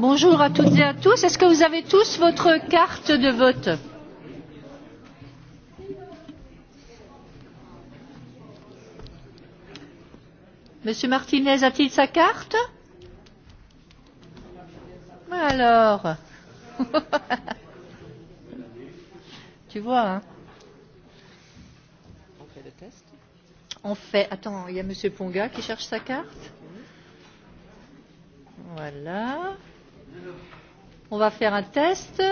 Bonjour à toutes et à tous. Est-ce que vous avez tous votre carte de vote Monsieur Martinez a-t-il sa carte Alors. tu vois, hein On fait le test On fait. Attends, il y a Monsieur Ponga qui cherche sa carte. Voilà. On va faire un test.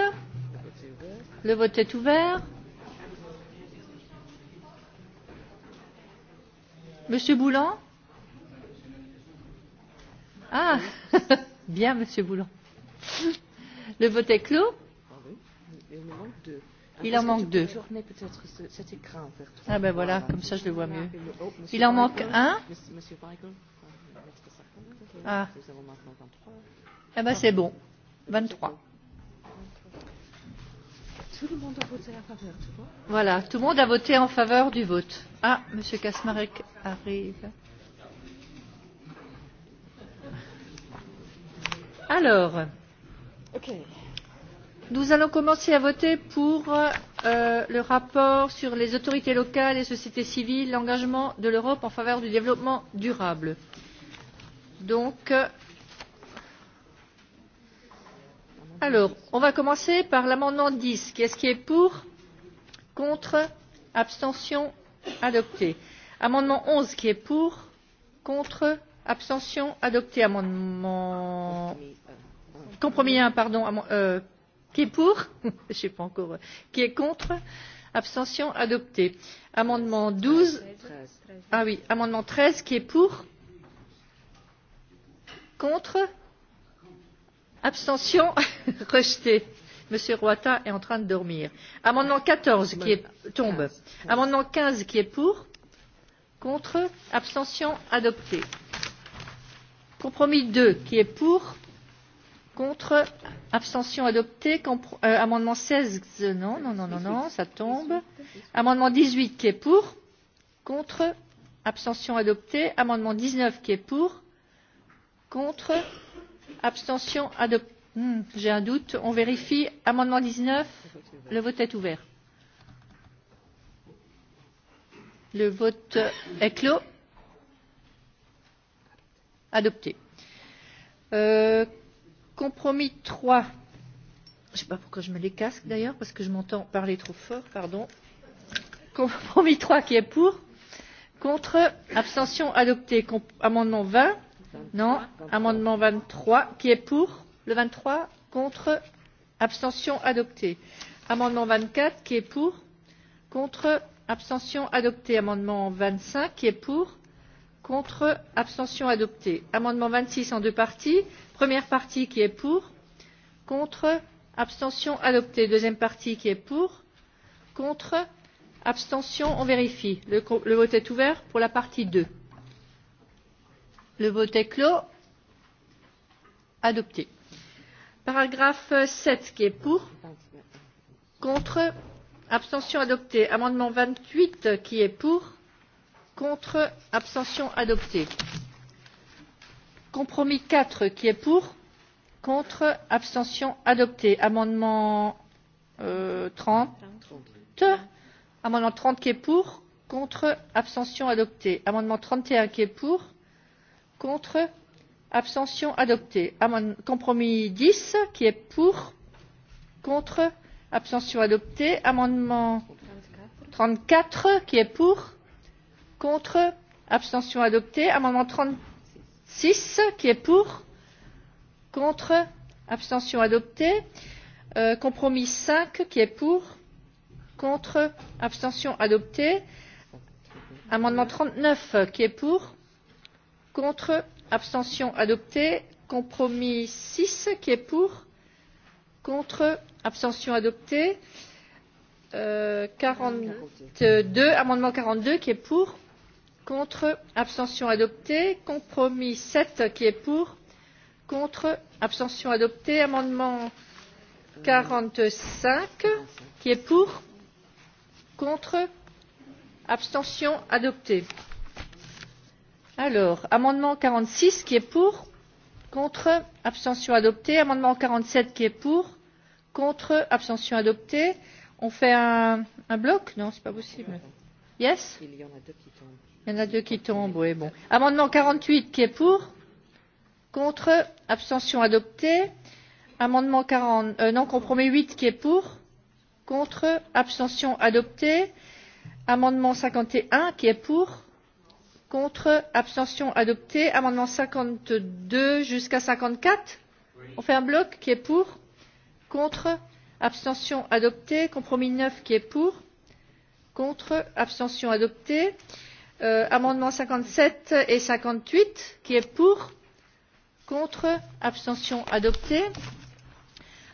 Le vote est ouvert. Monsieur Boulan Ah Bien, Monsieur Boulan. Le vote est clos. Il en manque deux. Ah ben voilà, comme ça je le vois mieux. Il en manque un. Ah. Eh ah bien, c'est bon. 23. Tout le monde a voté en faveur, tu vois Voilà, tout le monde a voté en faveur du vote. Ah, M. Kasmarek arrive. Alors, okay. nous allons commencer à voter pour euh, le rapport sur les autorités locales et sociétés civiles, l'engagement de l'Europe en faveur du développement durable. Donc, Alors, on va commencer par l'amendement 10. Qu'est-ce qui est pour Contre Abstention Adopté. Amendement 11 qui est pour Contre Abstention Adopté. Amendement. Compromis 1, pardon. Euh, qui est pour Je ne sais pas encore. Qui est contre Abstention adopté. Amendement 12. Ah oui, amendement 13 qui est pour Contre abstention rejeté monsieur Roata est en train de dormir amendement quatorze qui est, tombe amendement quinze qui est pour contre abstention adopté compromis deux qui est pour contre abstention adopté Compr euh, amendement seize non non non non non ça tombe amendement dix huit qui est pour contre abstention adopté amendement dix neuf qui est pour contre abstention adopté hmm, j'ai un doute on vérifie amendement dix neuf le vote est ouvert le vote est clos adopté euh, compromis trois je ne sais pas pourquoi je mets les casques d'ailleurs parce que je m'entends parler trop fort pardon compromis trois qui est pour contre abstention adopté Com amendement vingt Non. Amendement 23. Qui est pour le 23 Contre Abstention adopté. Amendement 24. Qui est pour Contre Abstention adopté. Amendement 25. Qui est pour Contre Abstention adopté. Amendement 26 en deux parties. Première partie qui est pour Contre Abstention adopté. Deuxième partie qui est pour Contre Abstention on vérifie. Le, le vote est ouvert pour la partie 2. Le vote est clos. Adopté. Paragraphe 7, qui est pour Contre Abstention adoptée. Amendement 28, qui est pour Contre Abstention adoptée. Compromis 4, qui est pour Contre Abstention adoptée. Amendement euh, 30. 30. Amendement 30 qui est pour Contre Abstention adoptée. Amendement 31 qui est pour contre abstention adopté. compromis dix qui est pour contre abstention adopté. amendement trente quatre qui est pour contre abstention adopté. amendement trente six qui est pour contre abstention adopté. Euh, compromis cinq qui est pour contre abstention adopté. amendement trente neuf qui est pour contre abstention adopté compromis six qui est pour contre abstention adopté euh, quarante deux amendement quarante deux qui est pour contre abstention adopté compromis sept qui est pour contre abstention adopté amendement quarante cinq qui est pour contre abstention adopté alors amendement quarante six qui est pour contre abstention adopté amendement quarante sept qui est pour contre abstention adopté on fait un, un bloc non c'est pas possible yes il y en a deux qui tombent il y en a deux qui tombent oui bon amendement quarante huit qui est pour contre abstention adopté amendement 40, euh, non compromis huit qui est pour contre abstention adopté amendement cinquante et un qui est pour contre abstention adopté amendement cinquante deux jusqu'à cinquante quatre on fait un bloc qui est pour contre abstention adopté compromis neuf qui est pour contre abstention adopté euh, amendements cinquante sept et cinquante huit qui est pour contre abstention adopté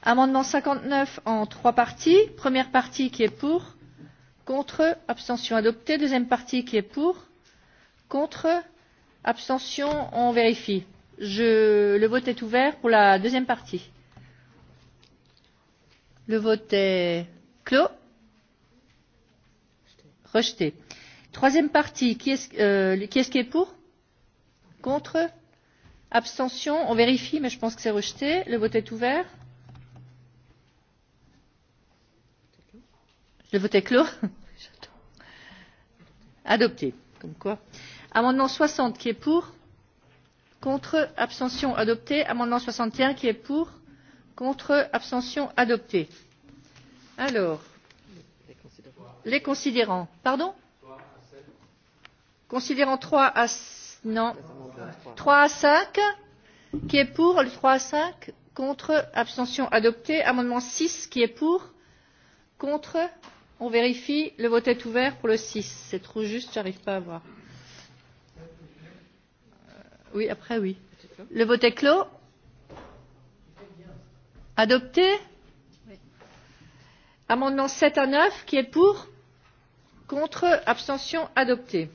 amendement cinquante neuf en trois parties première partie qui est pour contre abstention adopté deuxième partie qui est pour Contre Abstention On vérifie. Je... Le vote est ouvert pour la deuxième partie. Le vote est clos. Rejeté. Troisième partie. Qui est-ce euh, qui, est qui est pour Contre Abstention On vérifie, mais je pense que c'est rejeté. Le vote est ouvert. Le vote est clos. Adopté. Comme quoi. Euh, amendement soixante qui est pour contre abstention adopté amendement soixante et un qui est pour contre abstention adopté alors les considérants pardon considérant trois à non trois à cinq qui est pour le trois à cinq contre abstention adopté amendement six qui est pour contre on vérifie le vote est ouvert pour le six c'est trop juste j'arrive pas à voir Oui, après, oui. Le vote est clos. Adopté. Amendements 7 à 9, qui est pour Contre Abstention Adopté.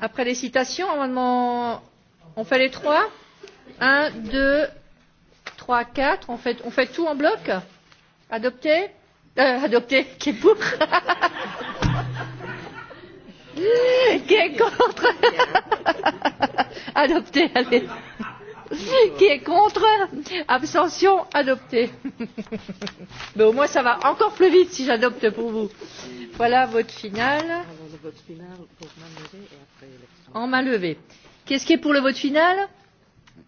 Après les citations, amendement... on fait les trois 1, 2, 3, 4. On fait, on fait tout en bloc Adopté euh, Adopté, qui est pour Qui est contre Adopté, allez. Qui est contre Abstention Adopté. Mais au moins, ça va encore plus vite si j'adopte pour vous. Voilà vote final. En main levée. Qu'est-ce qui est pour le vote final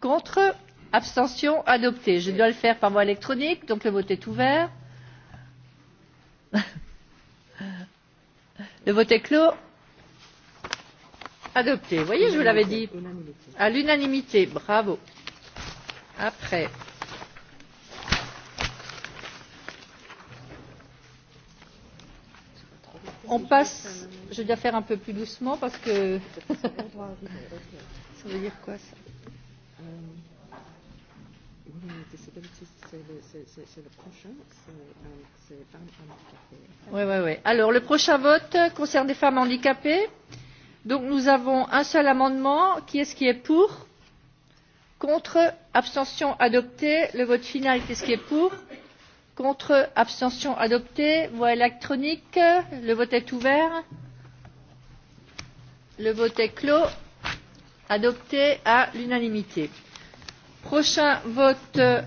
Contre Abstention Adopté. Je dois le faire par voie électronique, donc le vote est ouvert. Le vote est clos adopté. Vous voyez, je vous l'avais dit. À l'unanimité. Bravo. Après. On passe. Je dois faire un peu plus doucement parce que. ça veut dire quoi ça euh, Oui, oui, euh, oui. Alors, le prochain vote concerne les femmes handicapées. Euh, donc nous avons un seul amendement qui est ce qui est pour contre abstention adopté le vote final qui est ce qui est pour contre abstention adopté voie électronique le vote est ouvert le vote est clos adopté à l'unanimité prochain vote de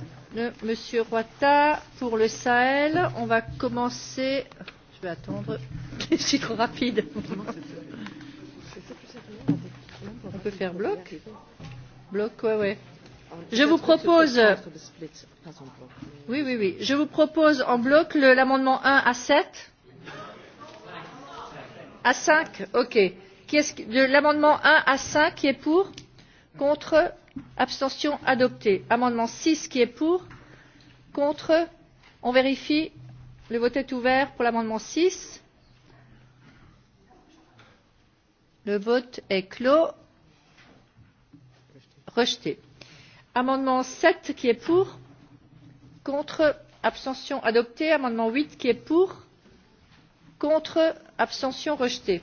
monsieur Roata pour le Sahel on va commencer je vais attendre c'est trop rapide peut faire bloc Bloc, oui, oui. Je vous propose. Oui, oui, oui. Je vous propose en bloc l'amendement 1 à 7. À 5, ok. Qui est de l'amendement 1 à 5 qui est pour Contre Abstention adoptée. Amendement 6 qui est pour Contre On vérifie. Le vote est ouvert pour l'amendement 6. Le vote est clos rejeté. amendement sept qui est pour contre abstention adopté. amendement huit qui est pour contre abstention rejeté.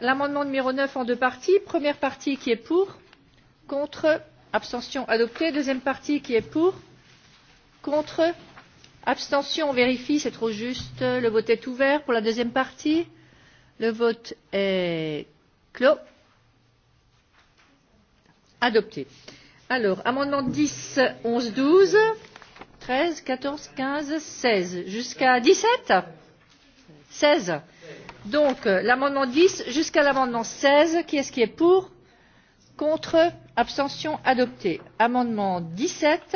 l'amendement numéro neuf en deux parties première partie qui est pour contre abstention adopté deuxième partie qui est pour contre abstention on vérifie c'est trop juste le vote est ouvert pour la deuxième partie le vote est clos adopté. alors amendements dix onze douze treize quatorze quinze seize jusqu'à dix sept seize donc euh, l'amendement dix jusqu'à l'amendement seize qui est ce qui est pour contre abstention adopté amendement dix sept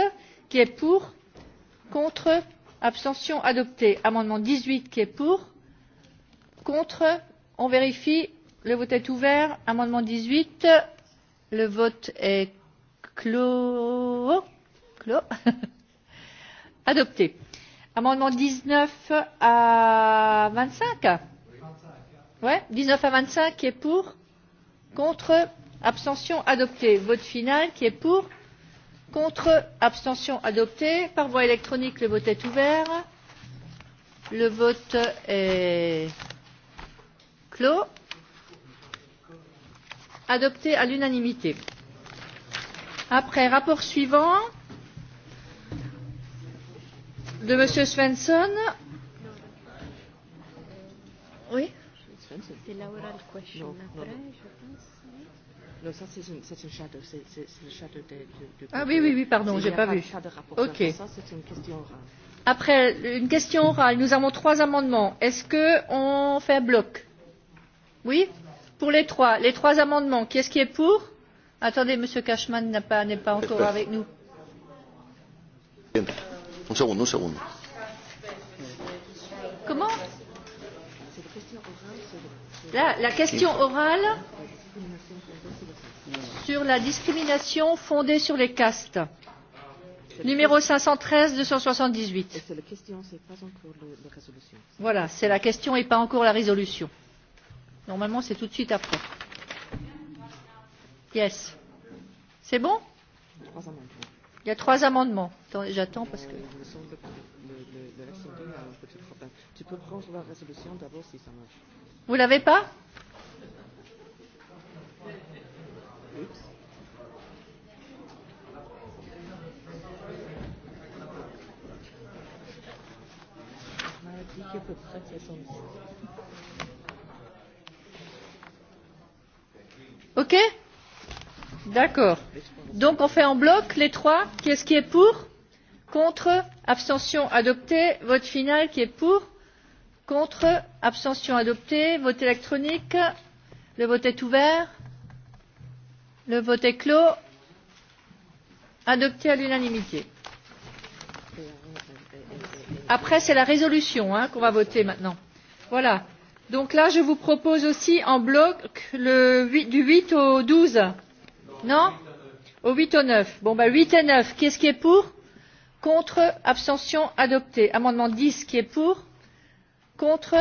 qui est pour contre abstention adopté amendement dix huit qui est pour contre on vérifie le vote est ouvert amendement dix huit Le vote est clos. clos. Adopté. Amendement 19 à 25. Ouais, 19 à 25 qui est pour, contre, abstention adoptée. Vote final qui est pour, contre, abstention adoptée. Par voie électronique, le vote est ouvert. Le vote est clos adopté à l'unanimité. Après, rapport suivant de M. Svensson. Oui C'est la oral question non, après, non. je pense. Non, ça c'est une, c'est une shadow, c'est, c'est, c'est le shadow de, de, de Ah oui, oui, oui, pardon, j'ai pas, pas vu. Pas de rapport ok. Ça, c'est une question orale. Après une question orale, nous avons trois amendements. Est-ce que on fait bloc Oui. Oui pour les trois, les trois amendements qui est ce qui est pour? attendez m. cashman n'est pas, pas encore avec nous. Un segundo, un segundo. Comment Là, la question orale sur la discrimination fondée sur les castes. Numéro 513 278. Voilà, c'est la question et pas encore la résolution. Normalement, c'est tout de suite après. Yes. C'est bon Il y a trois amendements. J'attends parce que. Tu peux prendre la résolution d'abord si ça marche. Vous l'avez pas Oops. Mardi, à peu près 66. ok? d'accord. donc on fait en bloc les trois qui est ce qui est pour? contre abstention adopté vote final qui est pour? contre abstention adopté vote électronique le vote est ouvert le vote est clos adopté à l'unanimité. après c'est la résolution qu'on va voter maintenant. voilà donc là je vous propose aussi en bloc le, du huit au douze non au huit au neuf bon ben huit et neuf qui est ce qui est pour contre abstention adopté amendement dix qui est pour contre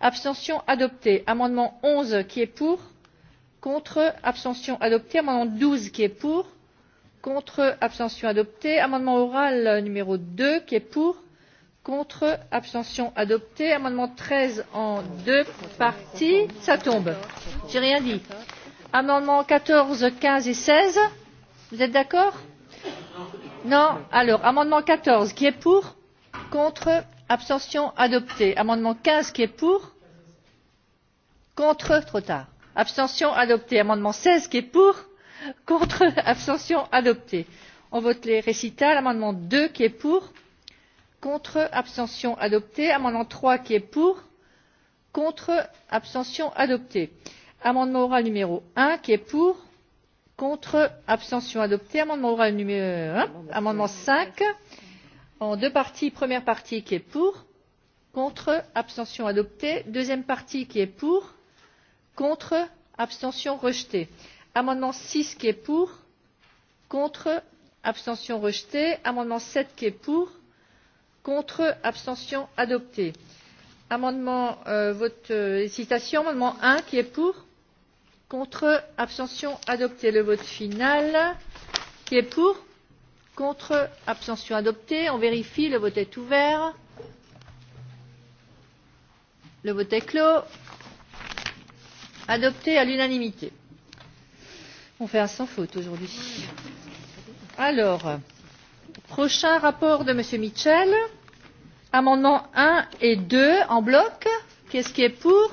abstention adopté amendement onze qui est pour contre abstention adopté amendement douze qui est pour contre abstention adopté amendement oral numéro deux qui est pour contre abstention adopté amendement treize en deux parties ça tombe j'ai rien dit amendements quatorze quinze et seize vous êtes d'accord non alors amendement quatorze qui est pour contre abstention adopté amendement quinze qui est pour contre trop tard abstention adopté amendement seize qui est pour contre abstention adopté on vote les récitals amendement deux qui est pour contre abstention adopté amendement trois qui est pour contre abstention adopté amendement oral numéro un qui est pour contre abstention adopté amendement oral numéro un amendement cinq en deux parties première partie qui est pour contre abstention adopté deuxième partie qui est pour contre abstention rejeté amendement six qui est pour contre abstention rejeté amendement sept qui est pour contre abstention adopté amendement euh, vote euh, citation amendement un qui est pour contre abstention adopté le vote final qui est pour contre abstention adopté on vérifie le vote est ouvert le vote est clos adopté à l'unanimité on fait un sans faute aujourd'hui alors prochain rapport de monsieur mitchell euh, Amendements 1 et 2 en bloc. Qu'est-ce qui est pour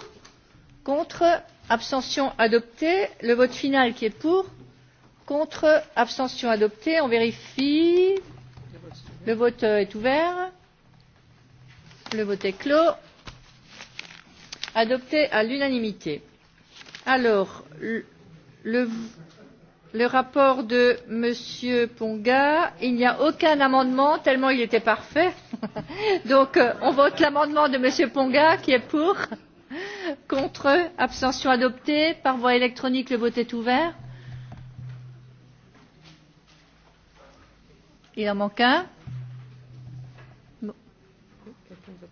Contre Abstention adoptée. Le vote final qui est pour Contre Abstention adoptée. On vérifie. Le vote euh, est ouvert. Le vote est clos. Adopté à l'unanimité. Alors, le, le le rapport de m. ponga il n'y a aucun amendement tellement il était parfait donc euh, on vote l'amendement de m. ponga qui est pour contre abstention adopté par voie électronique le vote est ouvert il en manque un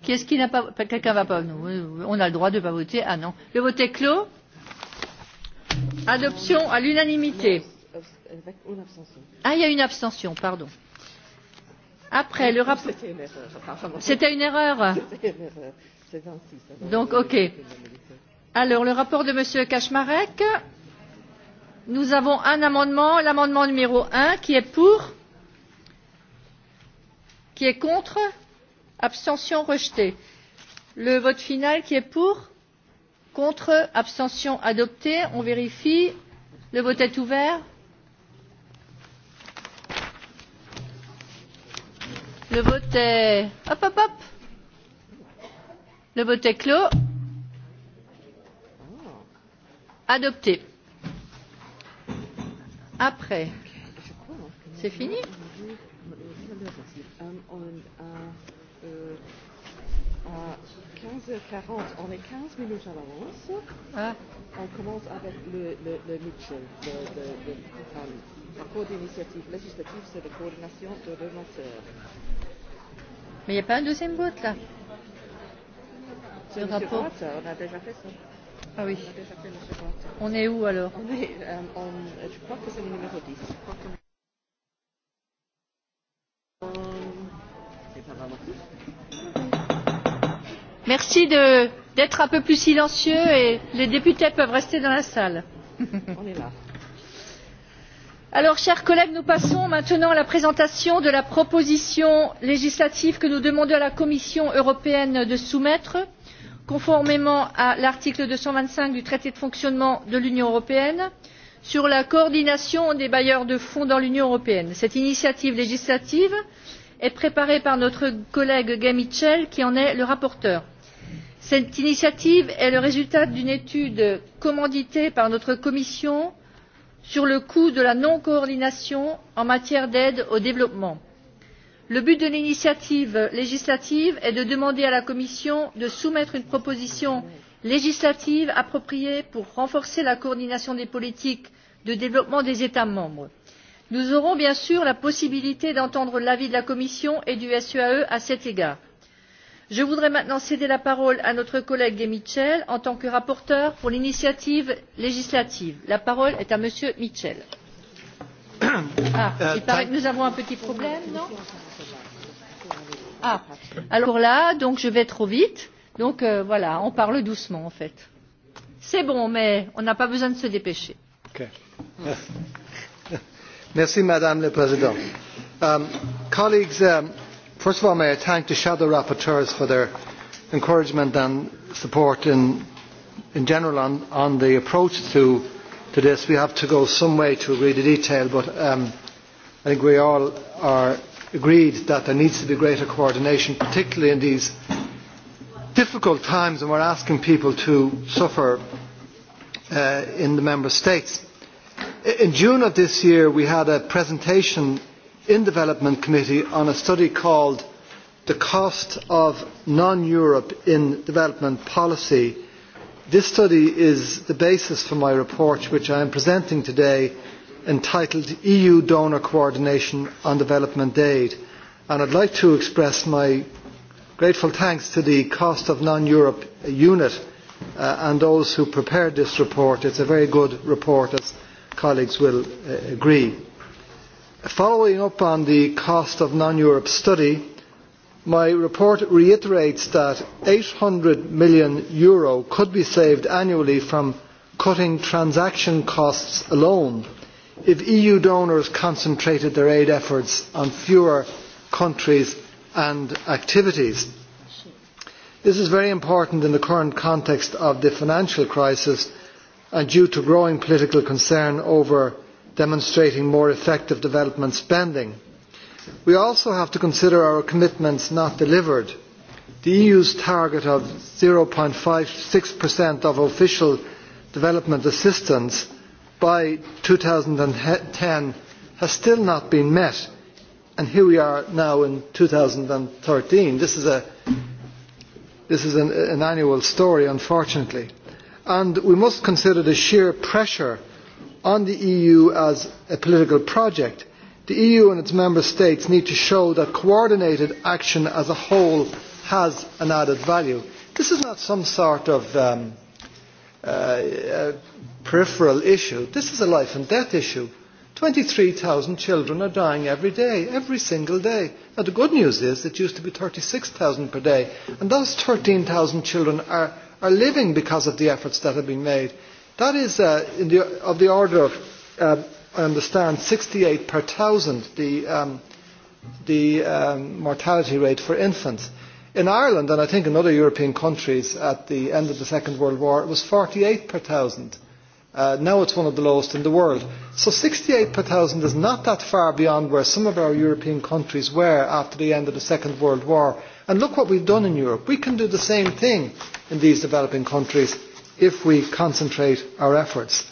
qui est ce qui n'a pas quelqu'un va pas nous on a le droit de ne pas voter ah non le vote est clos adoption à l'unanimité. Avec une abstention. Ah, il y a une abstention, pardon. Après, le rapport. C'était une erreur. C'était une erreur. C'est 26. Donc, ok. Alors, le rapport de M. Kaczmarek. Nous avons un amendement, l'amendement numéro 1, qui est pour, qui est contre, abstention rejetée. Le vote final qui est pour, contre, abstention adoptée. On vérifie. Le vote est ouvert. Le vote est... Hop, hop, hop. Le vote est clos. Adopté. Après. C'est fini à 15h40, on est 15 minutes à l'avance. Ah. On commence avec le, le, le Mitchell, le, le, le, le, le, le cours d'initiative législative sur la coordination de renonceurs. Mais il n'y a pas un deuxième vote là Le rapport Roth, On a déjà fait ça. Ah oui. On, a déjà fait, Roth. on est où alors on est, euh, on, Je crois que c'est le numéro 10. Je crois que... Merci d'être un peu plus silencieux et les députés peuvent rester dans la salle. on est là. Alors, chers collègues nous passons maintenant à la présentation de la proposition législative que nous demandons à la commission européenne de soumettre conformément à l'article deux cent vingt cinq du traité sur le fonctionnement de l'union européenne sur la coordination des bailleurs de fonds dans l'union européenne. cette initiative législative est préparée par notre collègue gay mitchell qui en est le rapporteur. cette initiative est le résultat d'une étude commanditée par notre commission sur le coût de la non coordination en matière d'aide au développement. le but de l'initiative législative est de demander à la commission de soumettre une proposition législative appropriée pour renforcer la coordination des politiques de développement des états membres. nous aurons bien sûr la possibilité d'entendre l'avis de la commission et du seae e à cet égard je voudrais maintenant céder la parole à notre collègue des mitchell en tant que rapporteur pour l'initiative législative. la parole est à m. mitchell. Ah, euh, il paraît que nous avons un petit problème non? Ah, alors là donc je vais trop vite donc euh, voilà on parle doucement en fait. c'est bon mais on n'a pas besoin de se dépêcher. Okay. Merci, madame la présidente euh, um, colleagues um, first of all may i thank the shadow rapporteurs for their encouragement and support in, in general on, on the approach to, to this. we have to go some way to agree the detail but um, i think we all are agreed that there needs to be greater coordination particularly in these difficult times when we are asking people to suffer uh, in the member states. in june of this year we had a presentation in Development Committee on a study called The Cost of Non-Europe in Development Policy. This study is the basis for my report, which I am presenting today, entitled EU Donor Coordination on Development Aid. And I'd like to express my grateful thanks to the Cost of Non-Europe unit uh, and those who prepared this report. It's a very good report, as colleagues will uh, agree. Following up on the cost of non-Europe study, my report reiterates that 800 million euro could be saved annually from cutting transaction costs alone if EU donors concentrated their aid efforts on fewer countries and activities. This is very important in the current context of the financial crisis and due to growing political concern over demonstrating more effective development spending. We also have to consider our commitments not delivered. The EU's target of 0.56% of official development assistance by 2010 has still not been met. And here we are now in 2013. This is, a, this is an, an annual story, unfortunately. And we must consider the sheer pressure on the eu as a political project the eu and its member states need to show that coordinated action as a whole has an added value. this is not some sort of um, uh, uh, peripheral issue. this is a life and death issue. 23,000 children are dying every day, every single day. Now, the good news is it used to be 36,000 per day, and those 13,000 children are, are living because of the efforts that have been made. That is uh, in the, of the order of, uh, I understand, 68 per thousand, the, um, the um, mortality rate for infants. In Ireland, and I think in other European countries at the end of the Second World War, it was 48 per thousand. Uh, now it's one of the lowest in the world. So 68 per thousand is not that far beyond where some of our European countries were after the end of the Second World War. And look what we've done in Europe. We can do the same thing in these developing countries if we concentrate our efforts.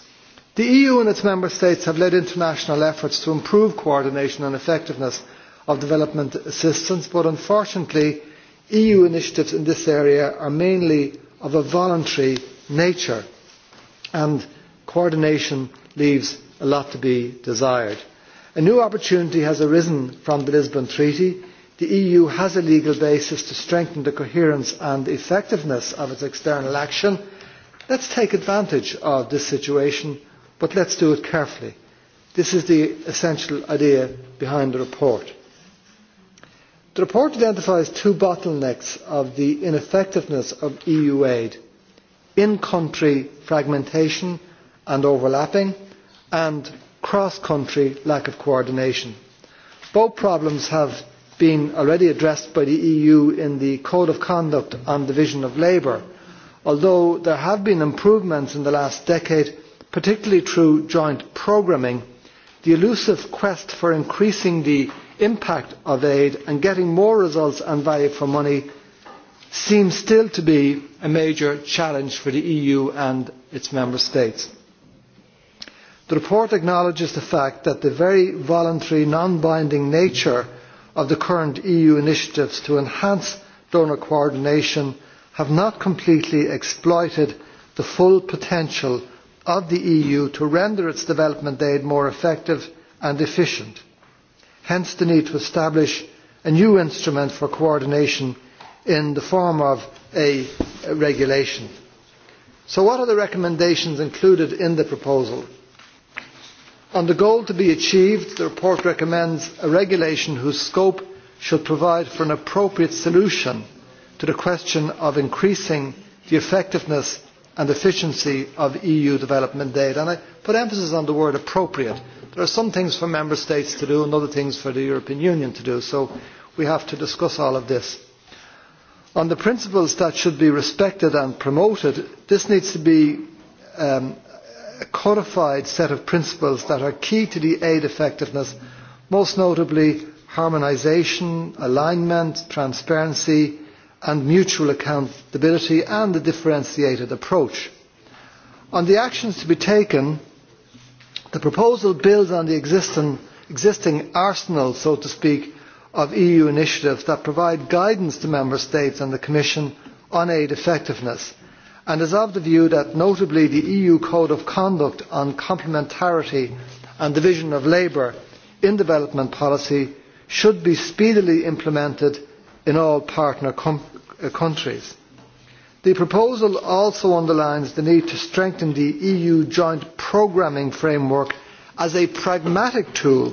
The EU and its member states have led international efforts to improve coordination and effectiveness of development assistance, but unfortunately, EU initiatives in this area are mainly of a voluntary nature, and coordination leaves a lot to be desired. A new opportunity has arisen from the Lisbon Treaty. The EU has a legal basis to strengthen the coherence and effectiveness of its external action Let's take advantage of this situation, but let's do it carefully. This is the essential idea behind the report. The report identifies two bottlenecks of the ineffectiveness of EU aid in country fragmentation and overlapping, and cross country lack of coordination. Both problems have been already addressed by the EU in the Code of Conduct on Division of Labour although there have been improvements in the last decade particularly through joint programming the elusive quest for increasing the impact of aid and getting more results and value for money seems still to be a major challenge for the eu and its member states. the report acknowledges the fact that the very voluntary non binding nature of the current eu initiatives to enhance donor coordination have not completely exploited the full potential of the eu to render its development aid more effective and efficient hence the need to establish a new instrument for coordination in the form of a regulation. so what are the recommendations included in the proposal? on the goal to be achieved the report recommends a regulation whose scope should provide for an appropriate solution to the question of increasing the effectiveness and efficiency of eu development aid and i put emphasis on the word appropriate'. there are some things for member states to do and other things for the european union to do so we have to discuss all of this. on the principles that should be respected and promoted this needs to be um, a codified set of principles that are key to the aid effectiveness most notably harmonisation alignment transparency and mutual accountability and a differentiated approach. on the actions to be taken the proposal builds on the existing arsenal so to speak of eu initiatives that provide guidance to member states and the commission on aid effectiveness and is of the view that notably the eu code of conduct on complementarity and division of labour in development policy should be speedily implemented in all partner uh, countries. the proposal also underlines the need to strengthen the eu joint programming framework as a pragmatic tool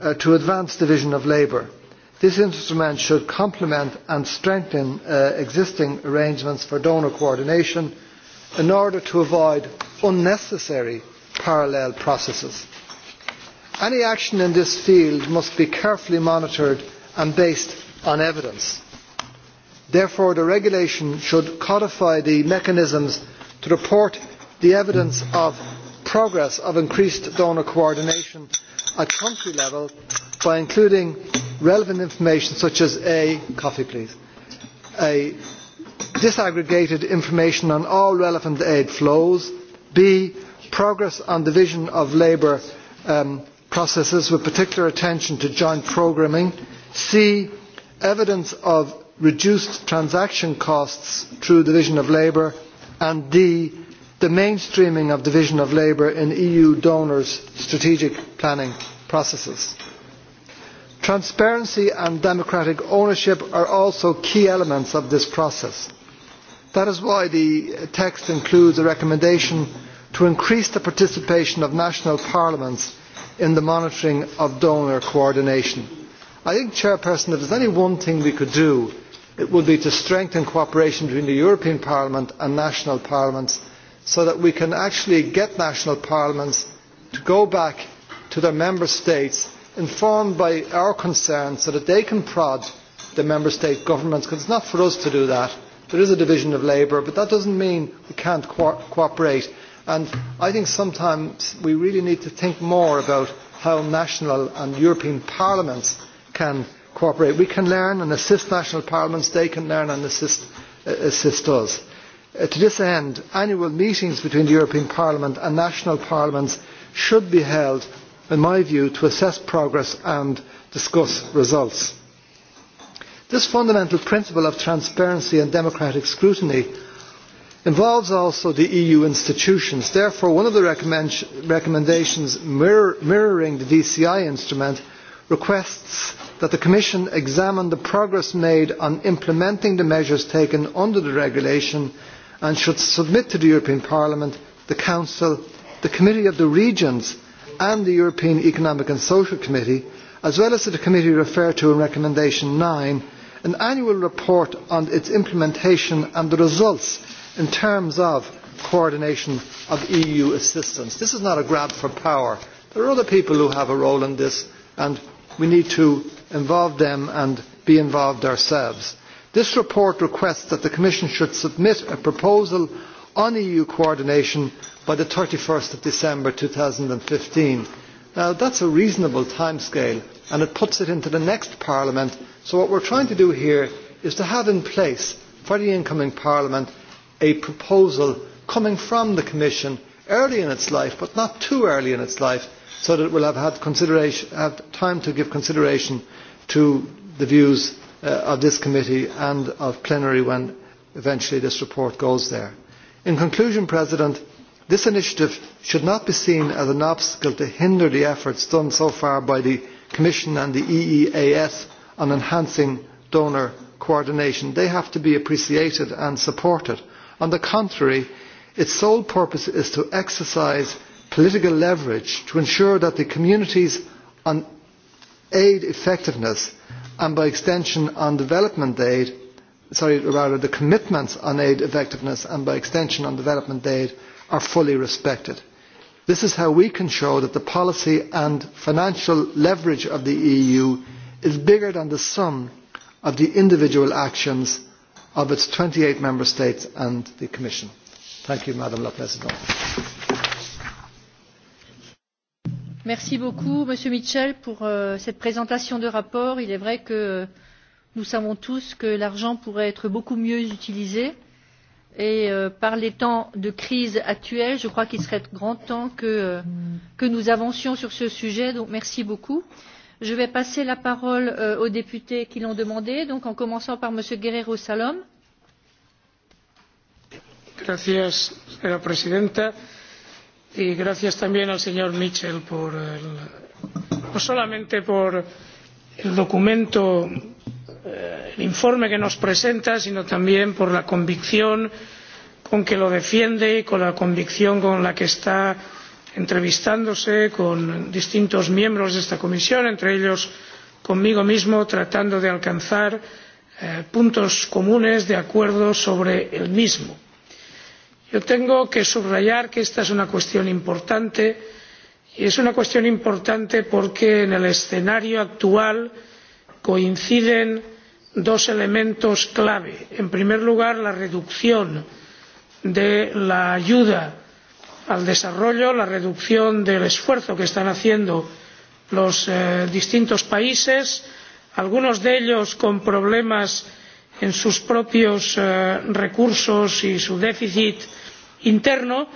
uh, to advance the vision of labour. this instrument should complement and strengthen uh, existing arrangements for donor coordination in order to avoid unnecessary parallel processes. any action in this field must be carefully monitored and based on evidence. therefore the regulation should codify the mechanisms to report the evidence of progress of increased donor coordination at country level by including relevant information such as a, please, a disaggregated information on all relevant aid flows b progress on division of labour um, processes with particular attention to joint programming c evidence of reduced transaction costs through division of labour and d the mainstreaming of division of labour in eu donors' strategic planning processes. transparency and democratic ownership are also key elements of this process. that is why the text includes a recommendation to increase the participation of national parliaments in the monitoring of donor coordination. I think, Chairperson, if there's any one thing we could do, it would be to strengthen cooperation between the European Parliament and national parliaments so that we can actually get national parliaments to go back to their member states informed by our concerns so that they can prod the member state governments because it is not for us to do that. There is a division of labour, but that does not mean we cannot co- cooperate. And I think sometimes we really need to think more about how national and European parliaments can cooperate. We can learn and assist national parliaments, they can learn and assist, uh, assist us. Uh, to this end, annual meetings between the European Parliament and national parliaments should be held, in my view, to assess progress and discuss results. This fundamental principle of transparency and democratic scrutiny involves also the EU institutions. Therefore, one of the recommend, recommendations mirror, mirroring the DCI instrument requests that the commission examine the progress made on implementing the measures taken under the regulation and should submit to the european parliament the council the committee of the regions and the european economic and social committee as well as to the committee referred to in recommendation nine an annual report on its implementation and the results in terms of coordination of eu assistance. this is not a grab for power. there are other people who have a role in this and we need to involve them and be involved ourselves. this report requests that the commission should submit a proposal on eu coordination by thirty one december. two thousand and fifteen that is a reasonable timescale and it puts it into the next parliament so what we are trying to do here is to have in place for the incoming parliament a proposal coming from the commission early in its life but not too early in its life so that we will have had consideration, have time to give consideration to the views uh, of this committee and of plenary when eventually this report goes there. In conclusion, President, this initiative should not be seen as an obstacle to hinder the efforts done so far by the Commission and the EEAS on enhancing donor coordination. They have to be appreciated and supported. On the contrary, its sole purpose is to exercise political leverage to ensure that the communities on aid effectiveness and by extension on development aid sorry rather the commitments on aid effectiveness and by extension on development aid are fully respected. This is how we can show that the policy and financial leverage of the EU is bigger than the sum of the individual actions of its 28 member states and the Commission. Thank you, Madam La Presidente merci beaucoup monsieur mitchell pour euh, cette présentation de rapport. il est vrai que euh, nous savons tous que l'argent pourrait être beaucoup mieux utilisé et euh, par les temps de crise actuels je crois qu'il serait grand temps que, euh, que nous avancions sur ce sujet donc merci beaucoup. je vais passer la parole euh, aux députés qui l'ont demandé donc en commençant par m. guerrero salom. Gracias, señora presidenta y gracias también al señor mitchell por el, no solamente por el documento eh, el informe que nos presenta sino también por la convicción con que lo defiende y con la convicción con la que está entrevistándose con distintos miembros de esta comisión entre ellos conmigo mismo tratando de alcanzar eh, puntos comunes de acuerdo sobre el mismo yo tengo que subrayar que esta es una cuestión importante y es una cuestión importante porque en el escenario actual coinciden dos elementos clave en primer lugar la reducción de la ayuda al desarrollo la reducción del esfuerzo que están haciendo los eh, distintos países algunos de ellos con problemas en sus propios eh, recursos y su déficit interno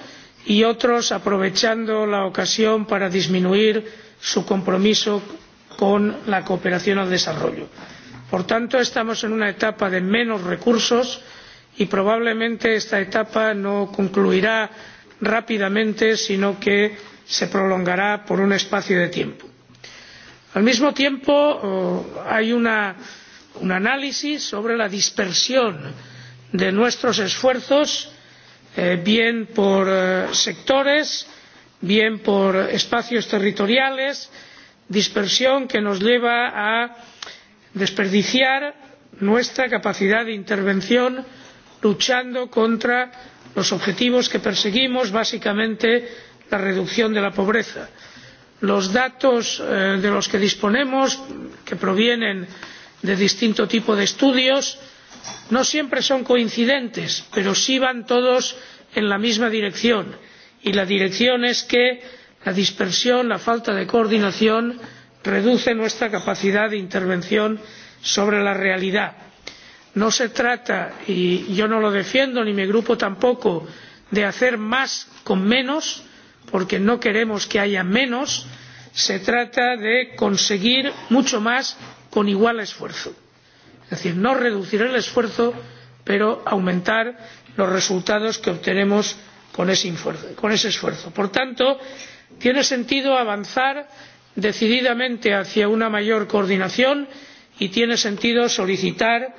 y otros aprovechando la ocasión para disminuir su compromiso con la cooperación al desarrollo. por tanto estamos en una etapa de menos recursos y probablemente esta etapa no concluirá rápidamente sino que se prolongará por un espacio de tiempo. al mismo tiempo oh, hay una un análisis sobre la dispersión de nuestros esfuerzos eh, bien por eh, sectores bien por espacios territoriales dispersión que nos lleva a desperdiciar nuestra capacidad de intervención luchando contra los objetivos que perseguimos básicamente la reducción de la pobreza. los datos eh, de los que disponemos que provienen de de distinto tipo de estudios no siempre son coincidentes pero sí van todos en la misma dirección y la dirección es que la dispersión la falta de coordinación reduce nuestra capacidad de intervención sobre la realidad. no se trata y yo no lo defiendo ni mi grupo tampoco de hacer más con menos porque no queremos que haya menos se trata de conseguir mucho más con igual esfuerzo es decir no reducir el esfuerzo pero aumentar los resultados que obtenemos con ese esfuerzo. por tanto tiene sentido avanzar decididamente hacia una mayor coordinación y tiene sentido solicitar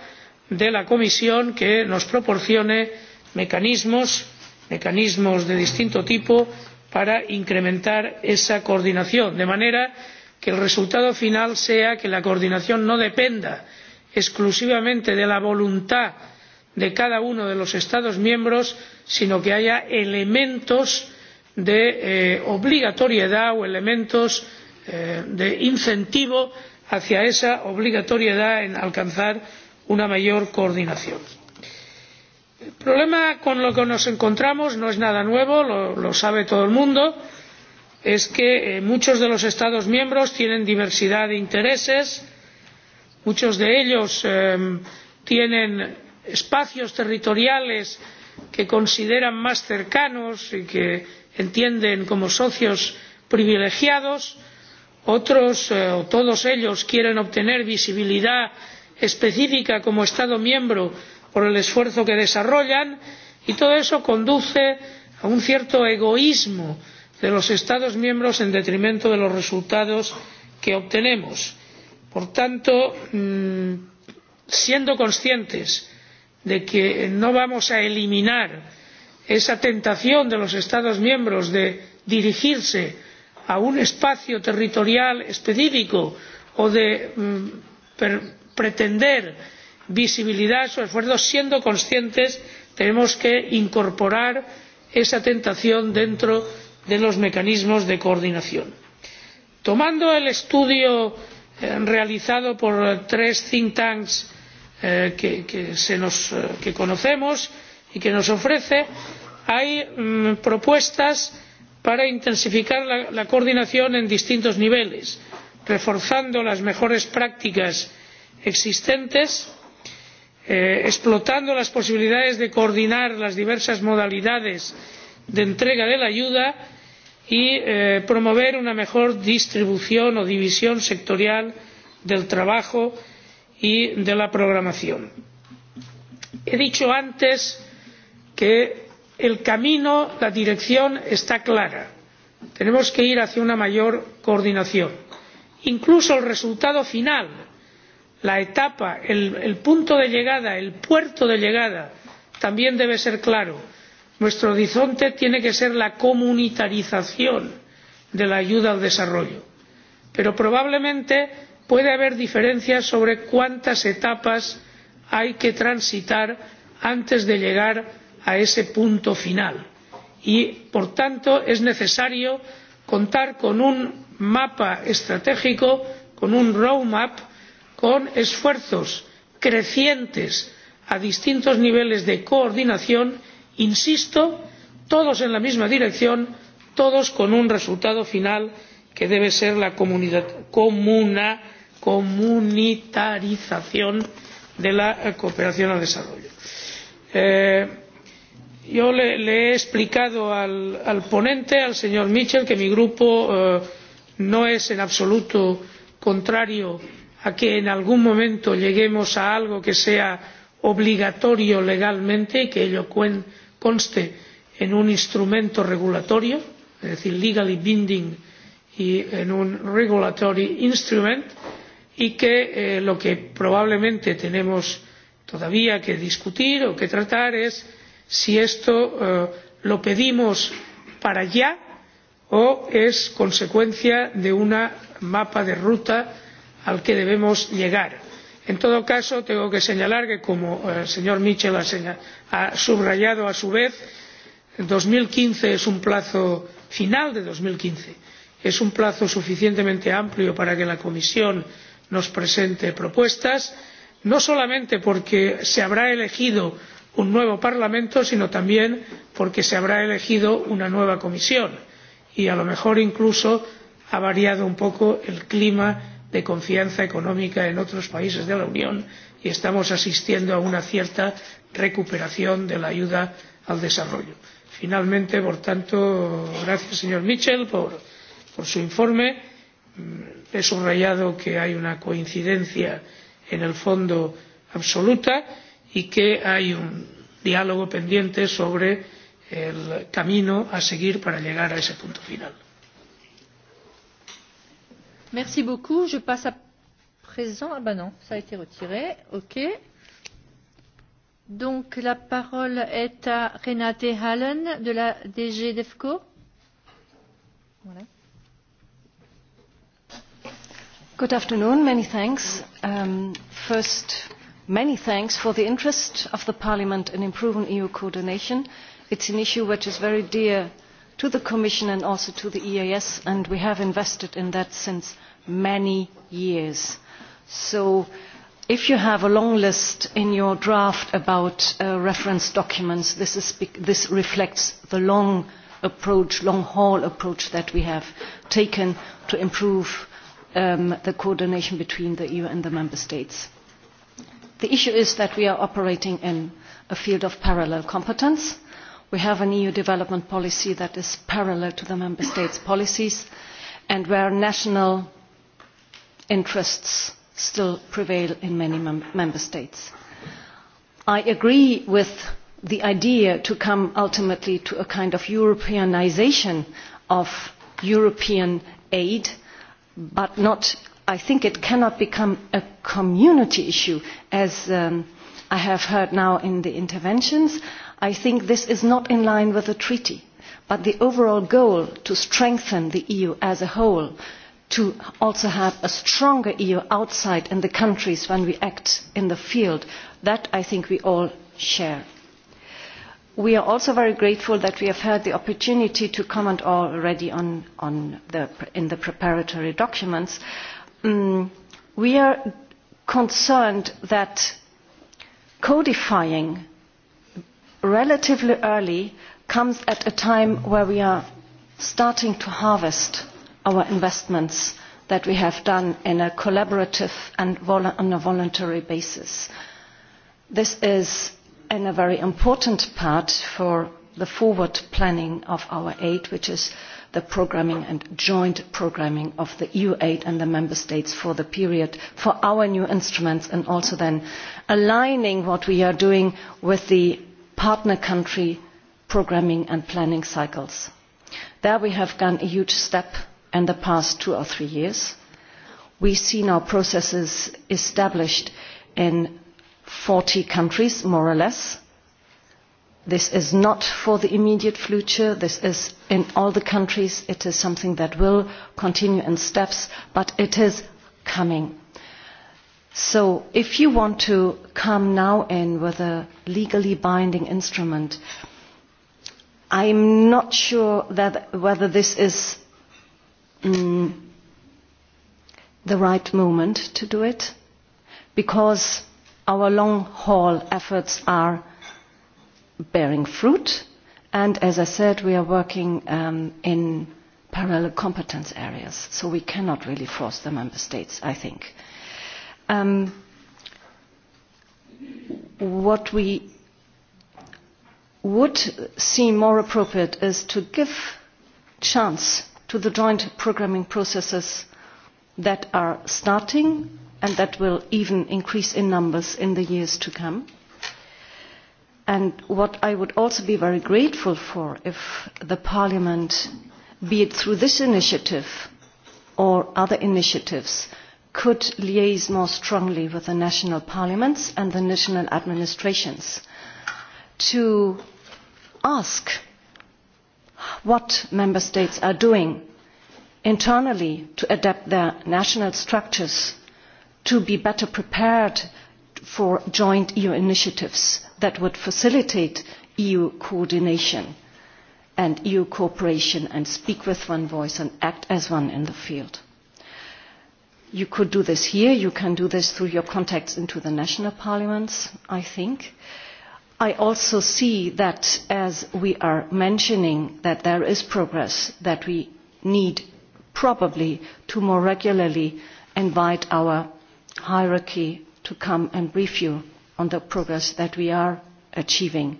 de la comisión que nos proporcione mecanismos mecanismos de distinto tipo para incrementar esa coordinación de manera que que el resultado final sea que la coordinación no dependa exclusivamente de la voluntad de cada uno de los estados miembros sino que haya elementos de eh, obligatoriedad o elementos eh, de incentivo hacia esa obligatoriedad en alcanzar una mayor coordinación. el problema con el que nos encontramos no es nada nuevo lo, lo sabe todo el mundo es que eh, muchos de los estados miembros tienen diversidad de intereses muchos de ellos eh, tienen espacios territoriales que consideran más cercanos y que entienden como socios privilegiados otros eh, o todos ellos quieren obtener visibilidad específica como estado miembro por el esfuerzo que desarrollan y todo eso conduce a un cierto egoísmo eh, de los estados miembros en detrimento de los resultados que obtenemos. por tanto mm, siendo conscientes de que no vamos a eliminar esa tentación de los estados miembros de dirigirse a un espacio territorial específico o de mm, pretender visibilidad a su esfuerzo siendo conscientes tenemos que incorporar esa tentación dentro de los mecanismos de coordinación. tomando el estudio eh, realizado por tres think tanks eh, que, que, nos, eh, que conocemos y que nos ofrece hay mmm, propuestas para intensificar la, la coordinación en distintos niveles reforzando las mejores prácticas existentes eh, explotando las posibilidades de coordinar las diversas modalidades de entrega de la ayuda y eh, promover una mejor distribución o división sectorial del trabajo y de la programación. he dicho antes que el camino la dirección está clara tenemos que ir hacia una mayor coordinación. incluso el resultado final la etapa el, el punto de llegada el puerto de llegada también debe ser claro nuestro horizonte tiene que ser la comunitarización de la ayuda al desarrollo pero probablemente puede haber diferencias sobre cuántas etapas hay que transitar antes de llegar a ese punto final y por tanto es necesario contar con un mapa estratégico con un road map con esfuerzos crecientes a distintos niveles de coordinación insisto todos en la misma dirección todos con un resultado final que debe ser la comuna, comunitarización de la eh, cooperación al desarrollo. Eh, yo le, le he explicado al, al ponente al señor mitchell que mi grupo eh, no es en absoluto contrario a que en algún momento lleguemos a algo que sea obligatorio legalmente y que ello cuente conste en un instrumento regulatorio es decir legally binding y en un regulatory instrument y que eh, lo que probablemente tenemos todavía que discutir o que tratar es si esto eh, lo pedimos para ya o es consecuencia de un mapa de ruta al que debemos llegar en todo caso tengo que señalar que como el eh, señor mitchell ha subrayado a su vez dos mil quince es un plazo final de dos mil quince es un plazo suficientemente amplio para que la comisión nos presente propuestas no solamente porque se habrá elegido un nuevo parlamento sino también porque se habrá elegido una nueva comisión y a lo mejor incluso ha variado un poco el clima de confianza económica en otros países de la unión y estamos asistiendo a una cierta recuperación de la ayuda al desarrollo. finalmente por tanto gracias señor mitchell por, por su informe. Mm, he subrayado que hay una coincidencia en el fondo absoluta y que hay un diálogo pendiente sobre el camino a seguir para llegar a ese punto final. Merci beaucoup. Je passe à présent. Ah ben non, ça a été retiré. OK. Donc la parole est à Renate Hallen de la DG DEFCO. Voilà. Good afternoon. Many thanks. Um, first, many thanks for the interest of the Parliament in improving EU coordination. It's an issue which is very dear to the Commission and also to the EAS, and we have invested in that since many years. So if you have a long list in your draft about uh, reference documents, this, is, this reflects the long approach, long-haul approach that we have taken to improve um, the coordination between the EU and the Member States. The issue is that we are operating in a field of parallel competence. Uh, we have an eu development policy that is parallel to the member states' policies and where national interests still prevail in many mem member states. i agree with the idea to come ultimately to a kind of europeanisation of european aid but not, i think it cannot become a community issue as um, i have heard now in the interventions. I think this is not in line with the treaty, but the overall goal to strengthen the EU as a whole, to also have a stronger EU outside in the countries when we act in the field, that I think we all share. We are also very grateful that we have had the opportunity to comment already on, on the, in the preparatory documents. Um, we are concerned that codifying relatively early comes at a time where we are starting to harvest our investments that we have done in a collaborative and on a voluntary basis. This is in a very important part for the forward planning of our aid, which is the programming and joint programming of the EU aid and the member states for the period for our new instruments and also then aligning what we are doing with the partner country programming and planning cycles. There we have gone a huge step in the past two or three years. We see now processes established in 40 countries, more or less. This is not for the immediate future. This is in all the countries. It is something that will continue in steps, but it is coming So if you want to come now in with a legally binding instrument, I'm not sure that whether this is um, the right moment to do it, because our long-haul efforts are bearing fruit, and as I said, we are working um, in parallel competence areas, so we cannot really force the member states, I think um, what we would seem more appropriate is to give chance to the joint programming processes that are starting and that will even increase in numbers in the years to come. And what I would also be very grateful for if the Parliament, be it through this initiative or other initiatives, could liaise more strongly with the national parliaments and the national administrations to ask what member states are doing internally to adapt their national structures to be better prepared for joint EU initiatives that would facilitate EU coordination and EU cooperation and speak with one voice and act as one in the field. You could do this here. You can do this through your contacts into the national parliaments, I think. I also see that as we are mentioning that there is progress, that we need probably to more regularly invite our hierarchy to come and brief you on the progress that we are achieving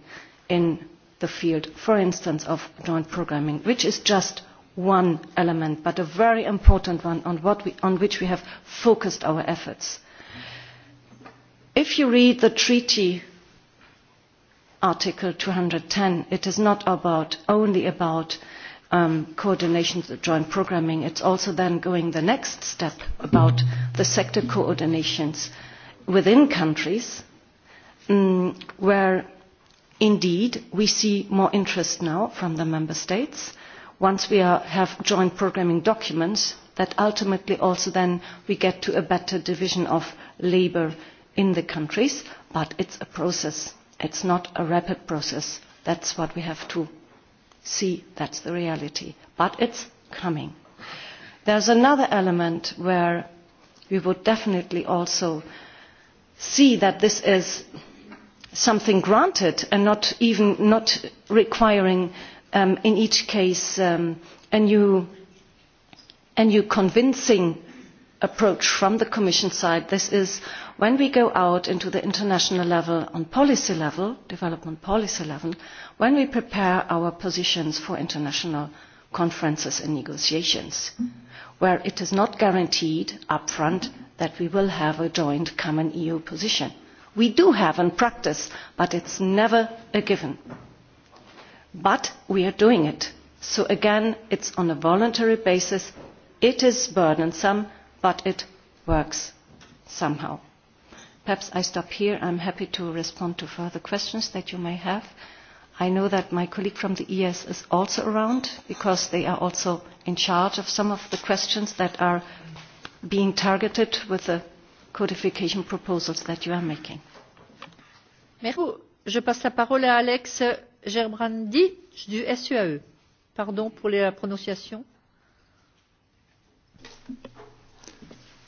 in the field, for instance, of joint programming, which is just one element but a very important one on, we, on which we have focused our efforts. if you read the treaty article two hundred and ten it is not about, only about um, coordination of joint programming it is also then going the next step about the sector coordinations within countries um, where indeed we see more interest now from the member states once we are, have joint programming documents that ultimately also then we get to a better division of labour in the countries, but it's a process. It's not a rapid process. That's what we have to see. That's the reality. But it's coming. There's another element where we would definitely also see that this is something granted and not even not requiring um, in each case um, a, new, a new convincing approach from the Commission side. This is when we go out into the international level on policy level, development policy level, when we prepare our positions for international conferences and negotiations, where it is not guaranteed upfront that we will have a joint common EU position. We do have in practice, but it's never a given but we are doing it. So again, it's on a voluntary basis. It is burdensome, but it works somehow. Perhaps I stop here. I'm happy to respond to further questions that you may have. I know that my colleague from the ES is also around because they are also in charge of some of the questions that are being targeted with the codification proposals that you are making. Merci. Je passe la parole à Alex Gerbrandi du SUAE. Pardon pour la prononciation.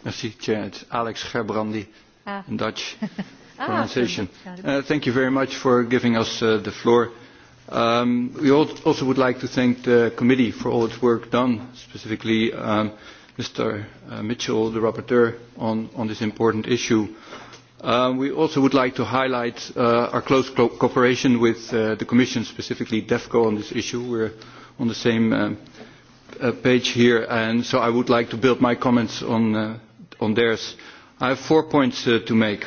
Merci, Chair. It's Alex Gerbrandi ah. in Dutch ah, pronunciation. Uh, thank you very much for giving us uh, the floor. Um, we also would like to thank the committee for all its work done, specifically um, Mr. Uh, Mitchell, the rapporteur, on, on this important issue. Uh, Um, we also would like to highlight uh, our close co cooperation with uh, the Commission, specifically DEFCO, on this issue. We're on the same um, uh, page here, and so I would like to build my comments on, uh, on theirs. I have four points uh, to make.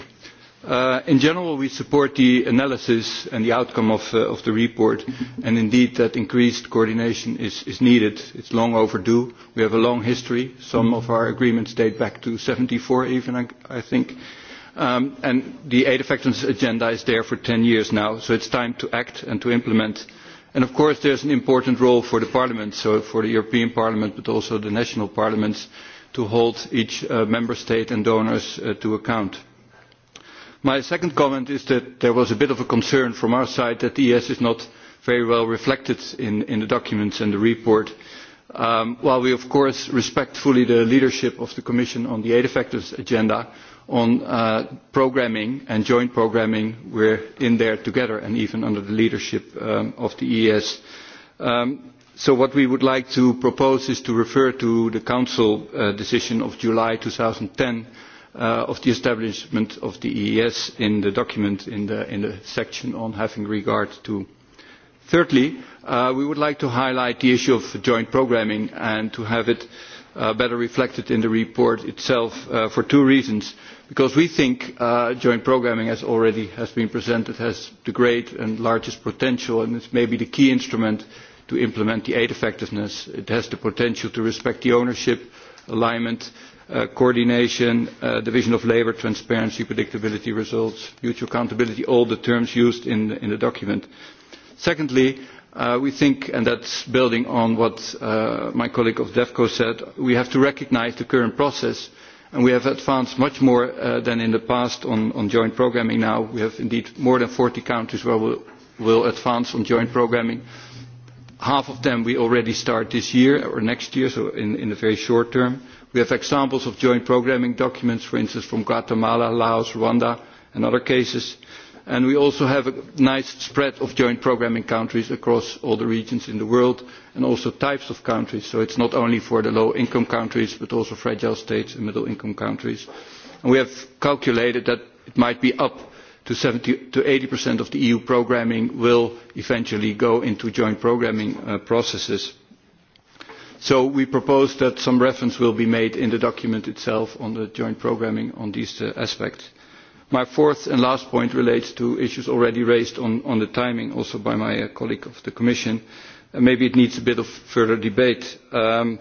Uh, in general, we support the analysis and the outcome of, uh, of the report, and indeed that increased coordination is, is needed. It's long overdue. We have a long history. Some of our agreements date back to 74 even, I, I think. Uh, Um, and the aid effectiveness agenda is there for 10 years now, so it's time to act and to implement. And of course, there's an important role for the Parliament, so for the European Parliament, but also the national parliaments, to hold each uh, member state and donors uh, to account. My second comment is that there was a bit of a concern from our side that the ES is not very well reflected in, in the documents and the report. Um, while we of course respect fully the leadership of the Commission on the aid effectiveness agenda, on uh, programming and joint programming, we're in there together and even under the leadership um, of the EES. Um, so what we would like to propose is to refer to the Council uh, decision of July 2010 uh, of the establishment of the EES in the document in the, in the section on having regard to. Thirdly, uh, we would like to highlight the issue of joint programming and to have it uh, uh, better reflected in the report itself uh, for two reasons. Because we think uh, joint programming, as already has been presented, has the great and largest potential, and it's maybe the key instrument to implement the aid effectiveness. It has the potential to respect the ownership, alignment, uh, coordination, uh, division of labor, transparency, predictability results, mutual accountability, all the terms used in, in the document. Secondly, uh, Uh, we think, and that's building on what uh, my colleague of DEFCO said, we have to recognize the current process, and we have advanced much more uh, than in the past on, on joint programming now. We have indeed more than 40 countries where we'll, we'll advance on joint programming. Half of them we already start this year or next year, so in, in the very short term. We have examples of joint programming documents, for instance, from Guatemala, Laos, Rwanda, and other cases. Uh, and we also have a nice spread of joint programming countries across all the regions in the world and also types of countries so it is not only for the low income countries but also fragile states and middle income countries. And we have calculated that it might be up to 70 to 80 percent of the EU programming will eventually go into joint programming uh, processes. So we propose that some reference will be made in the document itself on the joint programming on these uh, aspects my fourth and last point relates to issues already raised on, on the timing also by my uh, colleague of the commission and uh, maybe it needs a bit of further debate. Um,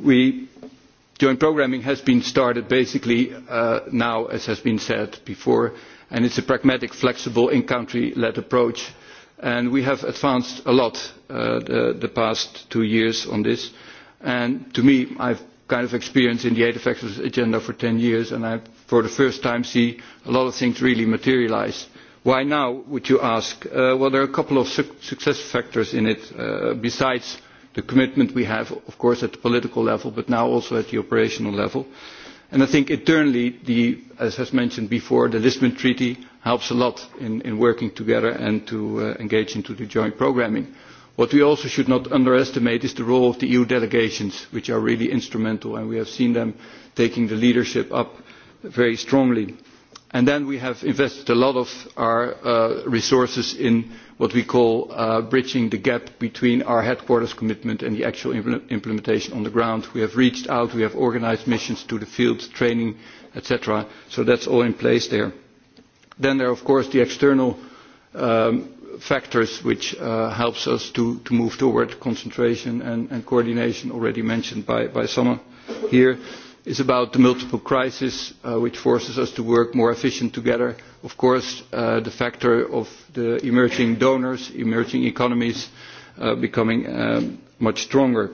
we, joint programming has been started basically uh, now as has been said before and it is a pragmatic flexible in country led approach and we have advanced a lot uh, the, the past two years on this and to me i kind of experience in the aid effectiveness agenda for ten years and i for the first time see a lot of things really materialise. why now would you ask? Uh, well there are a couple of su success factors in it uh, besides the commitment we have of course at the political level but now also at the operational level and i think internally the, as was mentioned before the lisbon treaty helps a lot in, in working together and to uh, engage in the joint programming what we also should not underestimate is the role of the eu delegations which are really instrumental and we have seen them taking the leadership up very strongly. and then we have invested a lot of our uh, resources in what we call uh, bridging the gap between our headquarters commitment and the actual impl implementation on the ground. we have reached out, we have organised missions to the field, training, etc. so that's all in place there. then there are of course the external um, factors which uh, helps us to, to move toward concentration and, and coordination already mentioned by, by some here is about the multiple crisis uh, which forces us to work more efficient together. Of course, uh, the factor of the emerging donors, emerging economies uh, becoming um, much stronger.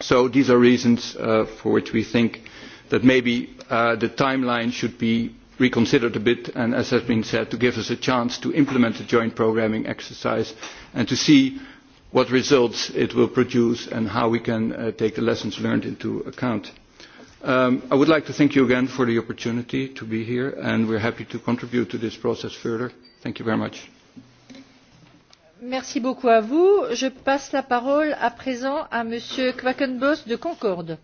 So these are reasons uh, for which we think that maybe uh, the timeline should be reconsidered a bit and, as has been said, to give us a chance to implement the joint programming exercise and to see what results it will produce and how we can uh, take the lessons learned into account. Um, I would like to thank you again for the opportunity to be here and we're happy to contribute to this process further. Thank you very much. Merci beaucoup à vous. Je passe la parole à présent à Monsieur Quackenbos de Concorde.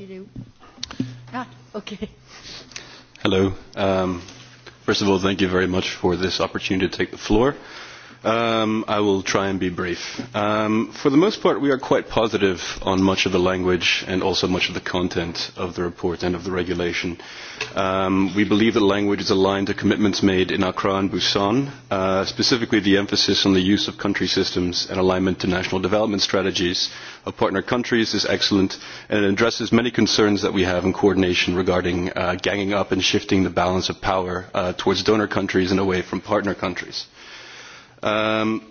Il est où ah. Okay. Hello. Um, first of all, thank you very much for this opportunity to take the floor. Uh, Um, I will try and be brief. Um, for the most part, we are quite positive on much of the language and also much of the content of the report and of the regulation. Um, we believe that language is aligned to commitments made in Accra and Busan, uh, specifically the emphasis on the use of country systems and alignment to national development strategies of partner countries is excellent, and it addresses many concerns that we have in coordination regarding uh, ganging up and shifting the balance of power uh, towards donor countries and away from partner countries. Uh, Um,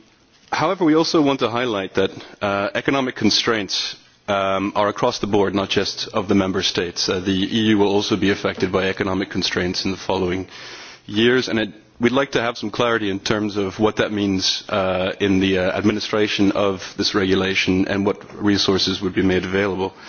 however, we also want to highlight that uh, economic constraints um, are across the board, not just of the member states. Uh, the EU will also be affected by economic constraints in the following years, and it, we'd like to have some clarity in terms of what that means uh, in the uh, administration of this regulation and what resources would be made available. Uh,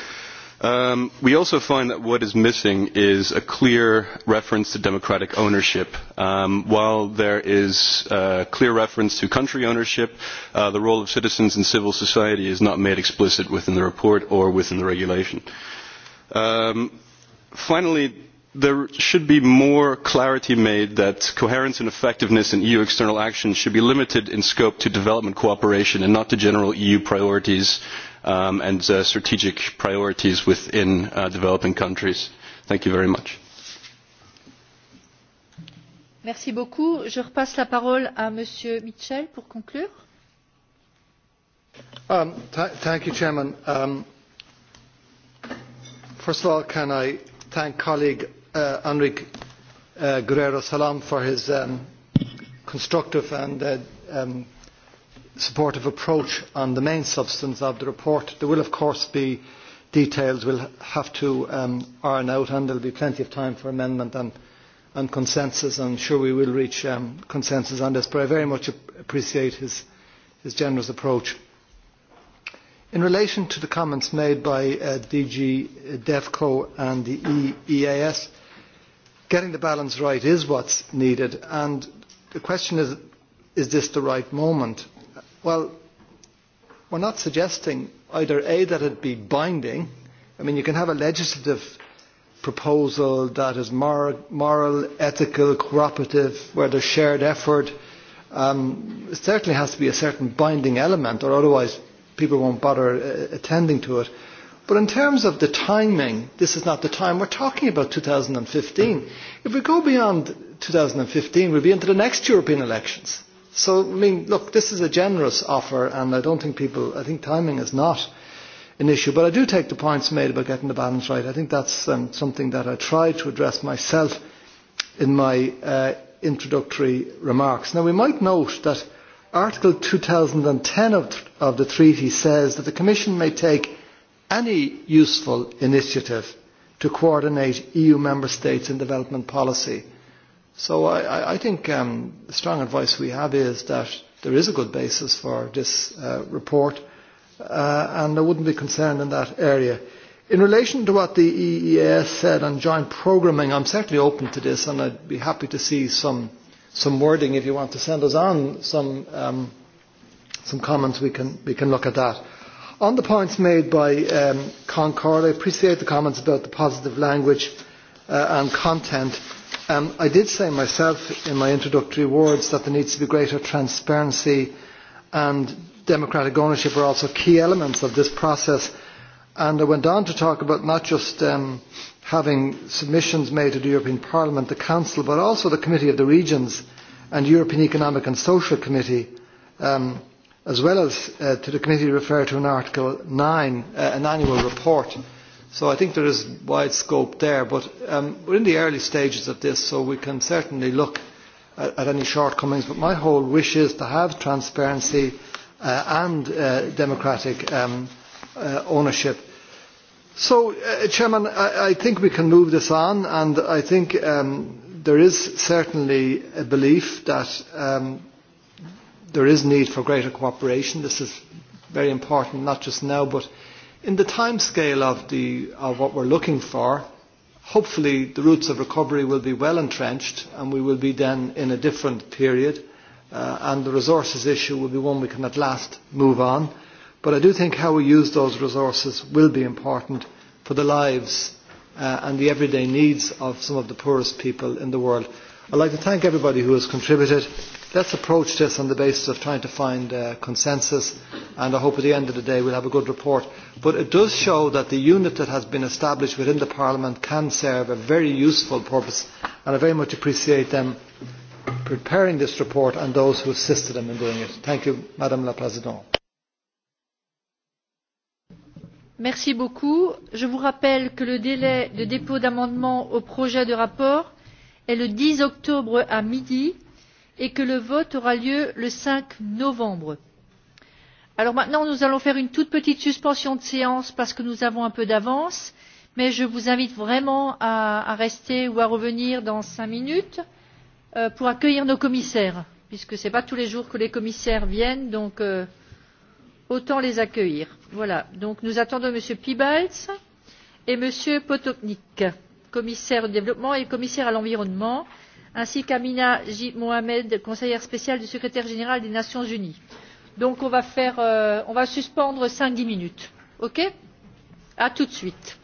Um, we also find that what is missing is a clear reference to democratic ownership. Um, while there is uh, clear reference to country ownership, uh, the role of citizens and civil society is not made explicit within the report or within the regulation. Um, finally, there should be more clarity made that coherence and effectiveness in EU external action should be limited in scope to development cooperation and not to general EU priorities um, and uh, strategic priorities within uh, developing countries. Thank you very much. Merci beaucoup. Je repasse la parole à Monsieur Mitchell pour conclure. Um, th thank you, Chairman. Um, first of all, can I thank colleague uh, Enrique uh, Guerrero Salam for his um, constructive and uh, um, supportive approach on the main substance of the report. There will, of course, be details we'll have to um, iron out, and there'll be plenty of time for amendment and, and consensus. I'm sure we will reach um, consensus on this, but I very much appreciate his, his generous approach. In relation to the comments made by uh, DG uh, DEFCO and the EAS, e getting the balance right is what's needed, and the question is, is this the right moment? Well, we're not suggesting either A, that it be binding. I mean, you can have a legislative proposal that is mor- moral, ethical, cooperative, where there's shared effort. Um, it certainly has to be a certain binding element, or otherwise people won't bother uh, attending to it. But in terms of the timing, this is not the time. We're talking about 2015. If we go beyond 2015, we'll be into the next European elections so, I mean, look, this is a generous offer, and I don't think people, I think timing is not an issue. But I do take the points made about getting the balance right. I think that's um, something that I tried to address myself in my uh, introductory remarks. Now, we might note that Article 2010 of, th- of the treaty says that the Commission may take any useful initiative to coordinate EU member states in development policy – So I, I think um, the strong advice we have is that there is a good basis for this uh, report, uh, and I wouldn't be concerned in that area. In relation to what the EEAS said on joint programming, I'm certainly open to this, and I'd be happy to see some some wording if you want to send us on some um, some comments. We can we can look at that. On the points made by um, Concord, I appreciate the comments about the positive language uh, and content. Uh, Um, I did say myself in my introductory words that there needs to be greater transparency and democratic ownership are also key elements of this process. And I went on to talk about not just um, having submissions made to the European Parliament, the Council, but also the Committee of the Regions and European Economic and Social Committee, um, as well as uh, to the committee referred to in Article 9, uh, an annual report. Mm-hmm So I think there is wide scope there, but um, we're in the early stages of this, so we can certainly look at, at any shortcomings. But my whole wish is to have transparency uh, and uh, democratic um, uh, ownership. So, uh, Chairman, I, I think we can move this on, and I think um, there is certainly a belief that um, there is need for greater cooperation. This is very important, not just now, but In the timescale of, the, of what we're looking for, hopefully the roots of recovery will be well entrenched and we will be then in a different period uh, and the resources issue will be one we can at last move on. But I do think how we use those resources will be important for the lives uh, and the everyday needs of some of the poorest people in the world. I'd like to thank everybody who has contributed. Let's approach this on the basis of trying to find uh, consensus, and I hope at the end of the day we'll have a good report. But it does show that the unit that has been established within the Parliament can serve a very useful purpose, and I very much appreciate them preparing this report and those who assisted them in doing it. Thank you, Madame la Présidente. Merci beaucoup. Je vous rappelle que le délai de dépôt d'amendements au projet de rapport est le dix octobre à midi et que le vote aura lieu le cinq novembre. Alors maintenant nous allons faire une toute petite suspension de séance parce que nous avons un peu d'avance mais je vous invite vraiment à, à rester ou à revenir dans cinq minutes euh, pour accueillir nos commissaires puisque ce n'est pas tous les jours que les commissaires viennent donc euh, autant les accueillir. voilà donc nous attendons m. piebalgs et m. potonik commissaire au développement et commissaire à l'environnement ainsi qu'amina j. mohamed conseillère spéciale du secrétaire général des nations unies. donc on va, faire, euh, on va suspendre cinq dix minutes. ok? à tout de suite.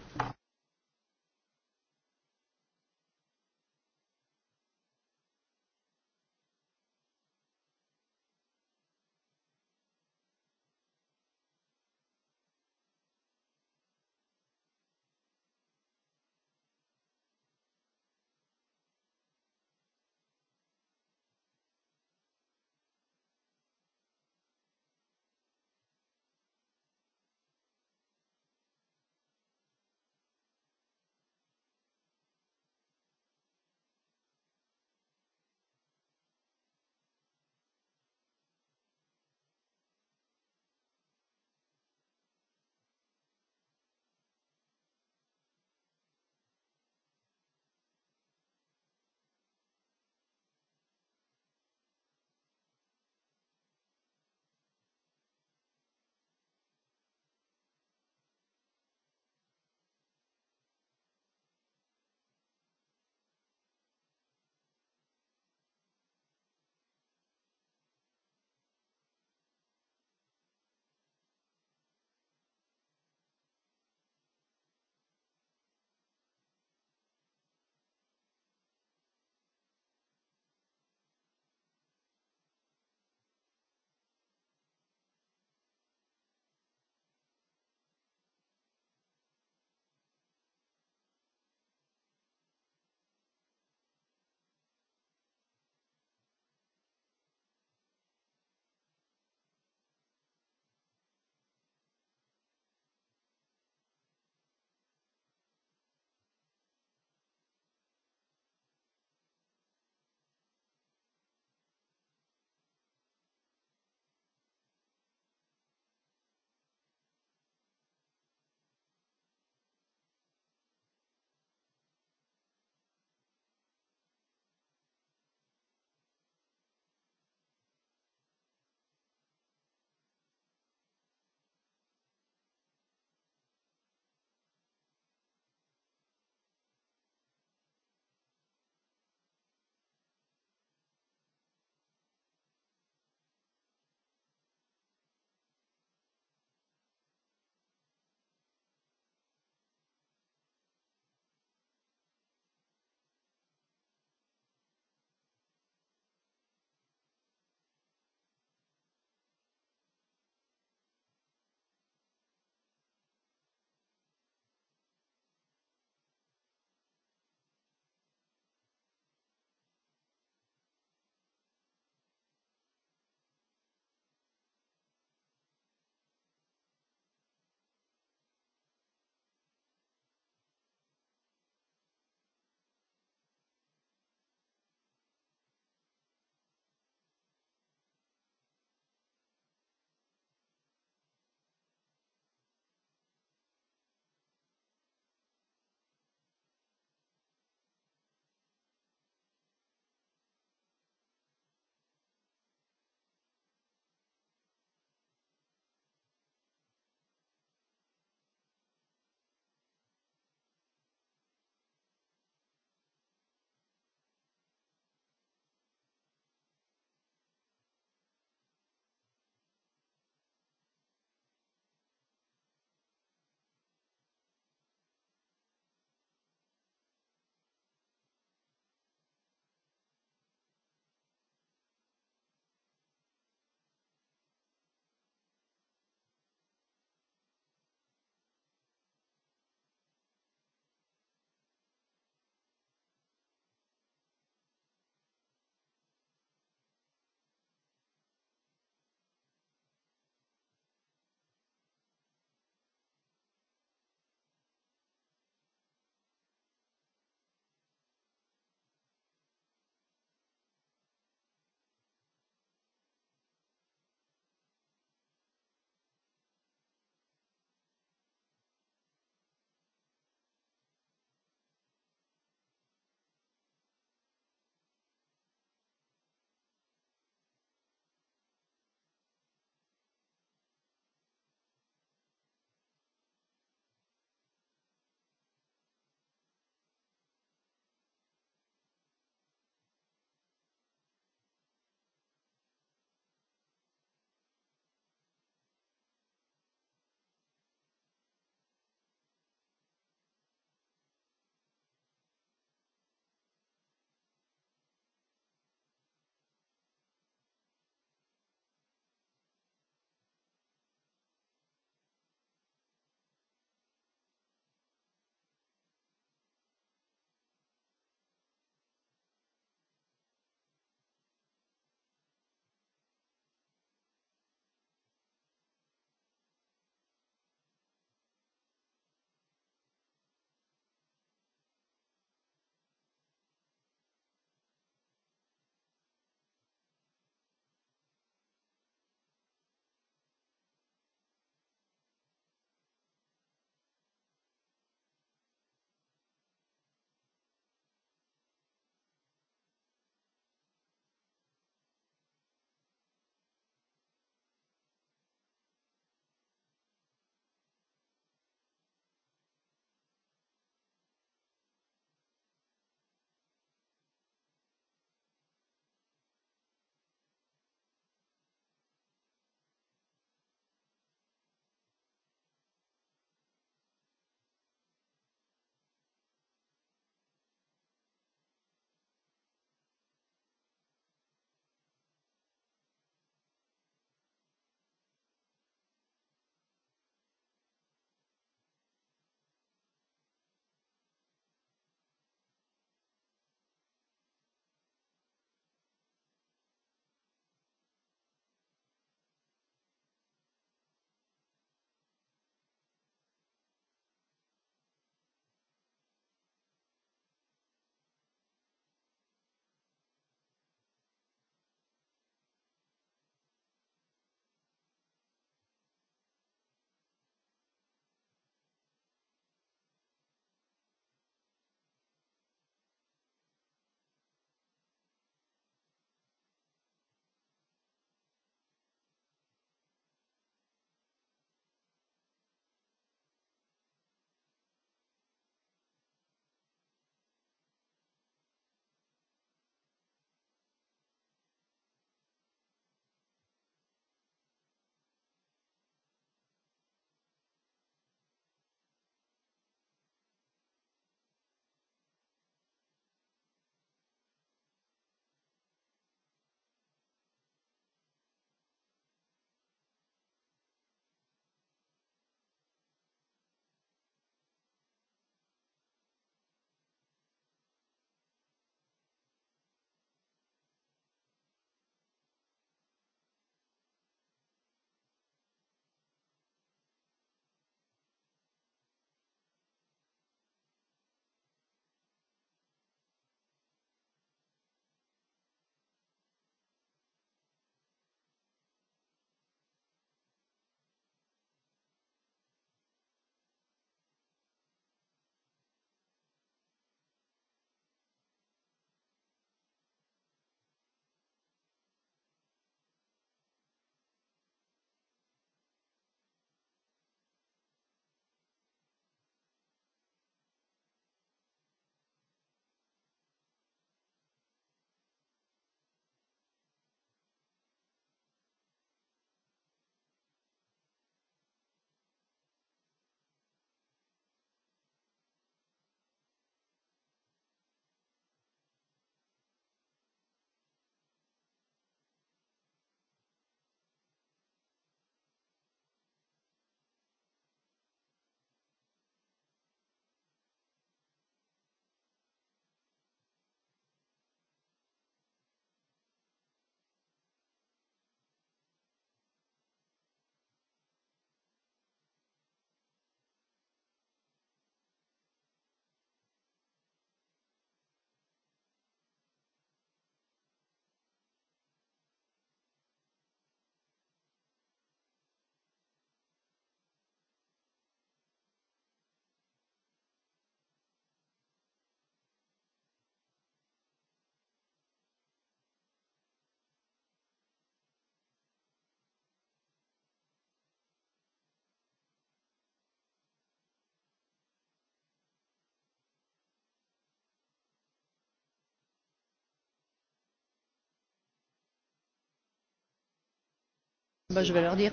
ben, je vais leur dire.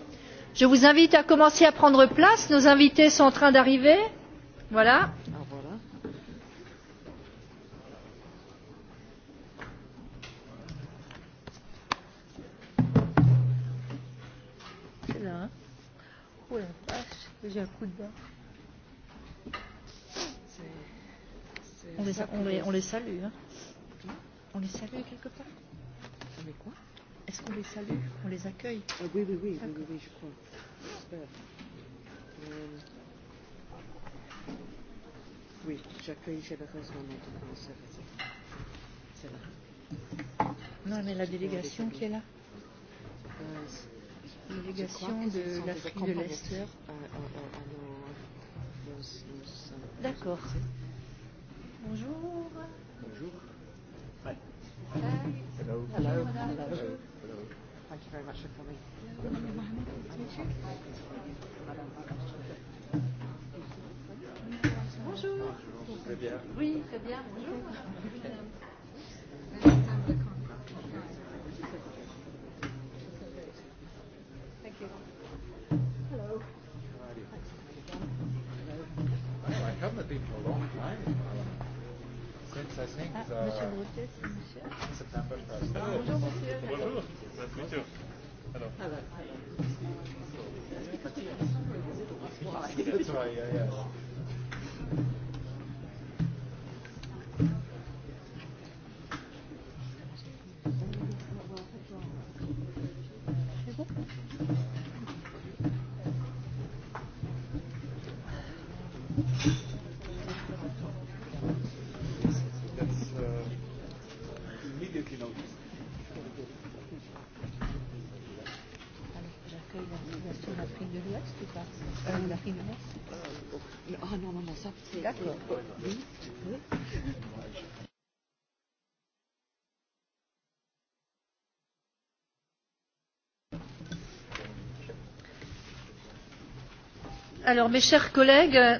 Je vous invite à commencer à prendre place. Nos invités sont en train d'arriver. Voilà. C'est là. Hein oh la vache, j'ai un coup de barre. On les, on, les, on les salue. Hein. On les salue quelque part. Mais quoi Est-ce qu'on les salue On les accueille ah, oui, oui, oui, oui, oui, oui, je crois. J'espère. Euh, oui, j'accueille généreusement notre conseil. C'est là. Non, mais la délégation qui est là euh, Délégation de l'Afrique de l'Est. Euh, euh, euh, D'accord. Bonjour. Bonjour. Hi. Hello. Hello. Hello. Hello. Thank you very much for coming. Bonjour. Très bien. Oui, très bien. Bonjour. Thank you. Hello. Hello. I haven't been for a long time in Parliament. It's, I think, ah, uh, the uh, Monsieur Brutus, Monsieur. September 1st. Ah, bonjour, Monsieur. Bonjour. Nice to meet you. Hello. Hello. Hello. That's right. Yeah. Yeah. Alors, mes chers collègues,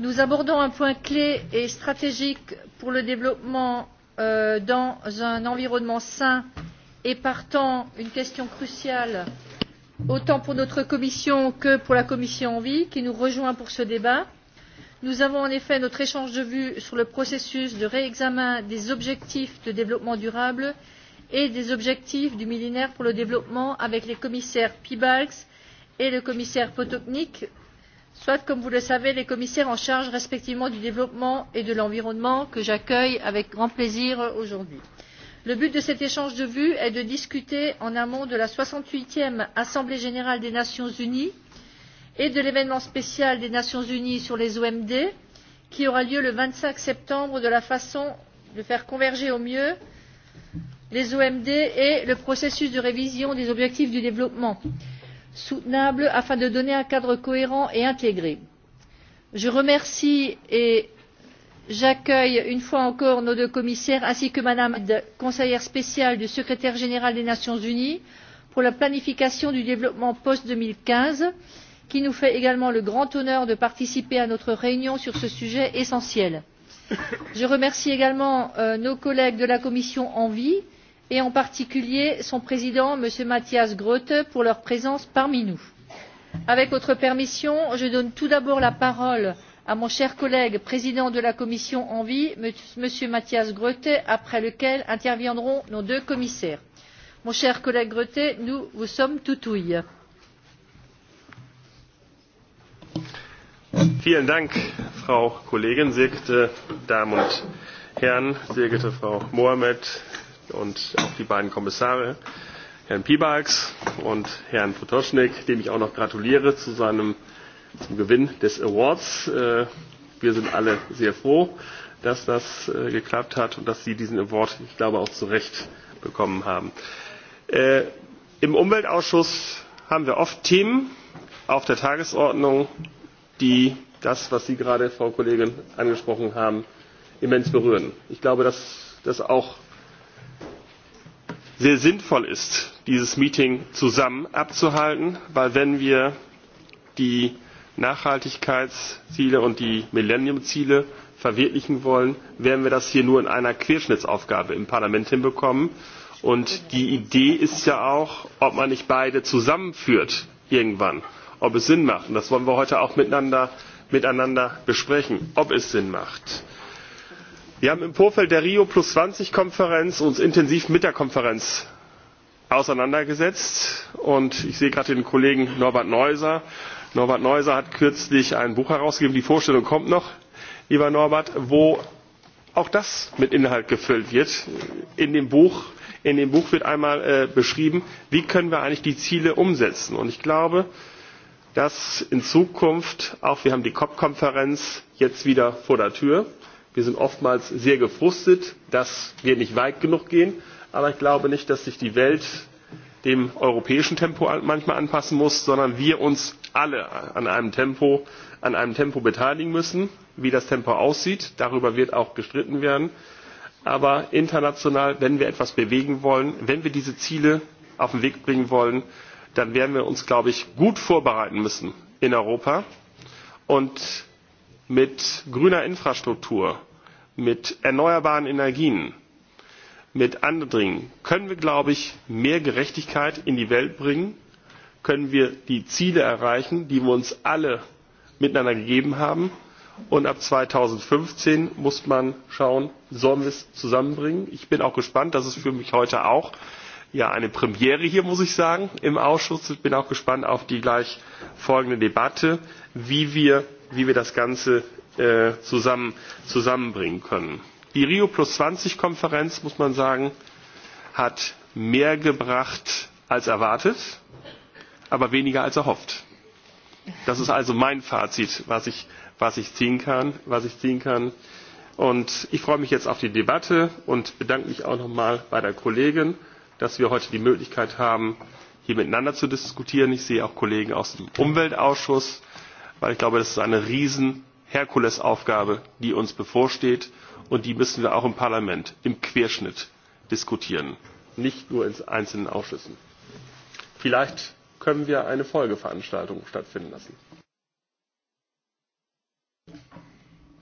nous abordons un point clé et stratégique pour le développement euh, dans un environnement sain et partant une question cruciale autant pour notre commission que pour la commission envi qui nous rejoint pour ce débat. Nous avons en effet notre échange de vues sur le processus de réexamen des objectifs de développement durable et des objectifs du millénaire pour le développement avec les commissaires Piebalgs et le commissaire potonik soit comme vous le savez les commissaires en charge respectivement du développement et de l'environnement que j'accueille avec grand plaisir aujourd'hui. le but de cet échange de vues est de discuter en amont de la soixante huitième assemblée générale des nations unies et de l'événement spécial des nations unies sur les omd qui aura lieu le vingt cinq septembre de la façon de faire converger au mieux les omd et le processus de révision des objectifs du développement. il soutenable afin de donner un cadre cohérent et intégré. je remercie et j'accueille une fois encore nos deux commissaires ainsi que mme conseillère spéciale du secrétaire général des nations unies pour la planification du développement post deux mille quinze qui nous fait également le grand honneur de participer à notre réunion sur ce sujet essentiel. je remercie également euh, nos collègues de la commission envi qui et en particulier son président m. matthias groote pour leur présence parmi nous. avec votre permission je donne tout d'abord la parole à mon cher collègue président de la commission envi m. matthias groote après lequel interviendront nos deux commissaires. mon cher collègue groote nous vous sommes tout ouïes. Vielen Dank, Frau Kollegin, sehr geehrte Damen und Herren, sehr geehrte Frau Mohamed, und auch die beiden Kommissare, Herrn Piebalgs und Herrn Potoschnik, dem ich auch noch gratuliere zu seinem, zum Gewinn des Awards. Äh, wir sind alle sehr froh, dass das äh, geklappt hat und dass Sie diesen Award, ich glaube, auch zu Recht bekommen haben. Äh, Im Umweltausschuss haben wir oft Themen auf der Tagesordnung, die das, was Sie gerade, Frau Kollegin, angesprochen haben, immens berühren. Ich glaube, dass das auch sehr sinnvoll ist dieses meeting zusammen abzuhalten denn wenn wir die nachhaltigkeitsziele und die millenniumziele verwirklichen wollen werden wir das hier nur in einer querschnittsaufgabe im parlament hinbekommen. und die idee ist ja auch ob man nicht beide zusammenführt irgendwann ob es sinn macht und das wollen wir heute auch miteinander besprechen ob es sinn macht wir haben uns im vorfeld der rio zwanzig konferenz intensiv mit der konferenz auseinandergesetzt und ich sehe gerade den kollegen norbert neuser norbert neuser hat kürzlich ein buch herausgegeben die vorstellung kommt noch lieber norbert wo auch das mit inhalt gefüllt wird. in dem buch, in dem buch wird einmal äh, beschrieben wie können wir eigentlich die ziele umsetzen und ich glaube dass in zukunft auch wir haben die cop konferenz jetzt wieder vor der tür wir sind oftmals sehr gefrustet dass wir nicht weit genug gehen aber ich glaube nicht dass sich die welt dem europäischen tempo manchmal anpassen muss sondern wir uns alle an einem tempo an einem tempo beteiligen müssen. wie das tempo aussieht darüber wird auch gestritten werden aber international wenn wir etwas bewegen wollen wenn wir diese ziele auf den weg bringen wollen dann werden wir uns glaube ich gut vorbereiten müssen in europa und mit grüner Infrastruktur, mit erneuerbaren Energien, mit anderen können wir, glaube ich, mehr Gerechtigkeit in die Welt bringen, können wir die Ziele erreichen, die wir uns alle miteinander gegeben haben. Und ab 2015 muss man schauen, sollen wir es zusammenbringen. Ich bin auch gespannt, das ist für mich heute auch ja eine Premiere hier, muss ich sagen, im Ausschuss. Ich bin auch gespannt auf die gleich folgende Debatte, wie wir wie wir das Ganze äh, zusammen, zusammenbringen können. Die Rio Plus 20 Konferenz, muss man sagen, hat mehr gebracht als erwartet, aber weniger als erhofft. Das ist also mein Fazit, was ich, was ich, ziehen, kann, was ich ziehen kann. Und ich freue mich jetzt auf die Debatte und bedanke mich auch nochmal bei der Kollegin, dass wir heute die Möglichkeit haben, hier miteinander zu diskutieren. Ich sehe auch Kollegen aus dem Umweltausschuss weil ich glaube, das ist eine riesen Herkulesaufgabe, die uns bevorsteht und die müssen wir auch im Parlament im Querschnitt diskutieren, nicht nur in einzelnen Ausschüssen. Vielleicht können wir eine Folgeveranstaltung stattfinden lassen.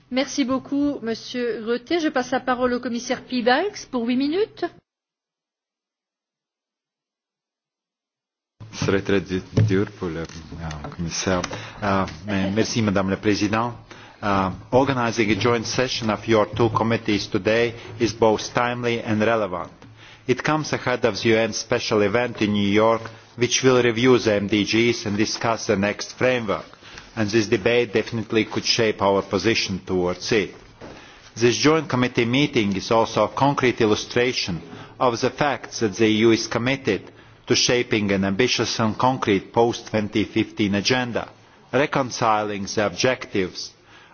Merci beaucoup, Monsieur Reuter. Je passe la parole au commissaire Piebalgs pour huit minutes. serait très dur pour le uh, commissaire. Uh, merci, Madame la Présidente. Uh, organizing a joint session of your two committees today is both timely and relevant. It comes ahead of the UN special event in New York, which will review the MDGs and discuss the next framework, and this debate definitely could shape our position towards it. This joint committee meeting is also a concrete illustration of the fact that the EU is committed to shaping an ambitious and concrete post two thousand and fifteen agenda reconciling the objectives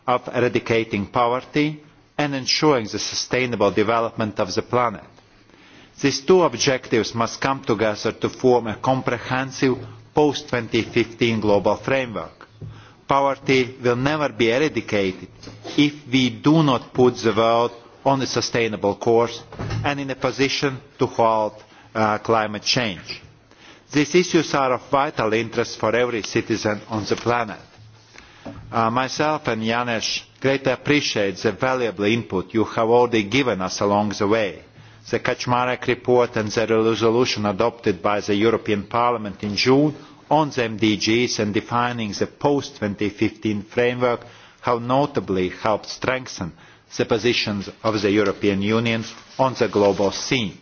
of eradicating poverty and ensuring the sustainable development of the planet. these two objectives must come together to form a comprehensive post two thousand and fifteen global framework. poverty will never be eradicated if we do not put the world on a sustainable course and in a position to halt uh, climate change these issues are of vital interest for every citizen on the planet. Uh, myself and Janes greatly appreciate the valuable input you have already given us along the way. The Kaczmarek report and the resolution adopted by the European Parliament in June on the MDGs and defining the post-2015 framework have notably helped strengthen the positions of the European Union on the global scene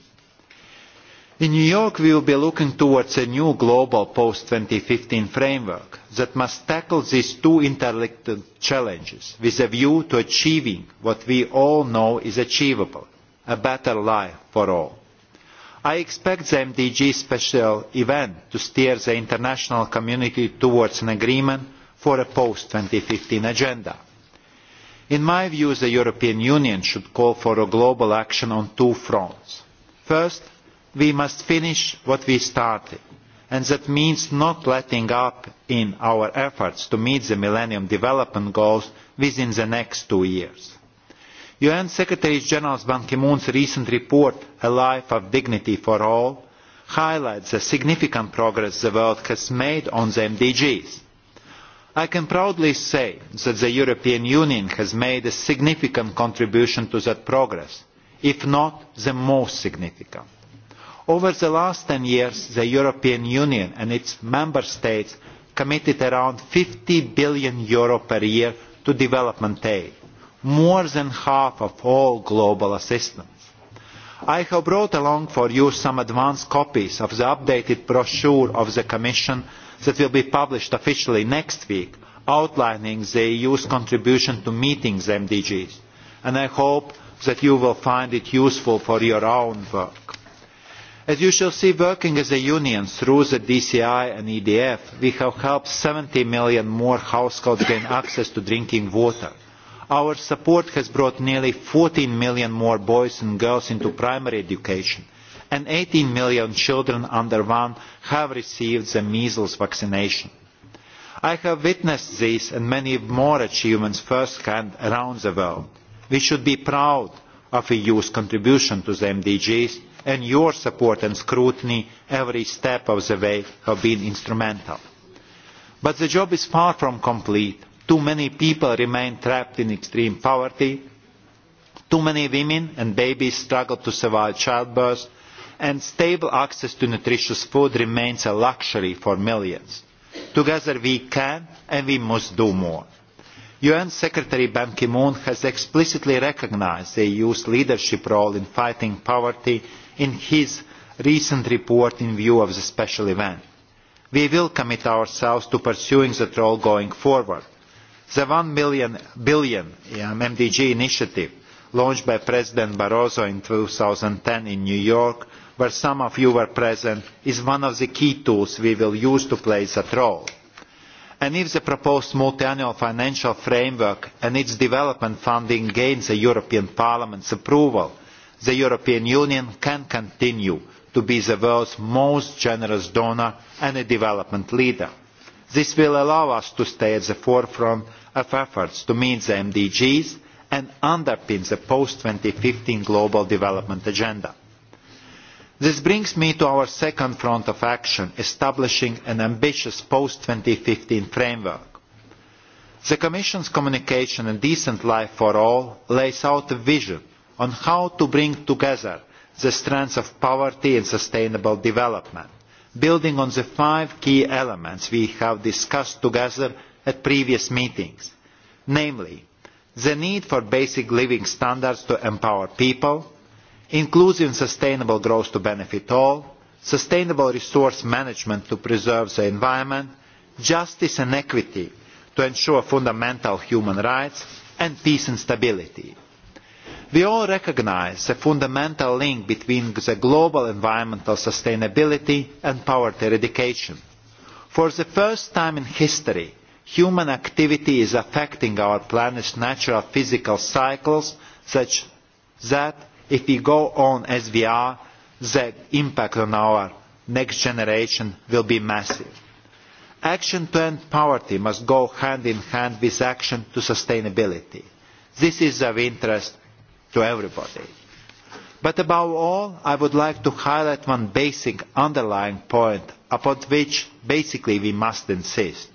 In New York, we will be looking towards a new global post-2015 framework that must tackle these two interlinked challenges with a view to achieving what we all know is achievable, a better life for all. I expect the MDG special event to steer the international community towards an agreement for a post-2015 agenda. In my view, the European Union should call for a global action on two fronts. First, we must finish what we started and that means not letting up in our efforts to meet the millennium development goals within the next two years. un secretary general ban ki moon's recent report a life of dignity for all highlights the significant progress the world has made on the mdgs. i can proudly say that the european union has made a significant contribution to that progress if not the most significant over the last ten years the european union and its member states committed around eur fifty billion Euro per year to development aid more than half of all global assistance. i have brought along for you some advance copies of the updated brochure of the commission that will be published officially next week outlining the eu's contribution to meeting the mdgs and i hope that you will find it useful for your own work As you shall see, working as a union through the DCI and EDF, we have helped 70 million more households gain access to drinking water. Our support has brought nearly 14 million more boys and girls into primary education, and 18 million children under one have received the measles vaccination. I have witnessed these and many more achievements firsthand around the world. We should be proud of EU's contribution to the MDGs and your support and scrutiny every step of the way have been instrumental. But the job is far from complete. Too many people remain trapped in extreme poverty. Too many women and babies struggle to survive childbirth and stable access to nutritious food remains a luxury for millions. Together we can and we must do more. UN Secretary Ban Ki-moon has explicitly recognized the EU's leadership role in fighting poverty in his recent report in view of the special event. We will commit ourselves to pursuing that role going forward. The 1 million, billion um, MDG initiative launched by President Barroso in 2010 in New York, where some of you were present, is one of the key tools we will use to play that role. And if the proposed multiannual financial framework and its development funding gains the European Parliament's approval, the european union can continue to be the world's most generous donor and a development leader. this will allow us to stay at the forefront of efforts to meet the mdgs and underpin the post two thousand and fifteen global development agenda. this brings me to our second front of action establishing an ambitious post two thousand and fifteen framework. the commission's communication a decent life for all lays out a vision on how to bring together the strands of poverty and sustainable development building on the five key elements we have discussed together at previous meetings namely the need for basic living standards to empower people inclusive sustainable growth to benefit all sustainable resource management to preserve the environment justice and equity to ensure fundamental human rights and peace and stability. We all recognize the fundamental link between the global environmental sustainability and poverty eradication. For the first time in history, human activity is affecting our planet's natural physical cycles such that if we go on as we are, the impact on our next generation will be massive. Action to end poverty must go hand in hand with action to sustainability. This is of interest to everybody. But above all, I would like to highlight one basic underlying point upon which basically we must insist.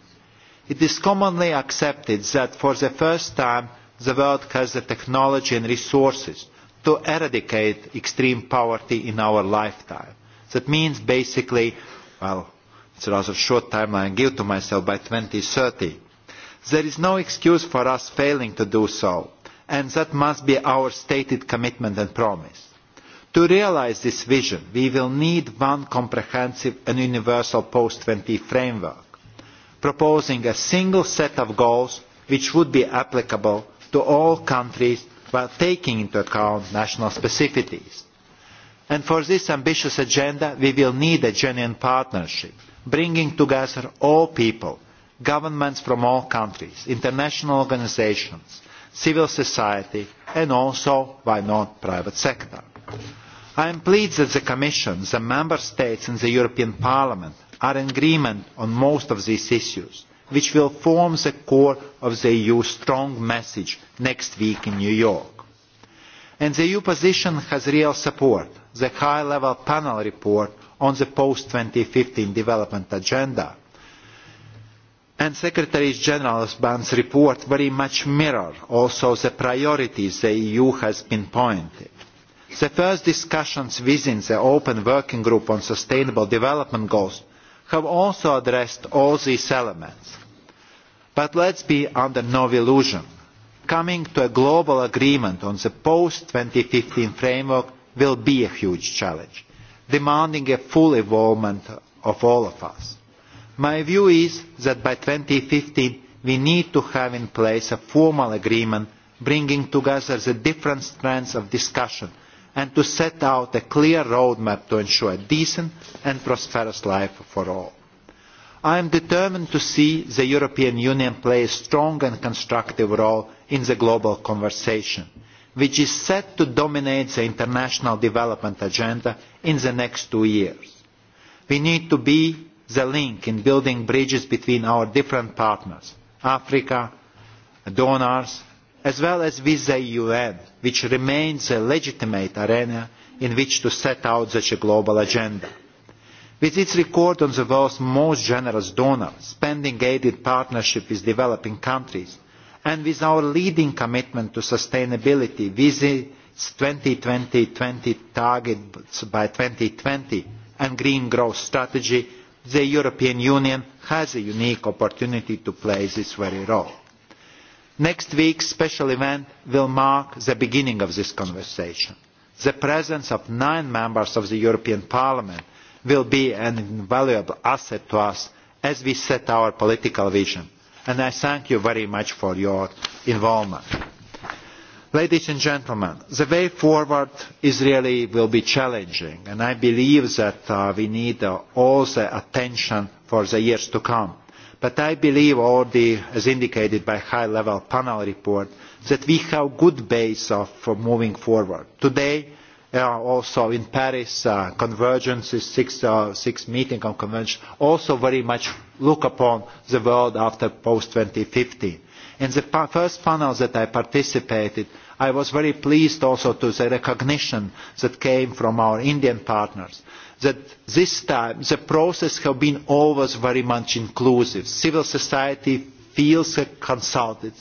It is commonly accepted that for the first time the world has the technology and resources to eradicate extreme poverty in our lifetime. That means basically, well, it's a rather short timeline I give to myself by 2030. There is no excuse for us failing to do so and that must be our stated commitment and promise. To realise this vision, we will need one comprehensive and universal post-20 framework, proposing a single set of goals which would be applicable to all countries while taking into account national specificities. And for this ambitious agenda, we will need a genuine partnership, bringing together all people, governments from all countries, international organisations, civil society and also why not private sector. I am pleased that the Commission, the Member States and the European Parliament are in agreement on most of these issues, which will form the core of the EU's strong message next week in New York. And the EU position has real support. The high-level panel report on the post-2015 development agenda and secretary general ban's report very much mirrors also the priorities the eu has pinpointed. the first discussions within the open working group on sustainable development goals have also addressed all these elements. but let us be under no illusion coming to a global agreement on the post two thousand and fifteen framework will be a huge challenge demanding a full involvement of all of us my view is that by two thousand and fifteen we need to have in place a formal agreement bringing together the different strands of discussion and to set out a clear roadmap to ensure a decent and prosperous life for all. I am determined to see the European Union play a strong and constructive role in the global conversation, which is set to dominate the international development agenda in the next two years. We need to be the link in building bridges between our different partners africa donors as well as with the un which remains a legitimate arena in which to set out such a global agenda. with its record on the world's most generous donor spending aid in partnership with developing countries and with our leading commitment to sustainability with its 2020-20 targets by 2020 and green growth strategy the European Union has a unique opportunity to play this very role. Next week's special event will mark the beginning of this conversation. The presence of nine members of the European Parliament will be an invaluable asset to us as we set our political vision, and I thank you very much for your involvement. Ladies and gentlemen, the way forward is really will be challenging, and I believe that uh, we need uh, all the attention for the years to come. But I believe already, as indicated by high-level panel report, that we have good base of, for uh, moving forward. Today, uh, also in Paris, uh, convergences, six, uh, six meeting on convention, also very much look upon the world after post-2015. In the pa first panel that I participated, I was very pleased also to the recognition that came from our Indian partners that this time the process has been always very much inclusive. Civil society feels consulted,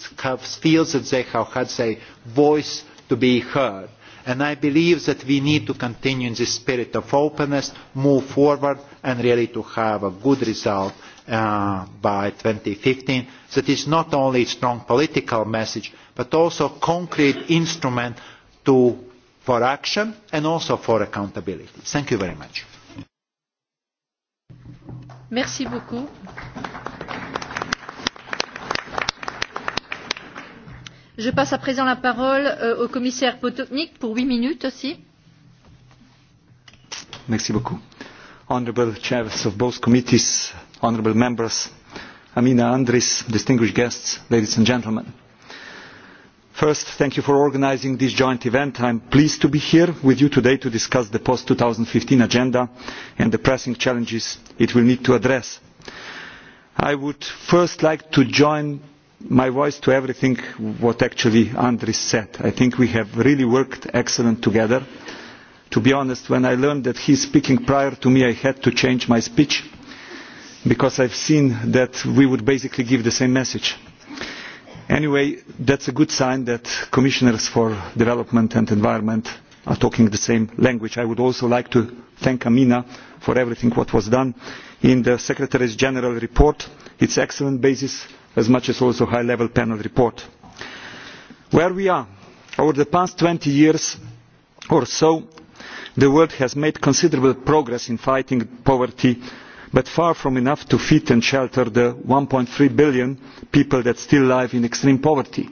feels that they have had their voice to be heard. And I believe that we need to continue in this spirit of openness, move forward and really to have a good result uh, by 2015 that is not only a strong political message but also concrete instrument to, for action and also for accountability. Thank you very much. Merci beaucoup. Je passe à présent la parole euh, au commissaire Potoknik pour huit minutes aussi. Merci beaucoup. Honorable chairs of both committees, honorable members, Amina Andris, distinguished guests, ladies and gentlemen first thank you for organising this joint event. i am pleased to be here with you today to discuss the post two thousand and fifteen agenda and the pressing challenges it will need to address. i would first like to join my voice to everything what actually andris said. i think we have really worked excellently together. to be honest when i learned that he is speaking prior to me i had to change my speech because i have seen that we would basically give the same message Anyway, that's a good sign that commissioners for development and environment are talking the same language. I would also like to thank Amina for everything what was done in the Secretary General report. It's excellent basis as much as also high level panel report. Where we are, over the past 20 years or so, the world has made considerable progress in fighting poverty but far from enough to feed and shelter the. one three billion people that still live in extreme poverty.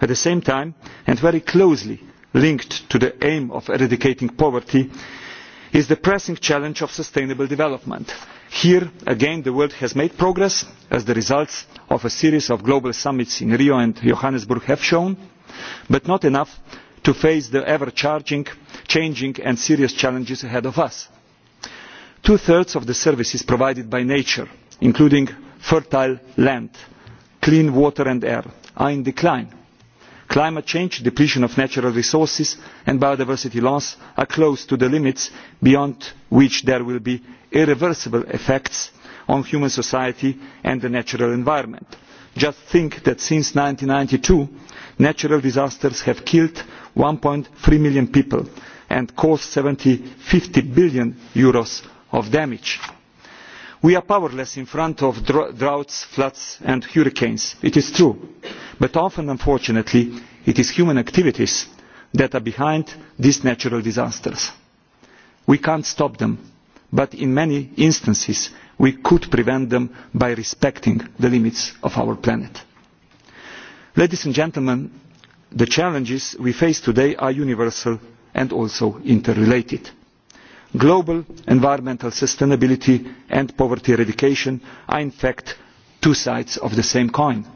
at the same time and very closely linked to the aim of eradicating poverty is the pressing challenge of sustainable development. here again the world has made progress as the results of a series of global summits in rio and johannesburg have shown but not enough to face the ever changing and serious challenges ahead of us two thirds of the services provided by nature including fertile land clean water and air are in decline. climate change depletion of natural resources and biodiversity loss are close to the limits beyond which there will be irreversible effects on human society and the natural environment. just think that since one thousand nine hundred and ninety two natural disasters have killed. one three million people and cost eur fifty billion Euros of damage. We are powerless in front of droughts, floods and hurricanes. It is true. But often, unfortunately, it is human activities that are behind these natural disasters. We can't stop them, but in many instances we could prevent them by respecting the limits of our planet. Ladies and gentlemen, the challenges we face today are universal and also interrelated global environmental sustainability and poverty eradication are in fact two sides of the same coin.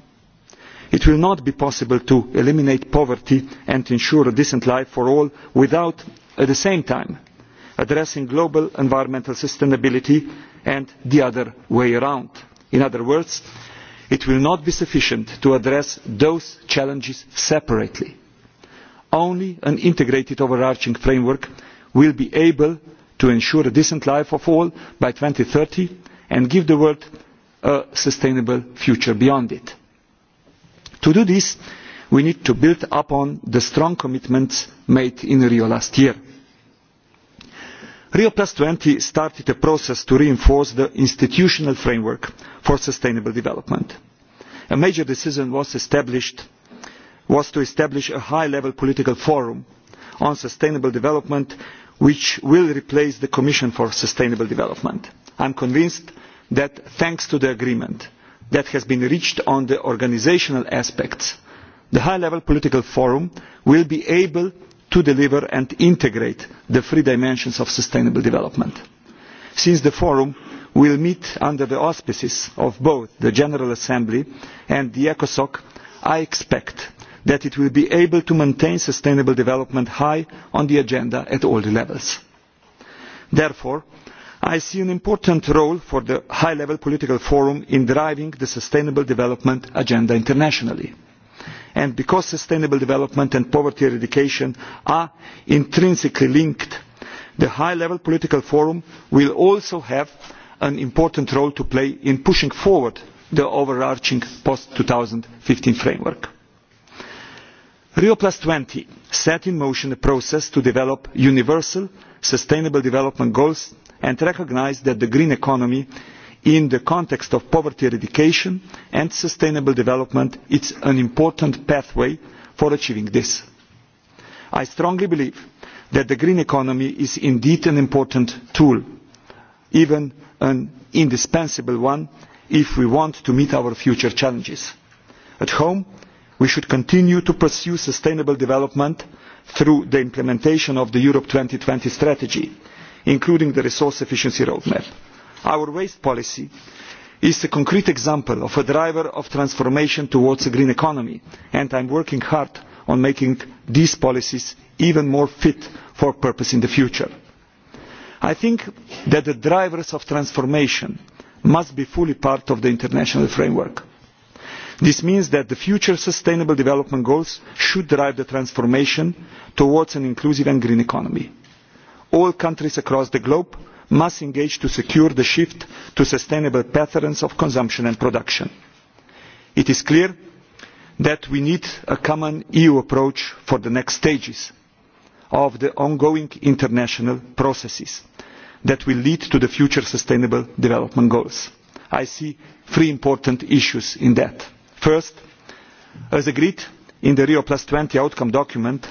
It will not be possible to eliminate poverty and ensure a decent life for all without, at the same time, addressing global environmental sustainability and the other way around. In other words, it will not be sufficient to address those challenges separately. Only an integrated overarching framework will be able to ensure a decent life for all by two thousand and thirty and give the world a sustainable future beyond it. to do this we need to build upon the strong commitments made in rio last year. rio twenty started a process to reinforce the institutional framework for sustainable development. a major decision was, was to establish a high level political forum on sustainable development which will replace the commission for sustainable development. i am convinced that thanks to the agreement that has been reached on the organisational aspects the high level political forum will be able to deliver and integrate the three dimensions of sustainable development. since the forum will meet under the auspices of both the general assembly and the ecosoc i expect that it will be able to maintain sustainable development high on the agenda at all the levels. therefore i see an important role for the high level political forum in driving the sustainable development agenda internationally and because sustainable development and poverty eradication are intrinsically linked the high level political forum will also have an important role to play in pushing forward the overarching post two thousand and fifteen framework rio twenty set in motion a process to develop universal sustainable development goals and recognised that the green economy in the context of poverty eradication and sustainable development is an important pathway for achieving this. i strongly believe that the green economy is indeed an important tool even an indispensable one if we want to meet our future challenges. at home we should continue to pursue sustainable development through the implementation of the europe two thousand and twenty strategy including the resource efficiency roadmap. our waste policy is a concrete example of a driver of transformation towards a green economy and i am working hard on making these policies even more fit for purpose in the future. i think that the drivers of transformation must be fully part of the international framework this means that the future sustainable development goals should drive the transformation towards an inclusive and green economy. all countries across the globe must engage to secure the shift to sustainable patterns of consumption and production. it is clear that we need a common eu approach for the next stages of the ongoing international processes that will lead to the future sustainable development goals. i see three important issues in that first as agreed in the rio twenty outcome document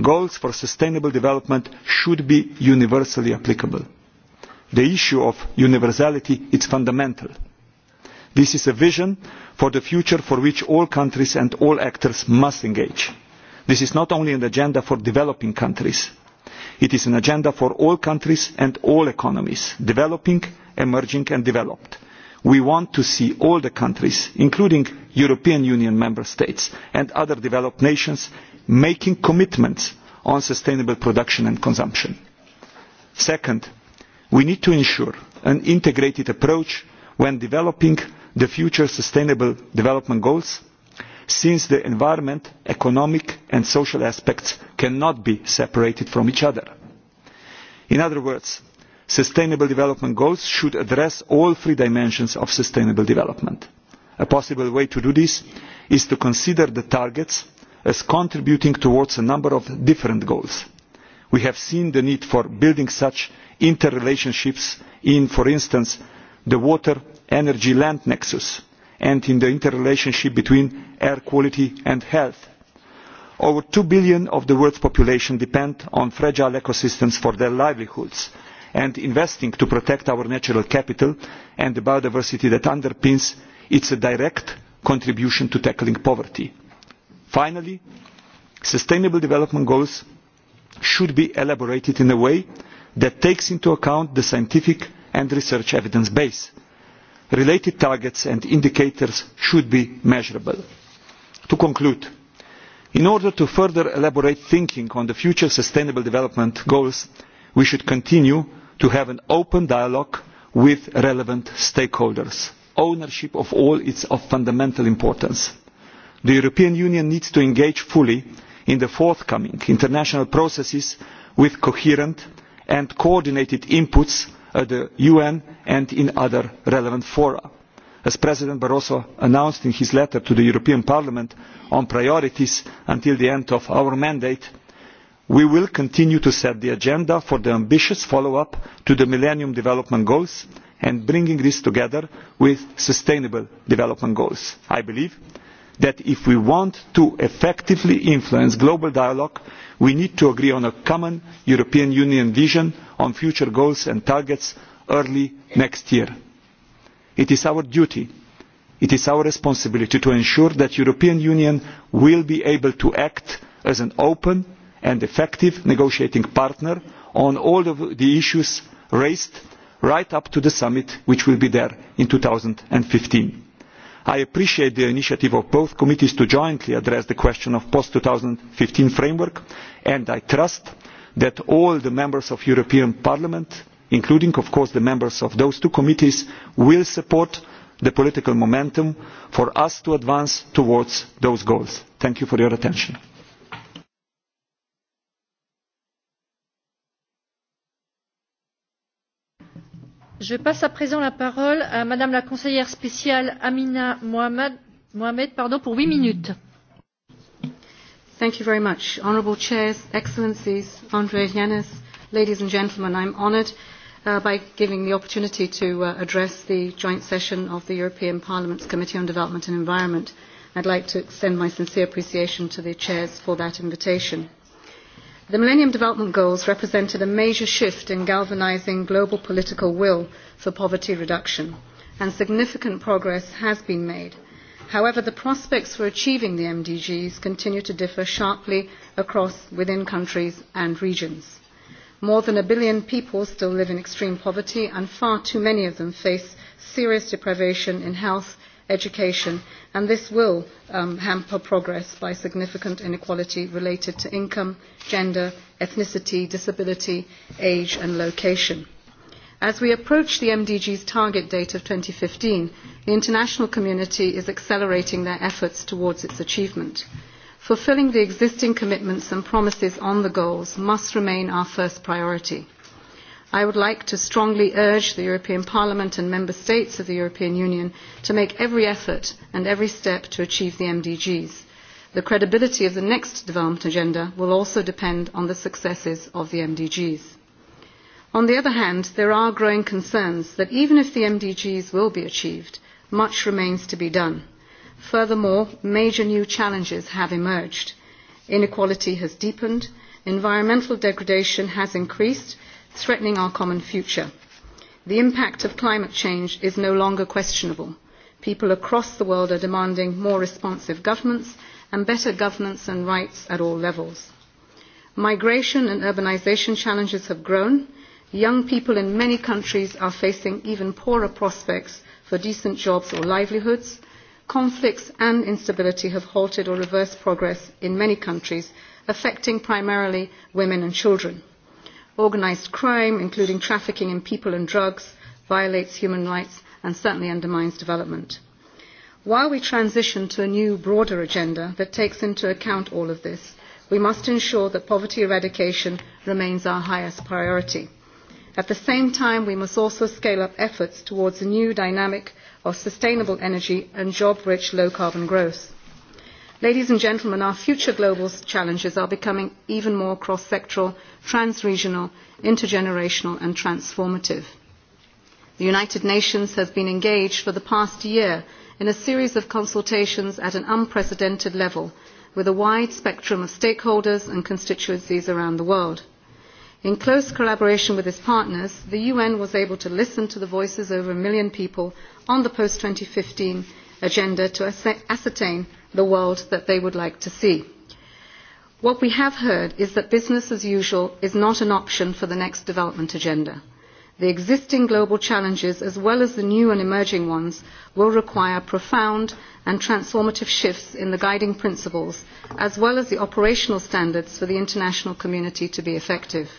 goals for sustainable development should be universally applicable. the issue of universality is fundamental. this is a vision for the future for which all countries and all actors must engage. this is not only an agenda for developing countries it is an agenda for all countries and all economies developing emerging and developed we want to see all the countries including european union member states and other developed nations making commitments on sustainable production and consumption. second we need to ensure an integrated approach when developing the future sustainable development goals since the environment economic and social aspects cannot be separated from each other. in other words sustainable development goals should address all three dimensions of sustainable development. a possible way to do this is to consider the targets as contributing towards a number of different goals. we have seen the need for building such interrelationships in for instance the water energy land nexus and in the interrelationship between air quality and health. over two billion of the world's population depend on fragile ecosystems for their livelihoods and investing to protect our natural capital and the biodiversity that underpins its direct contribution to tackling poverty. Finally, sustainable development goals should be elaborated in a way that takes into account the scientific and research evidence base. Related targets and indicators should be measurable. To conclude, in order to further elaborate thinking on the future sustainable development goals, we should continue to have an open dialogue with relevant stakeholders. ownership of all is of fundamental importance. the european union needs to engage fully in the forthcoming international processes with coherent and coordinated inputs at the un and in other relevant fora. as president barroso announced in his letter to the european parliament on priorities until the end of our mandate we will continue to set the agenda for the ambitious follow up to the millennium development goals and bringing this together with sustainable development goals. i believe that if we want to effectively influence global dialogue we need to agree on a common european union vision on future goals and targets early next year. it is our duty it is our responsibility to ensure that the european union will be able to act as an open and effective negotiating partner on all of the issues raised right up to the summit which will be there in. two thousand and fifteen i appreciate the initiative of both committees to jointly address the question of the post two thousand and fifteen framework and i trust that all the members of the european parliament including of course the members of those two committees will support the political momentum for us to advance towards those goals. thank you for your attention. je passe à présent la parole à madame la conseillère spéciale amina mohamed, mohamed pardon, pour huit minutes. thank you very much. honourable chairs, excellencies, andrei yanis, ladies and gentlemen, i'm honoured uh, by giving the opportunity to uh, address the joint session of the european parliament's committee on development and environment. i'd like to extend my sincere appreciation to the chairs for that invitation. The Millennium Development Goals represented a major shift in galvanizing global political will for poverty reduction, and significant progress has been made. However, the prospects for achieving the MDGs continue to differ sharply across within countries and regions. More than a billion people still live in extreme poverty, and far too many of them face serious deprivation in health, education, and this will um, hamper progress by significant inequality related to income, gender, ethnicity, disability, age, and location. As we approach the MDG's target date of 2015, the international community is accelerating their efforts towards its achievement. Fulfilling the existing commitments and promises on the goals must remain our first priority I would like to strongly urge the European Parliament and Member States of the European Union to make every effort and every step to achieve the MDGs. The credibility of the next development agenda will also depend on the successes of the MDGs. On the other hand, there are growing concerns that even if the MDGs will be achieved, much remains to be done. Furthermore, major new challenges have emerged. Inequality has deepened, environmental degradation has increased, threatening our common future. The impact of climate change is no longer questionable. People across the world are demanding more responsive governments and better governance and rights at all levels. Migration and urbanization challenges have grown. Young people in many countries are facing even poorer prospects for decent jobs or livelihoods. Conflicts and instability have halted or reversed progress in many countries, affecting primarily women and children Organised crime, including trafficking in people and drugs, violates human rights and certainly undermines development. While we transition to a new, broader agenda that takes into account all of this, we must ensure that poverty eradication remains our highest priority. At the same time, we must also scale up efforts towards a new dynamic of sustainable energy and job-rich low-carbon growth. Ladies and gentlemen, our future global challenges are becoming even more cross-sectoral, trans-regional, intergenerational and transformative. The United Nations has been engaged for the past year in a series of consultations at an unprecedented level with a wide spectrum of stakeholders and constituencies around the world. In close collaboration with its partners, the UN was able to listen to the voices of over a million people on the post-2015 agenda to ascertain the world that they would like to see. What we have heard is that business as usual is not an option for the next development agenda. The existing global challenges, as well as the new and emerging ones, will require profound and transformative shifts in the guiding principles, as well as the operational standards for the international community to be effective.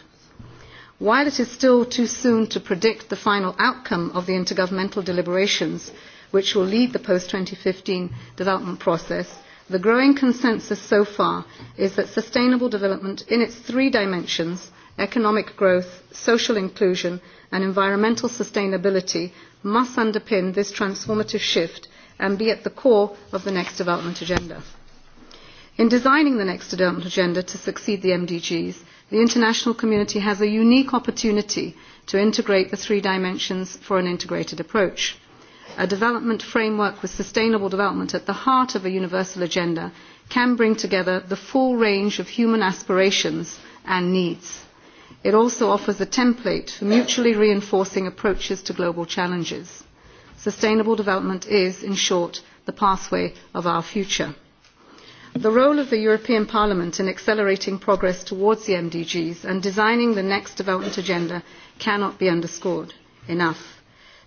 While it is still too soon to predict the final outcome of the intergovernmental deliberations, which will lead the post-2015 development process, the growing consensus so far is that sustainable development in its three dimensions, economic growth, social inclusion and environmental sustainability must underpin this transformative shift and be at the core of the next development agenda. In designing the next development agenda to succeed the MDGs, the international community has a unique opportunity to integrate the three dimensions for an integrated approach a development framework with sustainable development at the heart of a universal agenda can bring together the full range of human aspirations and needs. It also offers a template for mutually reinforcing approaches to global challenges. Sustainable development is, in short, the pathway of our future. The role of the European Parliament in accelerating progress towards the MDGs and designing the next development agenda cannot be underscored enough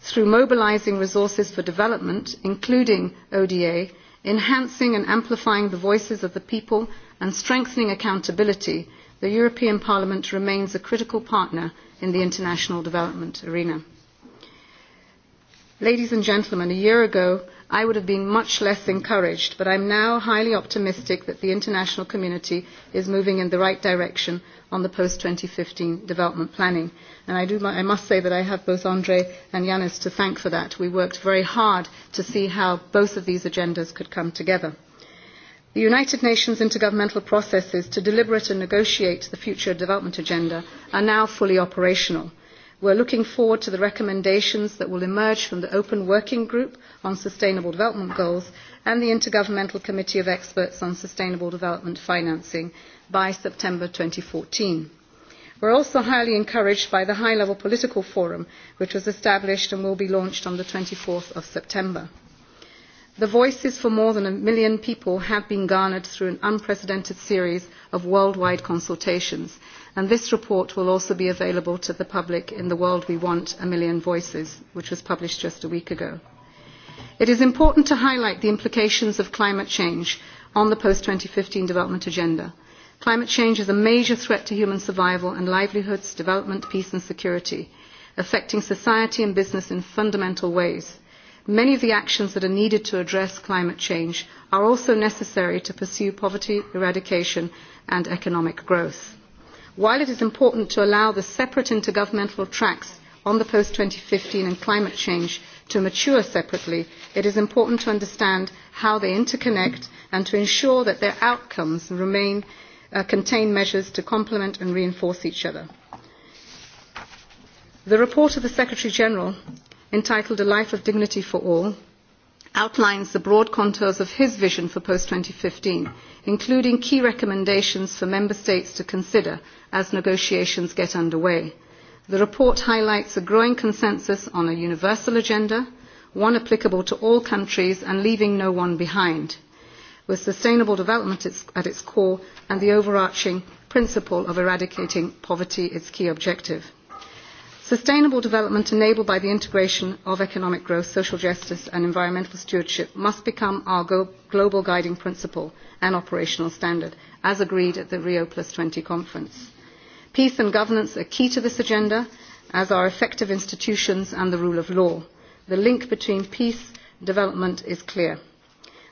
through mobilising resources for development, including ODA, enhancing and amplifying the voices of the people and strengthening accountability, the European Parliament remains a critical partner in the international development arena. Ladies and gentlemen, a year ago, I would have been much less encouraged, but I am now highly optimistic that the international community is moving in the right direction on the post-2015 development planning. And I, do, I must say that I have both Andre and Yanis to thank for that. We worked very hard to see how both of these agendas could come together. The United Nations intergovernmental processes to deliberate and negotiate the future development agenda are now fully operational – we are looking forward to the recommendations that will emerge from the open working group on sustainable development goals and the intergovernmental committee of experts on sustainable development financing by september. two thousand and fourteen we are also highly encouraged by the high level political forum which was established and will be launched on twenty four september. the voices for more than a million people have been garnered through an unprecedented series of worldwide consultations And this report will also be available to the public in The World We Want, A Million Voices, which was published just a week ago. It is important to highlight the implications of climate change on the post-2015 development agenda. Climate change is a major threat to human survival and livelihoods, development, peace and security, affecting society and business in fundamental ways. Many of the actions that are needed to address climate change are also necessary to pursue poverty eradication and economic growth. While it is important to allow the separate intergovernmental tracks on the post 2015 and climate change to mature separately, it is important to understand how they interconnect and to ensure that their outcomes remain, uh, contain measures to complement and reinforce each other. The report of the Secretary General, entitled A Life of Dignity for All, outlines the broad contours of his vision for post two thousand and fifteen including key recommendations for member states to consider as negotiations get under way. the report highlights a growing consensus on a universal agenda one applicable to all countries and leaving no one behind with sustainable development at its core and the overarching principle of eradicating poverty its key objective. Sustainable development enabled by the integration of economic growth, social justice and environmental stewardship must become our go global guiding principle and operational standard, as agreed at the Rio Plus 20 conference. Peace and governance are key to this agenda, as are effective institutions and the rule of law. The link between peace and development is clear.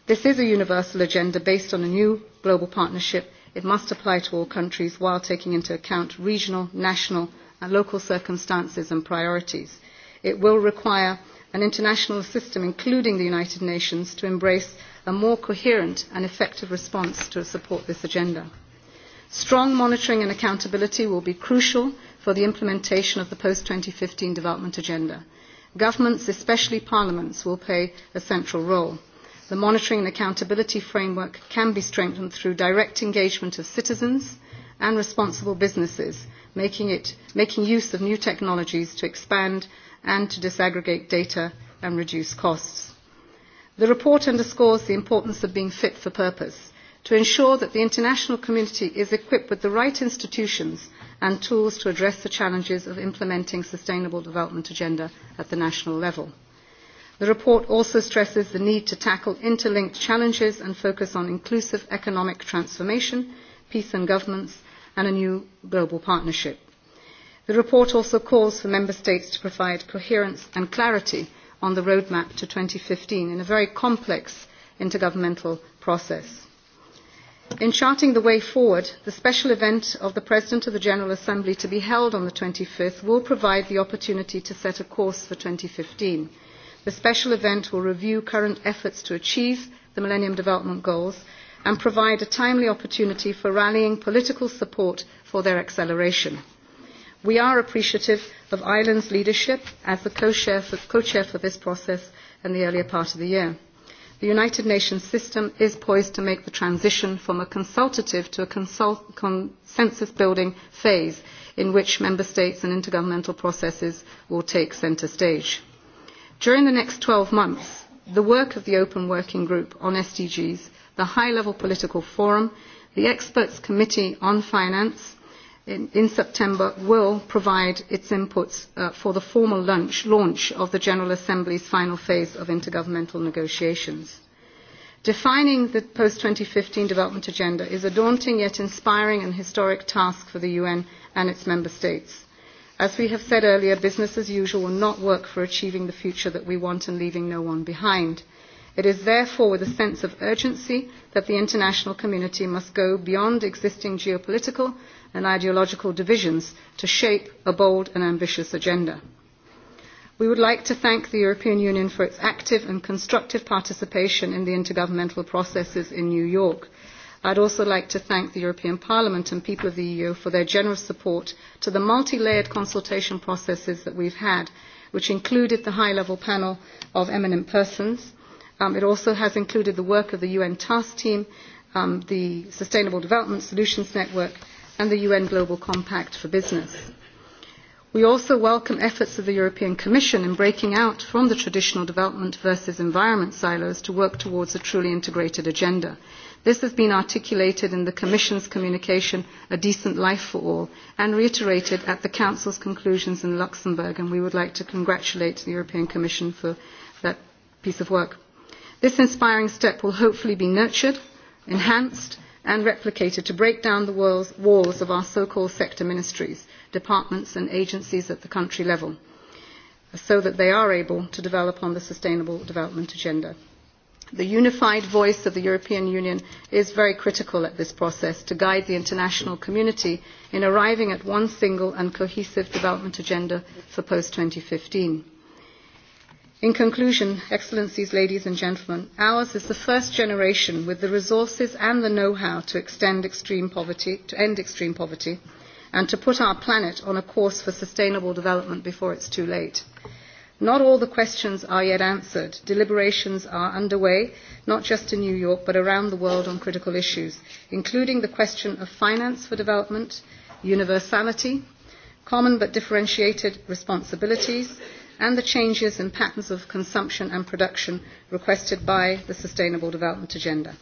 This is a universal agenda based on a new global partnership. It must apply to all countries while taking into account regional, national, local circumstances and priorities. It will require an international system, including the United Nations, to embrace a more coherent and effective response to support this agenda. Strong monitoring and accountability will be crucial for the implementation of the post-2015 development agenda. Governments, especially parliaments, will play a central role. The monitoring and accountability framework can be strengthened through direct engagement of citizens and responsible businesses making, it, making use of new technologies to expand and to disaggregate data and reduce costs. The report underscores the importance of being fit for purpose to ensure that the international community is equipped with the right institutions and tools to address the challenges of implementing sustainable development agenda at the national level. The report also stresses the need to tackle interlinked challenges and focus on inclusive economic transformation, peace and governance, and a new global partnership. The report also calls for Member States to provide coherence and clarity on the roadmap to 2015 in a very complex intergovernmental process. In charting the way forward, the special event of the President of the General Assembly to be held on the 25th will provide the opportunity to set a course for 2015. The special event will review current efforts to achieve the Millennium Development Goals and provide a timely opportunity for rallying political support for their acceleration. We are appreciative of Ireland's leadership as the co-chair for, co for this process in the earlier part of the year. The United Nations system is poised to make the transition from a consultative to a consult, consensus-building phase in which member states and intergovernmental processes will take centre stage. During the next 12 months, the work of the Open Working Group on SDGs the high level political forum, the experts committee on finance in, in September will provide its inputs uh, for the formal launch, launch of the General Assembly's final phase of intergovernmental negotiations. Defining the post 2015 development agenda is a daunting yet inspiring and historic task for the UN and its member states. As we have said earlier, business as usual will not work for achieving the future that we want and leaving no one behind. It is therefore with a sense of urgency that the international community must go beyond existing geopolitical and ideological divisions to shape a bold and ambitious agenda. We would like to thank the European Union for its active and constructive participation in the intergovernmental processes in New York. I'd also like to thank the European Parliament and people of the EU for their generous support to the multi-layered consultation processes that we've had, which included the high-level panel of eminent persons, Um, it also has included the work of the UN Task Team, um, the Sustainable Development Solutions Network, and the UN Global Compact for Business. We also welcome efforts of the European Commission in breaking out from the traditional development versus environment silos to work towards a truly integrated agenda. This has been articulated in the Commission's communication, A Decent Life for All, and reiterated at the Council's conclusions in Luxembourg, and we would like to congratulate the European Commission for that piece of work. This inspiring step will hopefully be nurtured, enhanced, and replicated to break down the walls, walls of our so-called sector ministries, departments and agencies at the country level, so that they are able to develop on the Sustainable Development Agenda. The unified voice of the European Union is very critical at this process to guide the international community in arriving at one single and cohesive development agenda for post-2015 In conclusion, Excellencies, ladies and gentlemen, ours is the first generation with the resources and the know-how to extend extreme poverty, to end extreme poverty, and to put our planet on a course for sustainable development before it's too late. Not all the questions are yet answered. Deliberations are underway, not just in New York, but around the world on critical issues, including the question of finance for development, universality, common but differentiated responsibilities, and the changes in patterns of consumption and production requested by the Sustainable Development Agenda.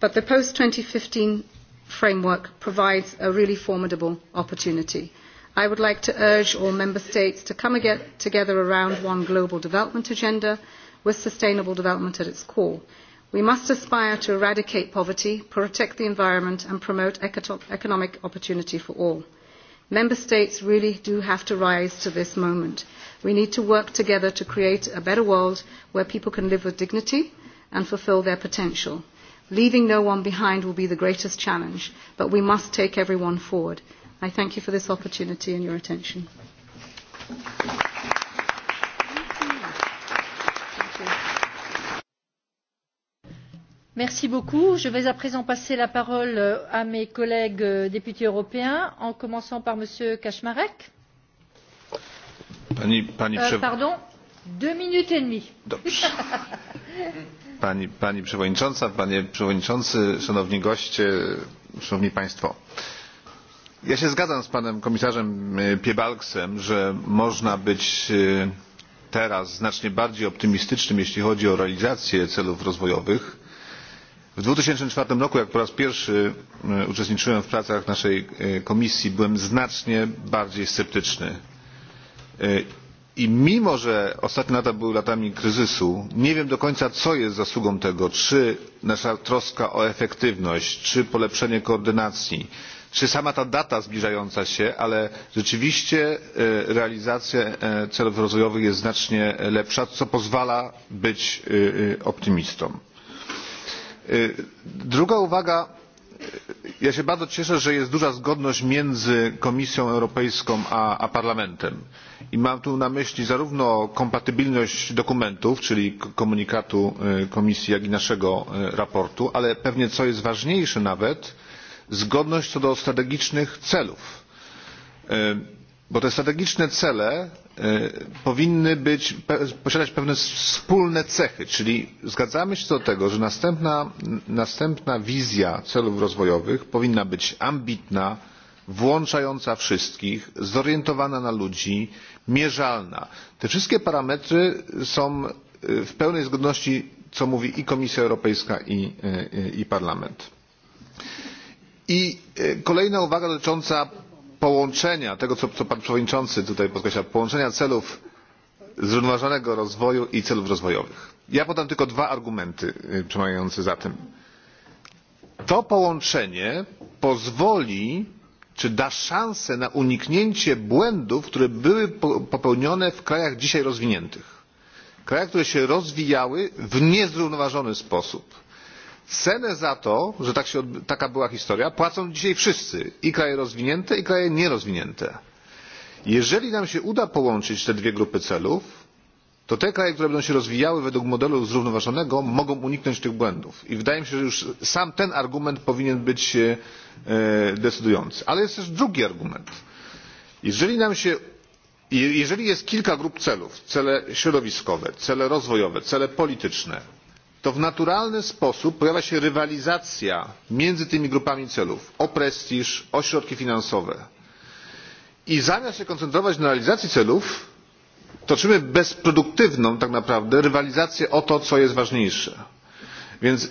But the post-2015 framework provides a really formidable opportunity. I would like to urge all Member States to come again, together around one global development agenda with sustainable development at its core. We must aspire to eradicate poverty, protect the environment and promote economic opportunity for all. Member States really do have to rise to this moment. We need to work together to create a better world where people can live with dignity and fulfill their potential. Leaving no one behind will be the greatest challenge, but we must take everyone forward. I thank you for this opportunity and your attention. Thank you. Merci beaucoup. Je vais à présent passer la parole euh, à mes collègues euh, députés européens, en commençant par Monsieur Kaczmarek. Pani, pani euh, Pardon, deux minutes et demie. Dobrze. Pani, pani Przewodnicząca, Panie Przewodniczący, Szanowni Goście, Szanowni Państwo. Ja się zgadzam z Panem Komisarzem Piebalgsem, że można być teraz znacznie bardziej optymistycznym, jeśli chodzi o realizację celów rozwojowych w dwa tysiące cztery roku jak po raz pierwszy e, uczestniczyłem w pracach naszej e, komisji byłem znacznie bardziej sceptyczny e, i mimo że ostatnie lata były latami kryzysu nie wiem do końca co jest zasługą tego czy nasza troska o efektywność czy polepszenie koordynacji czy sama ta data zbliżająca się ale rzeczywiście realizacja celów rozwojowych jest znacznie lepsza co pozwala być optymistą druga uwaga ja się bardzo cieszę że jest duża zgodność między komisją europejską a, a parlamentem i mam tu na myśli zarówno kompatybilność dokumentów czyli komunikatu komisji jak i naszego sprawozdania ale pewnie co jest ważniejsze nawet zgodność co do strategicznych celów bo te strategiczne cele e, powinny być, posiadać pewne wspólne cechy czyli zgadzamy się co do tego że następna, następna wizja celów rozwojowych powinna być ambitna włączająca wszystkich zorientowana na ludzi mierzalna. te wszystkie parametry są e, w pełnej zgodności co mówi i komisja europejska i, i, e, i parlament. i kolejna uwaga dotycząca połączenia tego co, co pan przewodniczący tutaj podkreśla połączenia celów zrównoważonego rozwoju i celów rozwojowych. ja podam tylko dwa argumenty przemawiające za tym. to połączenie pozwoli czy da szansę na uniknięcie błędów które były popełnione w krajach dzisiaj rozwiniętych krajach które się rozwijały w niezrównoważony sposób cenę za to że tak się, taka była historia płacą dzisiaj wszyscy i kraje rozwinięte i kraje nierozwinięte. jeżeli nam się uda połączyć te dwie grupy celów to te kraje które będą się rozwijały według modelu zrównoważonego mogą uniknąć tych błędów i wydaje mi się że już sam ten argument powinien być e, decydujący. ale jest też drugi argument jeżeli nam się jeżeli jest kilka grup celów cele środowiskowe cele rozwojowe cele polityczne to w naturalny sposób pojawia się rywalizacja między tymi grupami celów o prestiż o środki finansowe i zamiast się koncentrować na realizacji celów toczymy bezproduktywną tak naprawdę rywalizację o to co jest ważniejsze. więc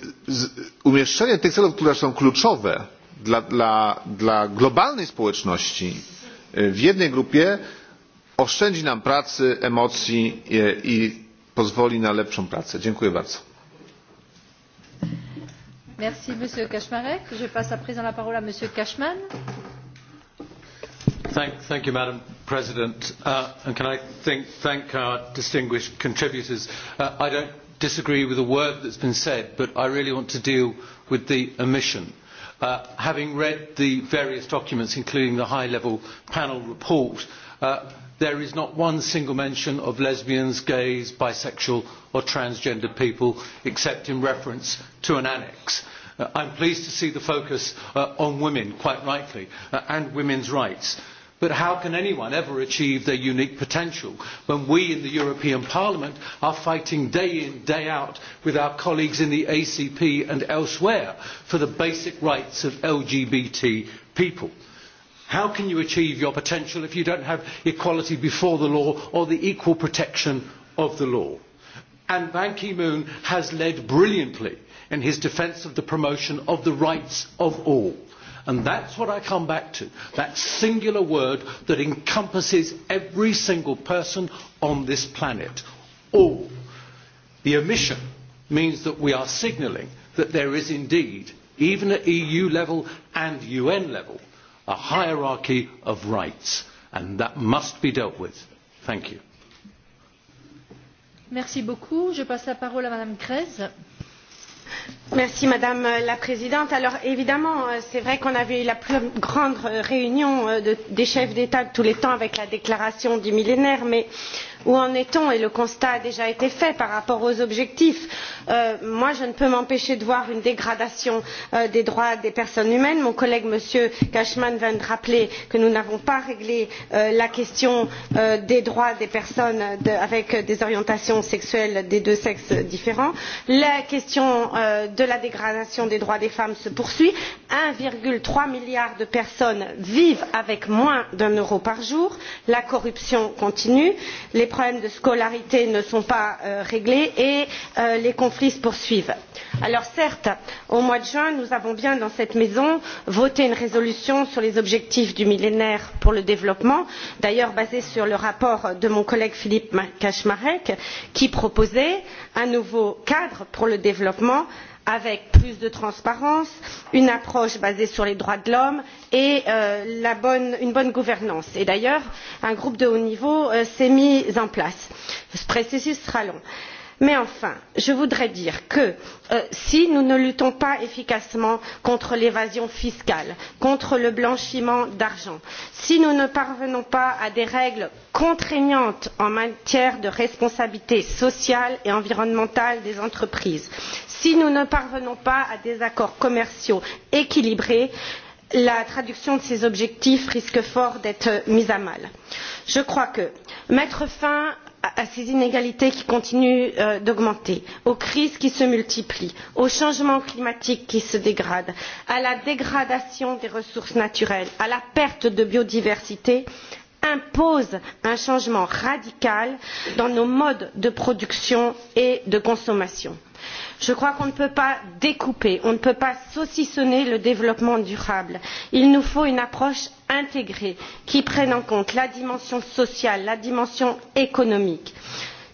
umieszczenie tych celów które są kluczowe dla, dla, dla globalnej społeczności w jednej grupie oszczędzi nam pracy emocji i, i pozwoli na lepszą pracę. dziękuję bardzo. Merci, Monsieur Kaczmarek. Je passe à présent la parole à Monsieur Cashman. Thank, thank you, Madam President. Uh, and can I think, thank our distinguished contributors? Uh, I don't disagree with a word that's been said, but I really want to deal with the omission. Uh, having read the various documents, including the high-level panel report, uh, there is not one single mention of lesbians gays bisexual or transgender people except in reference to an annex. Uh, i am pleased to see the focus uh, on women quite rightly uh, and women's rights but how can anyone ever achieve their unique potential when we in the european parliament are fighting day in day out with our colleagues in the acp and elsewhere for the basic rights of lgbt people? How can you achieve your potential if you don't have equality before the law or the equal protection of the law? And Ban Ki-moon has led brilliantly in his defence of the promotion of the rights of all. And that's what I come back to, that singular word that encompasses every single person on this planet. All. The omission means that we are signalling that there is indeed, even at EU level and UN level, a hierarchy of rights, and that must be dealt with. Thank you. Merci beaucoup. Je passe la parole à Madame Grèze. Merci, madame la présidente Alors, évidemment euh, c'est vrai qu'on avait eu la plus grande réunion euh, de, des chefs d'état de tous les temps avec la déclaration du millénaire mais où en est on? le constat a déjà été fait par rapport aux objectifs. Euh, moi, je ne peux m'empêcher de voir une dégradation euh, des droits des personnes humaines. mon collègue m. cashman vient de rappeler que nous n'avons pas réglé euh, la question euh, des droits des personnes de, avec des orientations sexuelles des deux sexes différents. la question euh, de la dégradation des droits des femmes se poursuit. un trois milliard de personnes vivent avec moins d'un euro par jour. la corruption continue. les problèmes de scolarité ne sont pas euh, réglés et euh, les conflits se poursuivent. alors certes au mois de juin nous avons bien dans cette maison voté une résolution sur les objectifs du millénaire pour le développement d'ailleurs basée sur le rapport de mon collègue philippe kaczmarek qui proposait un nouveau cadre pour le développement avec plus de transparence une approche basée sur les droits de l'homme et euh, bonne, une bonne gouvernance. d'ailleurs un groupe de haut niveau euh, s'est mis en place. ce processus sera long mais enfin je voudrais dire que euh, si nous ne luttons pas efficacement contre l'évasion fiscale contre le blanchiment d'argent si nous ne parvenons pas à des règles contraignantes en matière de responsabilité sociale et environnementale des entreprises si nous ne parvenons pas à des accords commerciaux équilibrés la traduction de ces objectifs risque fort d'être mise à mal. je crois que mettre fin à ces inégalités qui continuent euh, d'augmenter aux crises qui se multiplient au changement climatique qui se dégrade à la dégradation des ressources naturelles à la perte de biodiversité impose un changement radical dans nos modes de production et de consommation je crois qu'on ne peut pas découper on ne peut pas saucissonner le développement durable il nous faut une approche intégrée qui prenne en compte la dimension sociale la dimension économique.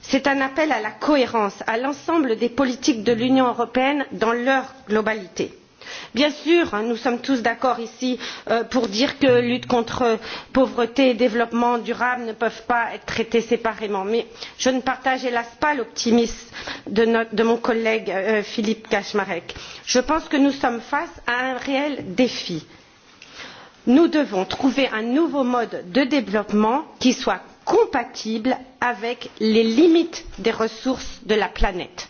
c'est un appel à la cohérence à l'ensemble des politiques de l'union européenne dans leur globalité bien sûr nous sommes tous d'accord ici euh, pour dire que la lutte contre la pauvreté et le développement durable ne peuvent pas être traités séparément mais je ne partage hélas pas l'optimisme de mon collègue euh, philippe kaczmarek. je pense que nous sommes face à un réel défi nous devons trouver un nouveau mode de développement qui soit compatible avec les limites des ressources de la planète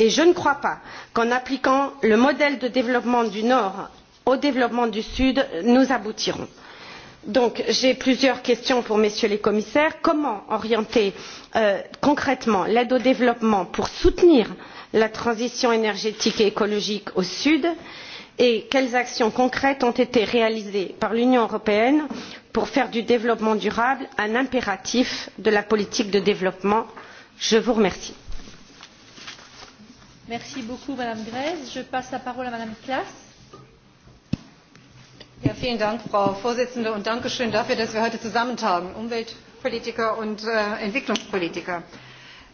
et je ne crois pas qu'en appliquant le modèle de développement du nord au développement du sud nous aboutirons. donc j'ai plusieurs questions pour messieurs les commissaires comment orienter euh, concrètement l'aide au développement pour soutenir la transition énergétique et écologique au sud et quelles actions concrètes ont été réalisées par l'union européenne pour faire du développement durable un impératif de la politique de développement? je vous remercie. Merci beaucoup, Madame Grèce. Je passe la parole à Madame Klaas. Ja, vielen Dank, Frau Vorsitzende, und Dankeschön dafür, dass wir heute zusammentagen, Umweltpolitiker und äh, Entwicklungspolitiker.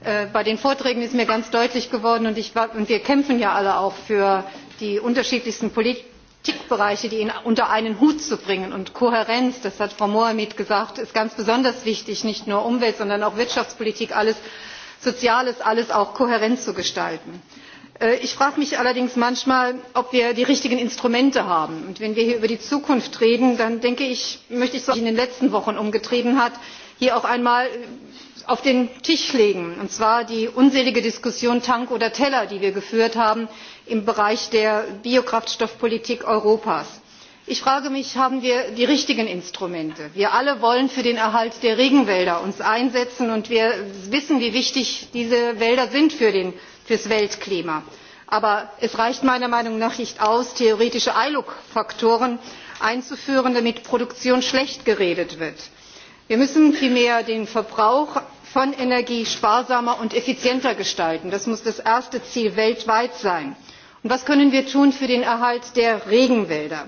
Äh, bei den Vorträgen ist mir ganz deutlich geworden, und, ich, und wir kämpfen ja alle auch für die unterschiedlichsten Politiken, politikbereiche die in, unter einen hut zu bringen und kohärenz das hat frau mohammed gesagt ist ganz besonders wichtig nicht nur umwelt sondern auch wirtschaftspolitik alles soziales alles auch kohärent zu gestalten. Äh, ich frage mich allerdings manchmal ob wir die richtigen instrumente haben. und wenn wir hier über die zukunft reden dann denke ich möchte ich so was mich in den letzten wochen umgetrieben hat hier auch einmal äh, auf den tisch legen und zwar die unselige diskussion tank oder teller die wir geführt haben im bereich der biokraftstoffpolitik europas. ich frage mich haben wir die richtigen instrumente? wir alle wollen uns für den erhalt der regenwälder einsetzen und wir wissen wie wichtig diese wälder sind für den für das weltklima. aber es reicht meiner meinung nach nicht aus theoretische iluc faktoren einzuführen damit produktion schlecht geredet wird. wir müssen vielmehr den verbrauch von energie sparsamer und effizienter gestalten. das muss das erste ziel weltweit sein. und was können wir tun für den erhalt der regenwälder?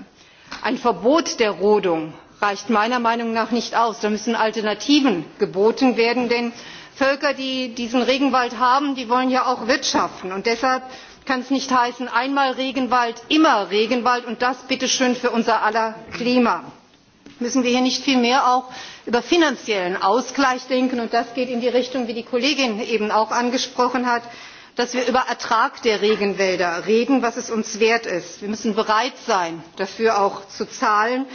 ein verbot der rodung reicht meiner meinung nach nicht aus da müssen alternativen geboten werden völker die diesen regenwald haben die wollen ja auch wirtschaften und deshalb kann es nicht heißen einmal regenwald immer regenwald und das bitte schön für unser aller klima. müssen wir hier nicht vielmehr auch über finanziellen ausgleich denken und das geht in die richtung die die kollegin eben auch angesprochen hat dass wir über ertrag der regenwälder reden was es uns wert ist. wir müssen bereit sein dafür auch zu zahlen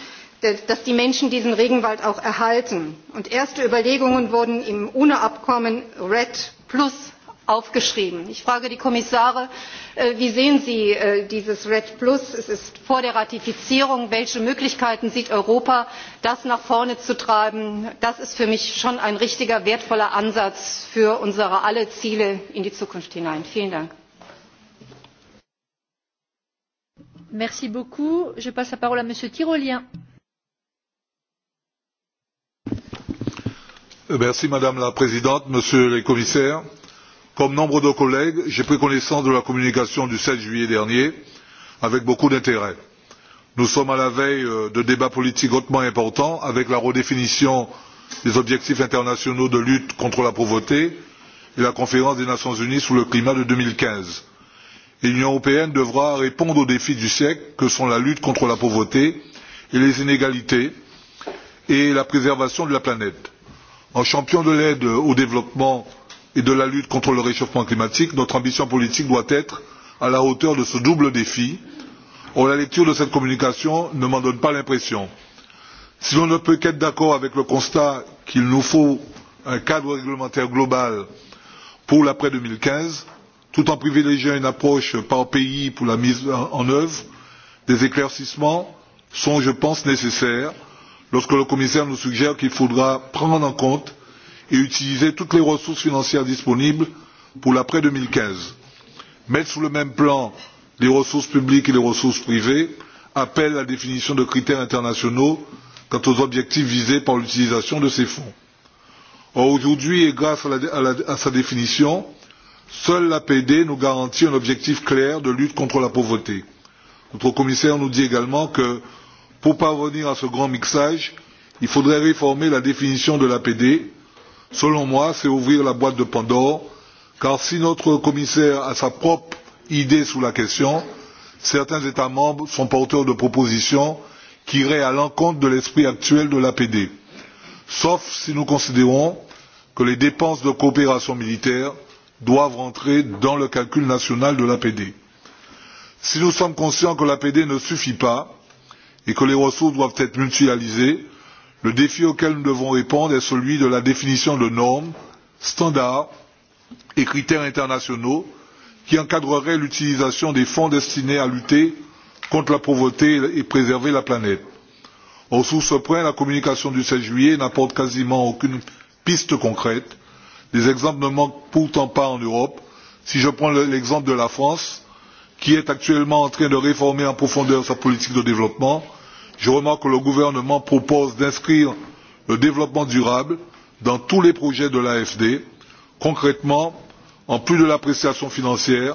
dass die menschen diesen regenwald auch erhalten. und erste überlegungen wurden im uno abkommen red aufgeschrieben. ich frage die kommissare äh, wie sehen sie äh, dieses red? es ist vor der ratifizierung welche möglichkeiten sieht europa das nach vorne zu treiben? das ist für mich schon ein richtiger wertvoller ansatz für unsere aller ziele in die zukunft hinein. vielen dank! merci beaucoup. je passe la parole à m. tirolien. Merci, madame la présidente monsieur le commissaire comme nombre de collègues j'ai pris connaissance de la communication du sept juillet dernier avec beaucoup d'intérêt. nous sommes à la veille euh, de débats politiques hautement importants avec la redéfinition des objectifs internationaux de lutte contre la pauvreté et la conférence des nations unies sur le climat de deux mille quinze l'union européenne devra répondre aux défis du siècle que sont la lutte contre la pauvreté et les inégalités et la préservation de la planète en champion de l'aide au développement et de la lutte contre le réchauffement climatique notre ambition politique doit être à la hauteur de ce double défi. or oh, la lecture de cette communication ne m'en donne pas l'impression. si l'on ne peut qu'être d'accord avec le constat qu'il nous faut un cadre réglementaire global pour l'après deux mille quinze tout en privilégiant une approche par pays pour la mise en œuvre des éclaircissements sont je pense nécessaires lorsque le commissaire nous suggère qu'il faudra prendre en compte et utiliser toutes les ressources financières disponibles pour l'après deux mille quinze mettre sur le même plan les ressources publiques et les ressources privées appelle à la définition de critères internationaux quant aux objectifs visés par l'utilisation de ces fonds. or aujourd'hui et grâce à, la, à, la, à sa définition seule l'apd nous garantit un objectif clair de lutte contre la pauvreté. notre commissaire nous dit également que pour parvenir à ce grand mixage il faudrait réformer la définition de l'apd. selon moi c'est ouvrir la boîte de pandore car si notre commissaire a sa propre idée sur la question certains états membres sont porteurs de propositions qui iraient à l'encontre de l'esprit actuel de l'apd sauf si nous considérons que les dépenses de coopération militaire doivent entrer dans le calcul national de l'apd. si nous sommes conscients que l'apd ne suffit pas et que les ressources doivent être mutualisées, le défi auquel nous devons répondre est celui de la définition de normes, standards et critères internationaux qui encadreraient l'utilisation des fonds destinés à lutter contre la pauvreté et préserver la planète. Or, sur ce point, la communication du 16 juillet n'apporte quasiment aucune piste concrète. Les exemples ne manquent pourtant pas en Europe. Si je prends l'exemple de la France, qui est actuellement en train de réformer en profondeur sa politique de développement, je remarque que le gouvernement propose d'inscrire le développement durable dans tous les projets de l'AFD. Concrètement, en plus de l'appréciation financière,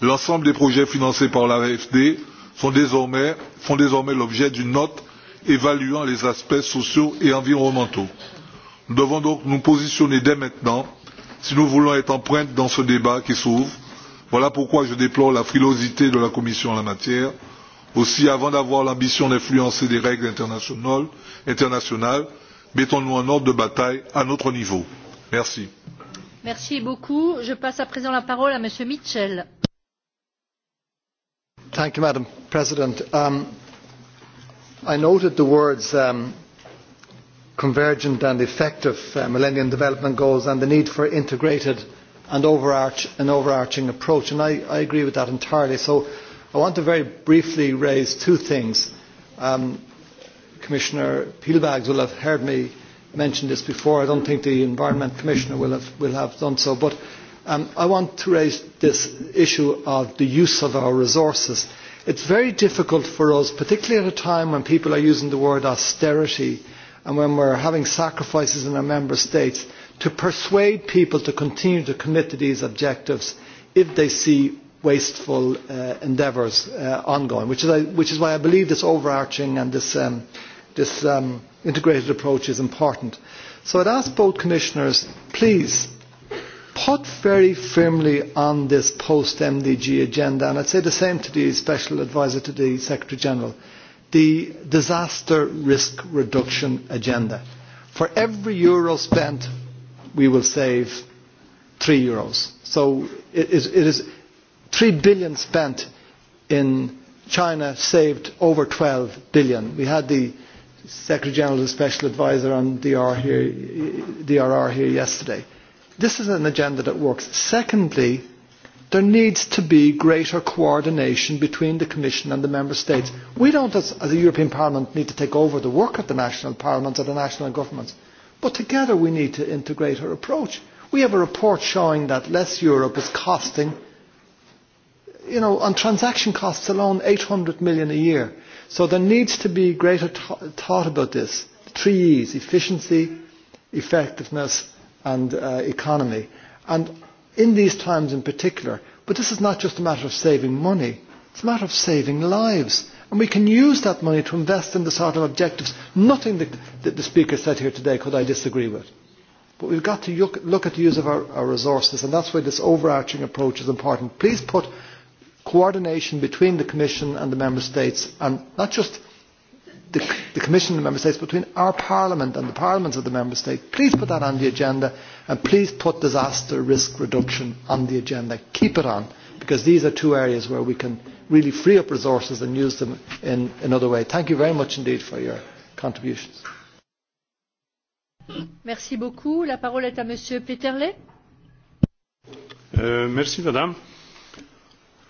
l'ensemble des projets financés par l'AFD sont désormais, font désormais l'objet d'une note évaluant les aspects sociaux et environnementaux. Nous devons donc nous positionner dès maintenant si nous voulons être empreintes dans ce débat qui s'ouvre voilà pourquoi je déplore la frilosité de la commission en la matière. aussi avant d'avoir l'ambition d'influencer des règles internationales mettons nous en ordre de bataille à notre niveau. merci. merci beaucoup. je passe à présent la parole à m. mitchell. You, madam president um, i noted the words um, convergent and effective uh, millennium development goals and the need for integrated and overarch, an overarching approach. And I, I agree with that entirely. So I want to very briefly raise two things. Um, Commissioner Peelbags will have heard me mention this before. I don't think the Environment Commissioner will have, will have done so. But um, I want to raise this issue of the use of our resources. It's very difficult for us, particularly at a time when people are using the word austerity and when we're having sacrifices in our member states, to persuade people to continue to commit to these objectives if they see wasteful uh, endeavours uh, ongoing, which is, uh, which is why I believe this overarching and this, um, this um, integrated approach is important. So I'd ask both commissioners, please, put very firmly on this post-MDG agenda, and I'd say the same to the Special Advisor to the Secretary General, the disaster risk reduction agenda. For every euro spent, we will save 3 euros. So it is, it is 3 billion spent in China saved over 12 billion. We had the Secretary General and Special Advisor on DR here, DRR here yesterday. This is an agenda that works. Secondly, there needs to be greater coordination between the Commission and the Member States. We don't, as, as a European Parliament, need to take over the work of the national parliaments or the national governments. But together we need to integrate our approach. We have a report showing that less Europe is costing, you know, on transaction costs alone, 800 million a year. So there needs to be greater t- thought about this. Three E's, efficiency, effectiveness and uh, economy. And in these times in particular, but this is not just a matter of saving money, it's a matter of saving lives and we can use that money to invest in the sort of objectives. Nothing that, that the Speaker said here today could I disagree with. But we've got to look, look at the use of our, our resources, and that's why this overarching approach is important. Please put coordination between the Commission and the Member States, and not just the, the Commission and the Member States, between our Parliament and the Parliaments of the Member States. Please put that on the agenda, and please put disaster risk reduction on the agenda. Keep it on, because these are two areas where we can really free up resources and use them in another way. Thank you very much indeed for your contributions. Merci beaucoup. La parole est à Monsieur Peterle. Euh, merci, Madame.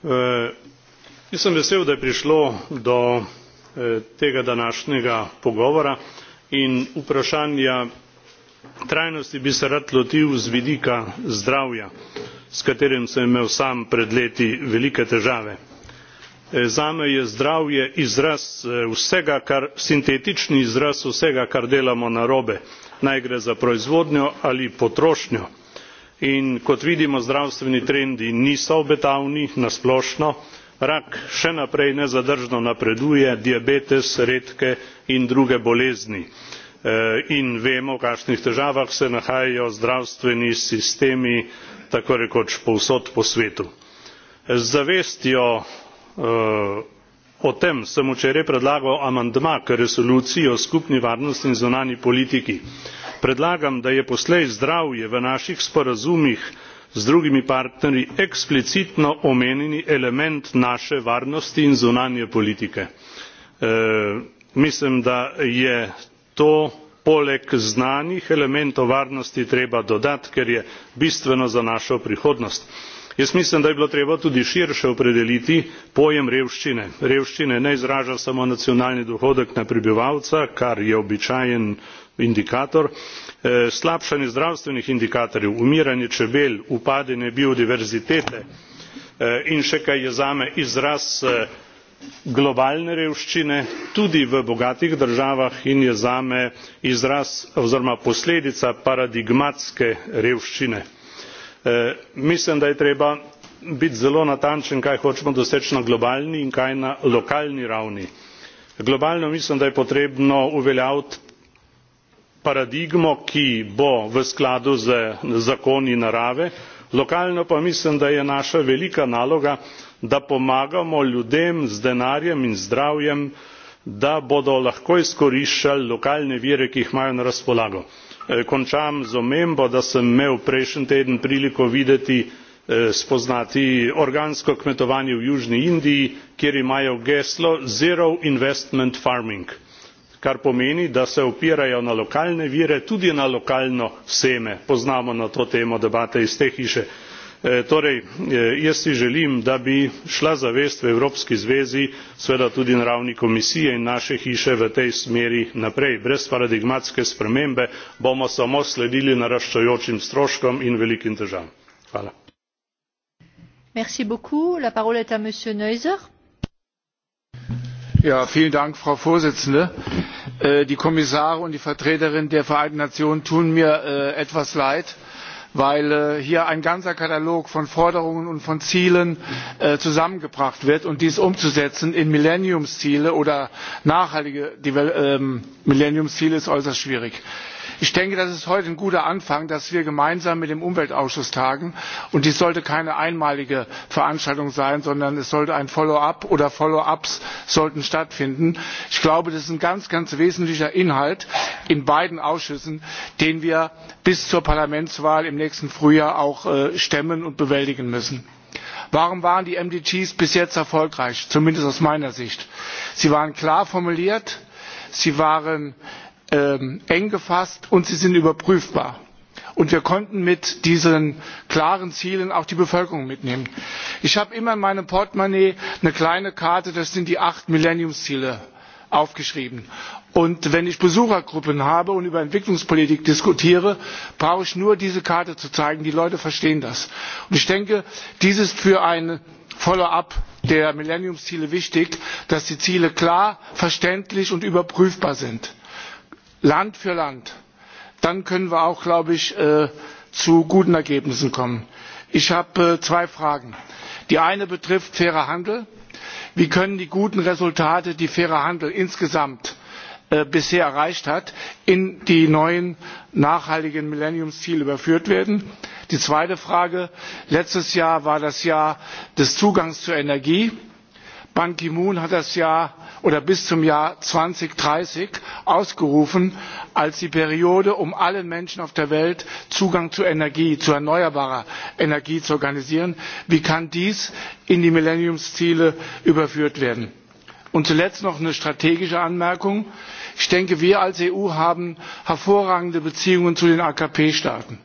Euh, jaz sem vesel, da je prišlo do eh, tega današnjega pogovora in vprašanja trajnosti bi se rad lotil z vidika zdravja s katerim sem imel sam pred leti velike težave E, znano je zdravje izraz e, vsega kar sintetični izraz vsega kar delamo narobe naj gre za proizvodnjo ali potrošnjo in kot vidimo zdravstveni trendi niso obetavni na splošno rak še naprej nezadržno napreduje diabetes redke in druge bolezni e, in vemo v kakšnih težavah se nahajajo zdravstveni sistemi tako rekoč povsod po svetu. z zavestjo Uh, o tem sem včeraj predlagal amandma k resoluciji o skupni varnostni in zunanji politiki. predlagam da je poslej zdravje v naših sporazumih z drugimi partnerji eksplicitno omenjeni element naše varnosti in zunanje politike. E, mislim da je to poleg znanih elementov varnosti treba dodati ker je bistveno za našo prihodnost jaz mislim da je bilo treba tudi širše opredeliti pojem revščine revščine ne izraža samo nacionalni dohodek na prebivalca kar je običajen indikator e, slabšanje zdravstvenih indikatorjev umiranje čebel upadanje biodiverzitete e, in še kaj je zame izraz e, globalne revščine tudi v bogatih državah in je zame izraz oziroma posledica paradigmatske revščine. E, mislim da je treba biti zelo natančen kaj hočemo doseči na globalni in kaj na lokalni ravni. globalno mislim da je potrebno uveljaviti paradigmo ki bo v skladu z zakoni narave lokalno pa mislim da je naša velika naloga da pomagamo ljudem z denarjem in zdravjem da bodo lahko izkoriščali lokalne vire ki jih imajo na razpolago. Eh, končam z omembo da sem imel prejšnji teden priliko videti eh, spoznati organsko kmetovanje v južni indiji kjer imajo geslo zero investment farming kar pomeni da se opirajo na lokalne vire tudi na lokalno seme poznamo na to temo debate iz te hiše. E, torej e, jaz si želim da bi šla zavest v evropski zvezi seveda tudi na ravni komisije in naše hiše v tej smeri naprej brez paradigmatske spremembe bomo samo sledili naraščajočim stroškom in velikim težavam. Ja, Dank, frau präsidentin! Äh, die kommissare und die vertreterin der vereinten nationen tun mir äh, etwas leid weil äh, hier ein ganzer katalog von forderungen und von zielen äh, zusammengebracht wird und dies umzusetzen in millenniumsziele oder nachhaltige ähm, millenniumsziele ist äußerst schwierig ich denke das ist heute ein guter anfang dass wir gemeinsam mit dem umweltausschuss tagen und dies sollte keine einmalige veranstaltung sein sondern es sollte ein follow up oder follow ups stattfinden. ich glaube das ist ein ganz ganz wesentlicher inhalt in beiden ausschüssen den wir bis zur parlamentswahl im nächsten frühjahr auch äh, stemmen und bewältigen müssen. warum waren die mdgs bis jetzt erfolgreich zumindest aus meiner sicht? sie waren klar formuliert sie waren ähm, eng gefasst und sie sind überprüfbar. Und wir konnten mit diesen klaren Zielen auch die Bevölkerung mitnehmen. Ich habe immer in meinem Portemonnaie eine kleine Karte, das sind die acht Millenniumsziele aufgeschrieben. Und wenn ich Besuchergruppen habe und über Entwicklungspolitik diskutiere, brauche ich nur diese Karte zu zeigen. Die Leute verstehen das. Und ich denke, dies ist für ein Follow-up der Millenniumsziele wichtig, dass die Ziele klar, verständlich und überprüfbar sind land für land dann können wir auch glaube ich äh, zu guten ergebnissen kommen. ich habe äh, zwei fragen. die eine betrifft fairen handel wie können die guten resultate die fairer handel insgesamt äh, bisher erreicht hat in die neuen nachhaltigen millenniumsziele überführt werden? die zweite frage letztes jahr war das jahr des zugangs zu energie. ban ki moon hat das jahr oder bis zum jahr zweitausenddreißig ausgerufen als die periode um allen menschen auf der welt zugang zu energie zu erneuerbarer energie zu organisieren. wie kann dies in die millenniumsziele überführt werden? und zuletzt noch eine strategische anmerkung ich denke wir als eu haben hervorragende beziehungen zu den akp staaten.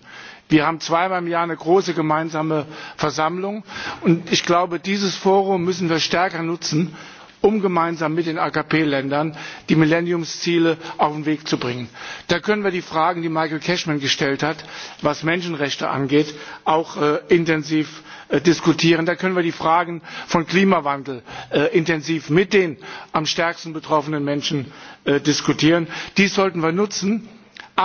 wir haben zweimal im jahr eine große gemeinsame versammlung und ich glaube dieses forum müssen wir stärker nutzen um gemeinsam mit den akp ländern die millenniumsziele auf den weg zu bringen. da können wir die fragen die michael cashman gestellt hat was menschenrechte angeht auch äh, intensiv äh, diskutieren. da können wir die fragen von klimawandel äh, intensiv mit den am stärksten betroffenen menschen äh, diskutieren. dies sollten wir nutzen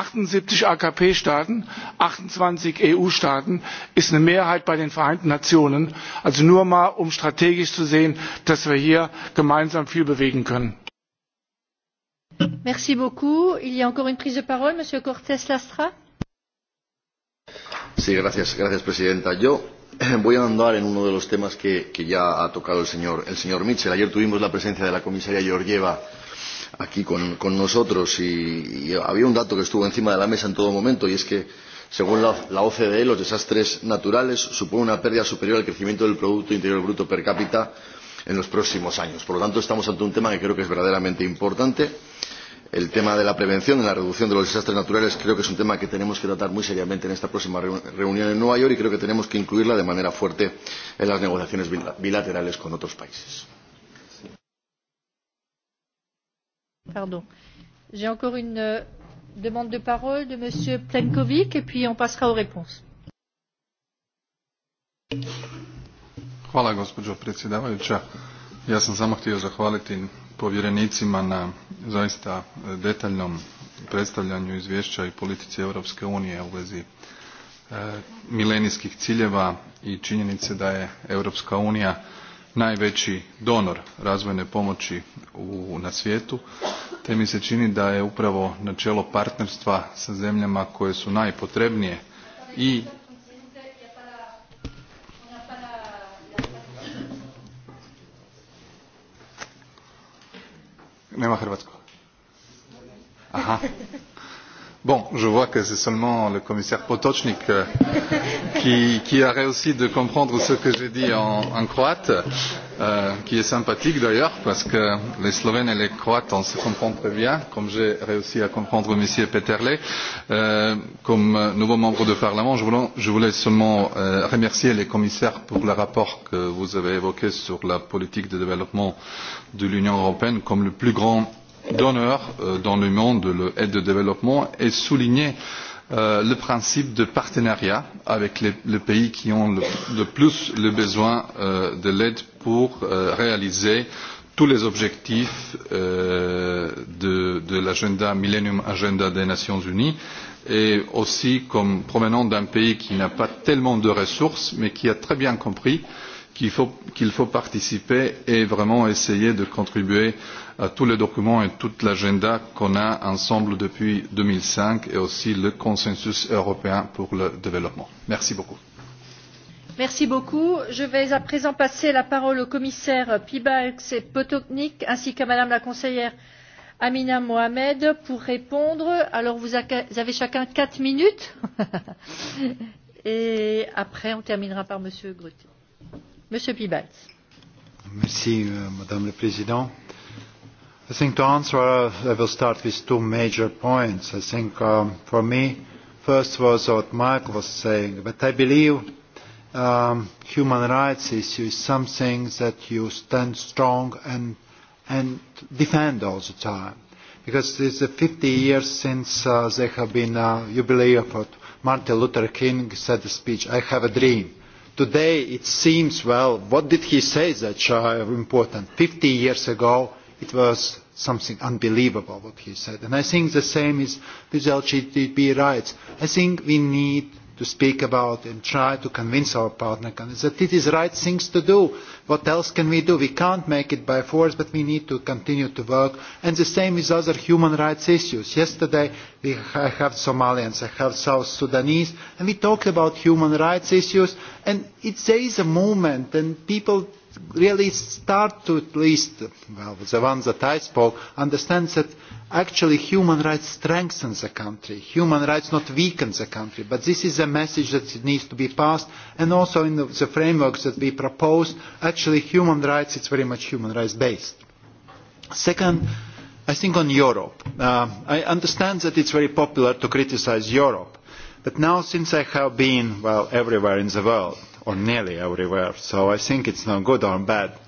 achtundsiebzig akp staaten achtundzwanzig eu staaten ist eine mehrheit bei den vereinten nationen also nur mal um strategisch zu sehen dass wir hier gemeinsam viel bewegen können. Merci beaucoup. Il y a encore une prise de parole, Monsieur Cortés Lastra. Sí, gracias, gracias, Presidenta. Yo voy a andar en uno de los temas que, que ya ha tocado el señor, el señor Mitchell. Ayer tuvimos la presencia de la comisaria Georgieva aquí con, con nosotros y, y había un dato que estuvo encima de la mesa en todo momento y es que según la, la OCDE los desastres naturales suponen una pérdida superior al crecimiento del Producto Interior Bruto per cápita en los próximos años. Por lo tanto, estamos ante un tema que creo que es verdaderamente importante. El tema de la prevención, de la reducción de los desastres naturales, creo que es un tema que tenemos que tratar muy seriamente en esta próxima reunión en Nueva York y creo que tenemos que incluirla de manera fuerte en las negociaciones bilaterales con otros países. Pardon. J'ai encore une euh, demande de parole de M. Plenkovic et puis on passera aux réponses. Hvala gospođo predsjedavajuća. Ja sam samo htio zahvaliti povjerenicima na zaista e, detaljnom predstavljanju izvješća i politici Europske unije u vezi e, milenijskih ciljeva i činjenice da je Europska unija najveći donor razvojne pomoći u, na svijetu te mi se čini da je upravo načelo partnerstva sa zemljama koje su najpotrebnije i nema hrvatskog aha Bon, je vois que c'est seulement le commissaire Potocznik euh, qui, qui a réussi de comprendre ce que j'ai dit en, en croate, euh, qui est sympathique d'ailleurs, parce que les Slovènes et les Croates, on se comprend très bien, comme j'ai réussi à comprendre M. Peterle. Euh, comme nouveau membre du Parlement, je voulais, je voulais seulement euh, remercier les commissaires pour le rapport que vous avez évoqué sur la politique de développement de l'Union européenne comme le plus grand donneurs euh, dans le monde de l'aide au développement et souligner euh, le principe de partenariat avec les, les pays qui ont le, le plus le besoin euh, de l'aide pour euh, réaliser tous les objectifs euh, de, de l'agenda Millennium Agenda des Nations Unies et aussi comme provenant d'un pays qui n'a pas tellement de ressources mais qui a très bien compris qu'il faut, qu faut participer et vraiment essayer de contribuer euh, à tous les documents et toute l'agenda qu'on a ensemble depuis 2005 et aussi le consensus européen pour le développement. Merci beaucoup. Merci beaucoup. Je vais à présent passer la parole aux commissaires Pibalks et Potoknik ainsi qu'à Madame la conseillère Amina Mohamed pour répondre. Alors vous avez chacun quatre minutes et après on terminera par Monsieur Grotti. Monsieur Pibalks. Merci euh, Madame la Présidente. I think to answer, I will start with two major points. I think um, for me, first was what Michael was saying, but I believe um, human rights issue is something that you stand strong and, and defend all the time. Because it's uh, 50 years since uh, there have been a uh, jubilee of what Martin Luther King said the speech, I have a dream. Today it seems, well, what did he say that's uh, important? 50 years ago, it was something unbelievable what he said. And I think the same is with LGBT rights. I think we need to speak about and try to convince our partner countries that it is right things to do. What else can we do? We can't make it by force, but we need to continue to work. And the same with other human rights issues. Yesterday we I have Somalians, I have South Sudanese, and we talked about human rights issues. And it, there is a movement, and people really start to at least, well, the ones that I spoke, understand that actually human rights strengthen the country. Human rights not weaken the country. But this is a message that needs to be passed. And also in the, the frameworks that we propose, actually human rights, it's very much human rights based. Second, I think on Europe. Uh, I understand that it's very popular to criticize Europe. But now since I have been, well, everywhere in the world, or nearly everywhere. So I think it's not good or bad.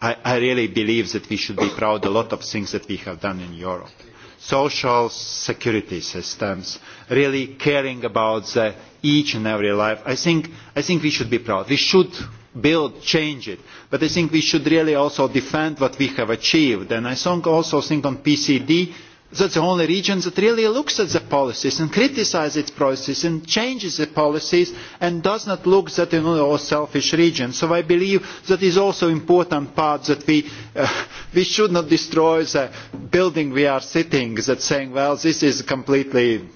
I, I really believe that we should be proud of a lot of things that we have done in Europe. Social security systems, really caring about the, each and every life. I think, I think we should be proud. We should build, change it. But I think we should really also defend what we have achieved. And I think also think on PCD, that the only region that really looks at the policies and criticises its policies and changes the policies and does not look at the all selfish region. So I believe that is also an important part that we, uh, we should not destroy the building we are sitting that saying, well, this is completely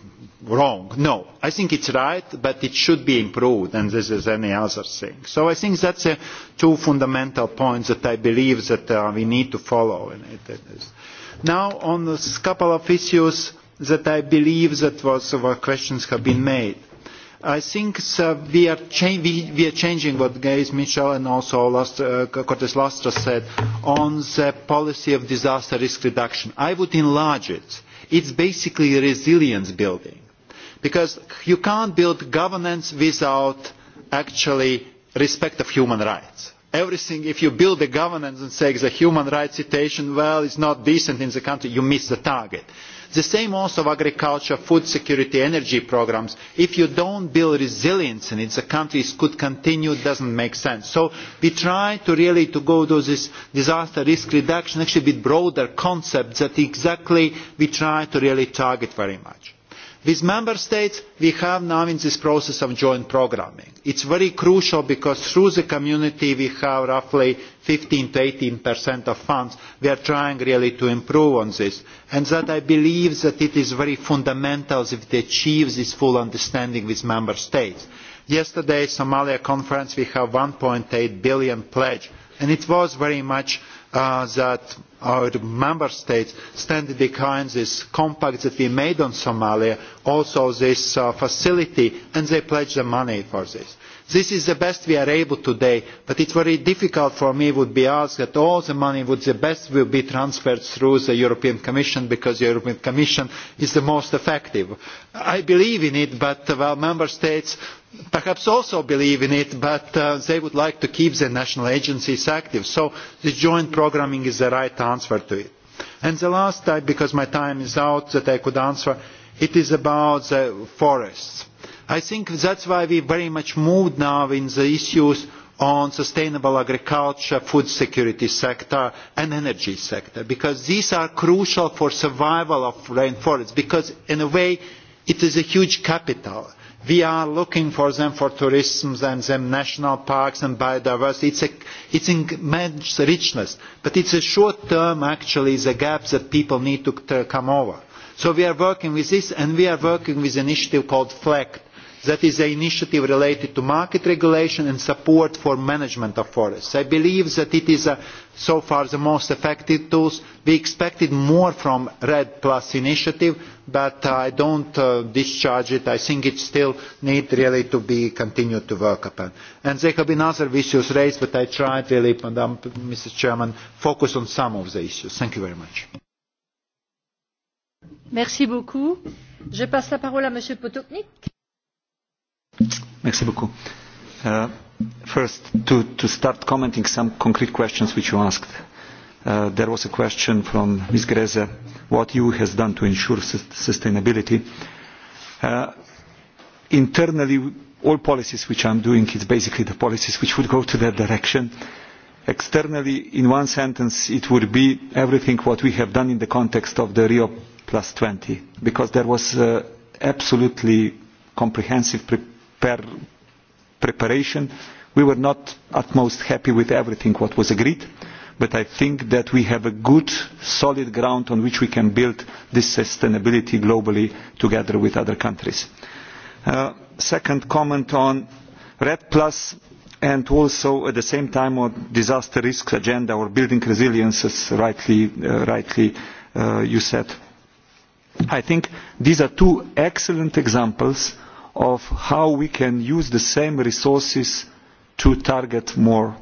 wrong. No, I think it's right, but it should be improved, and this is any other thing. So I think that's uh, two fundamental points that I believe that uh, we need to follow. And it, it is. Now on a couple of issues that I believe that was our questions have been made. I think uh, we, are cha- we, we are changing what Gays Mitchell and also last, uh, Cortes Lastra said on the policy of disaster risk reduction. I would enlarge it. It's basically resilience building. Because you can't build governance without actually respect of human rights everything if you build a governance and say the human rights situation well is not decent in the country you miss the target the same also for agriculture food security energy programmes if you do not build resilience in it the countries could continue it does not make sense. so we try to really to go to this disaster risk reduction actually with broader concepts that exactly we try to really target very much with member states we have now in this process of joint programming. it is very crucial because through the community we have roughly fifteen to eighteen percent of funds. we are trying really to improve on this and that i believe that it is very fundamental if they achieve this full understanding with member states. yesterday at the somalia conference we had a eur. one eight billion pledge and it was very much uh, that or the member states standing behind this compact that we made on somalia also this uh, facility and they pledged the money for this. this is the best we are able to do today but it is very difficult for me to be asked that all the money would the best will be transferred through the european commission because the european commission is the most effective. i believe in it but uh, well, member states perhaps also believe in it but uh, they would like to keep their national agencies active so the joint programming is the right answer to it. And the last type, because my time is out, that I could answer, it is about the forests. I think that's why we very much moved now in the issues on sustainable agriculture, food security sector and energy sector, because these are crucial for survival of rainforests, because in a way it is a huge capital we are looking for them for tourism and them national parks and biodiversity. It's, a, it's immense richness, but it's a short term actually the gap that people need to come over. So we are working with this and we are working with an initiative called FLECT, that is the initiative related to market regulation and support for management of forests. i believe that it is a, uh, so far the most effective tool. we expected more from the red plus initiative but uh, i do not uh, discharge it. i think it still needs really to be continued to work upon. And there have been other issues raised but i tried really madam mr chairman to focus on some of the issues. thank you very much. Merci beaucoup. Je passe la parole à Monsieur Potoknik. Merci beaucoup. Uh, first, to, to start commenting some concrete questions which you asked. Uh, there was a question from Ms. Greze, what EU has done to ensure sustainability. Uh, internally, all policies which I'm doing, it's basically the policies which would go to that direction. Externally, in one sentence, it would be everything what we have done in the context of the Rio plus 20, because there was uh, absolutely comprehensive pre per preparation. We were not at most happy with everything what was agreed, but I think that we have a good, solid ground on which we can build this sustainability globally together with other countries. Uh, second comment on RED Plus and also at the same time on disaster risk agenda or building resilience, as rightly, uh, rightly uh, you said. I think these are two excellent examples uh, of how we can use the same resources to target more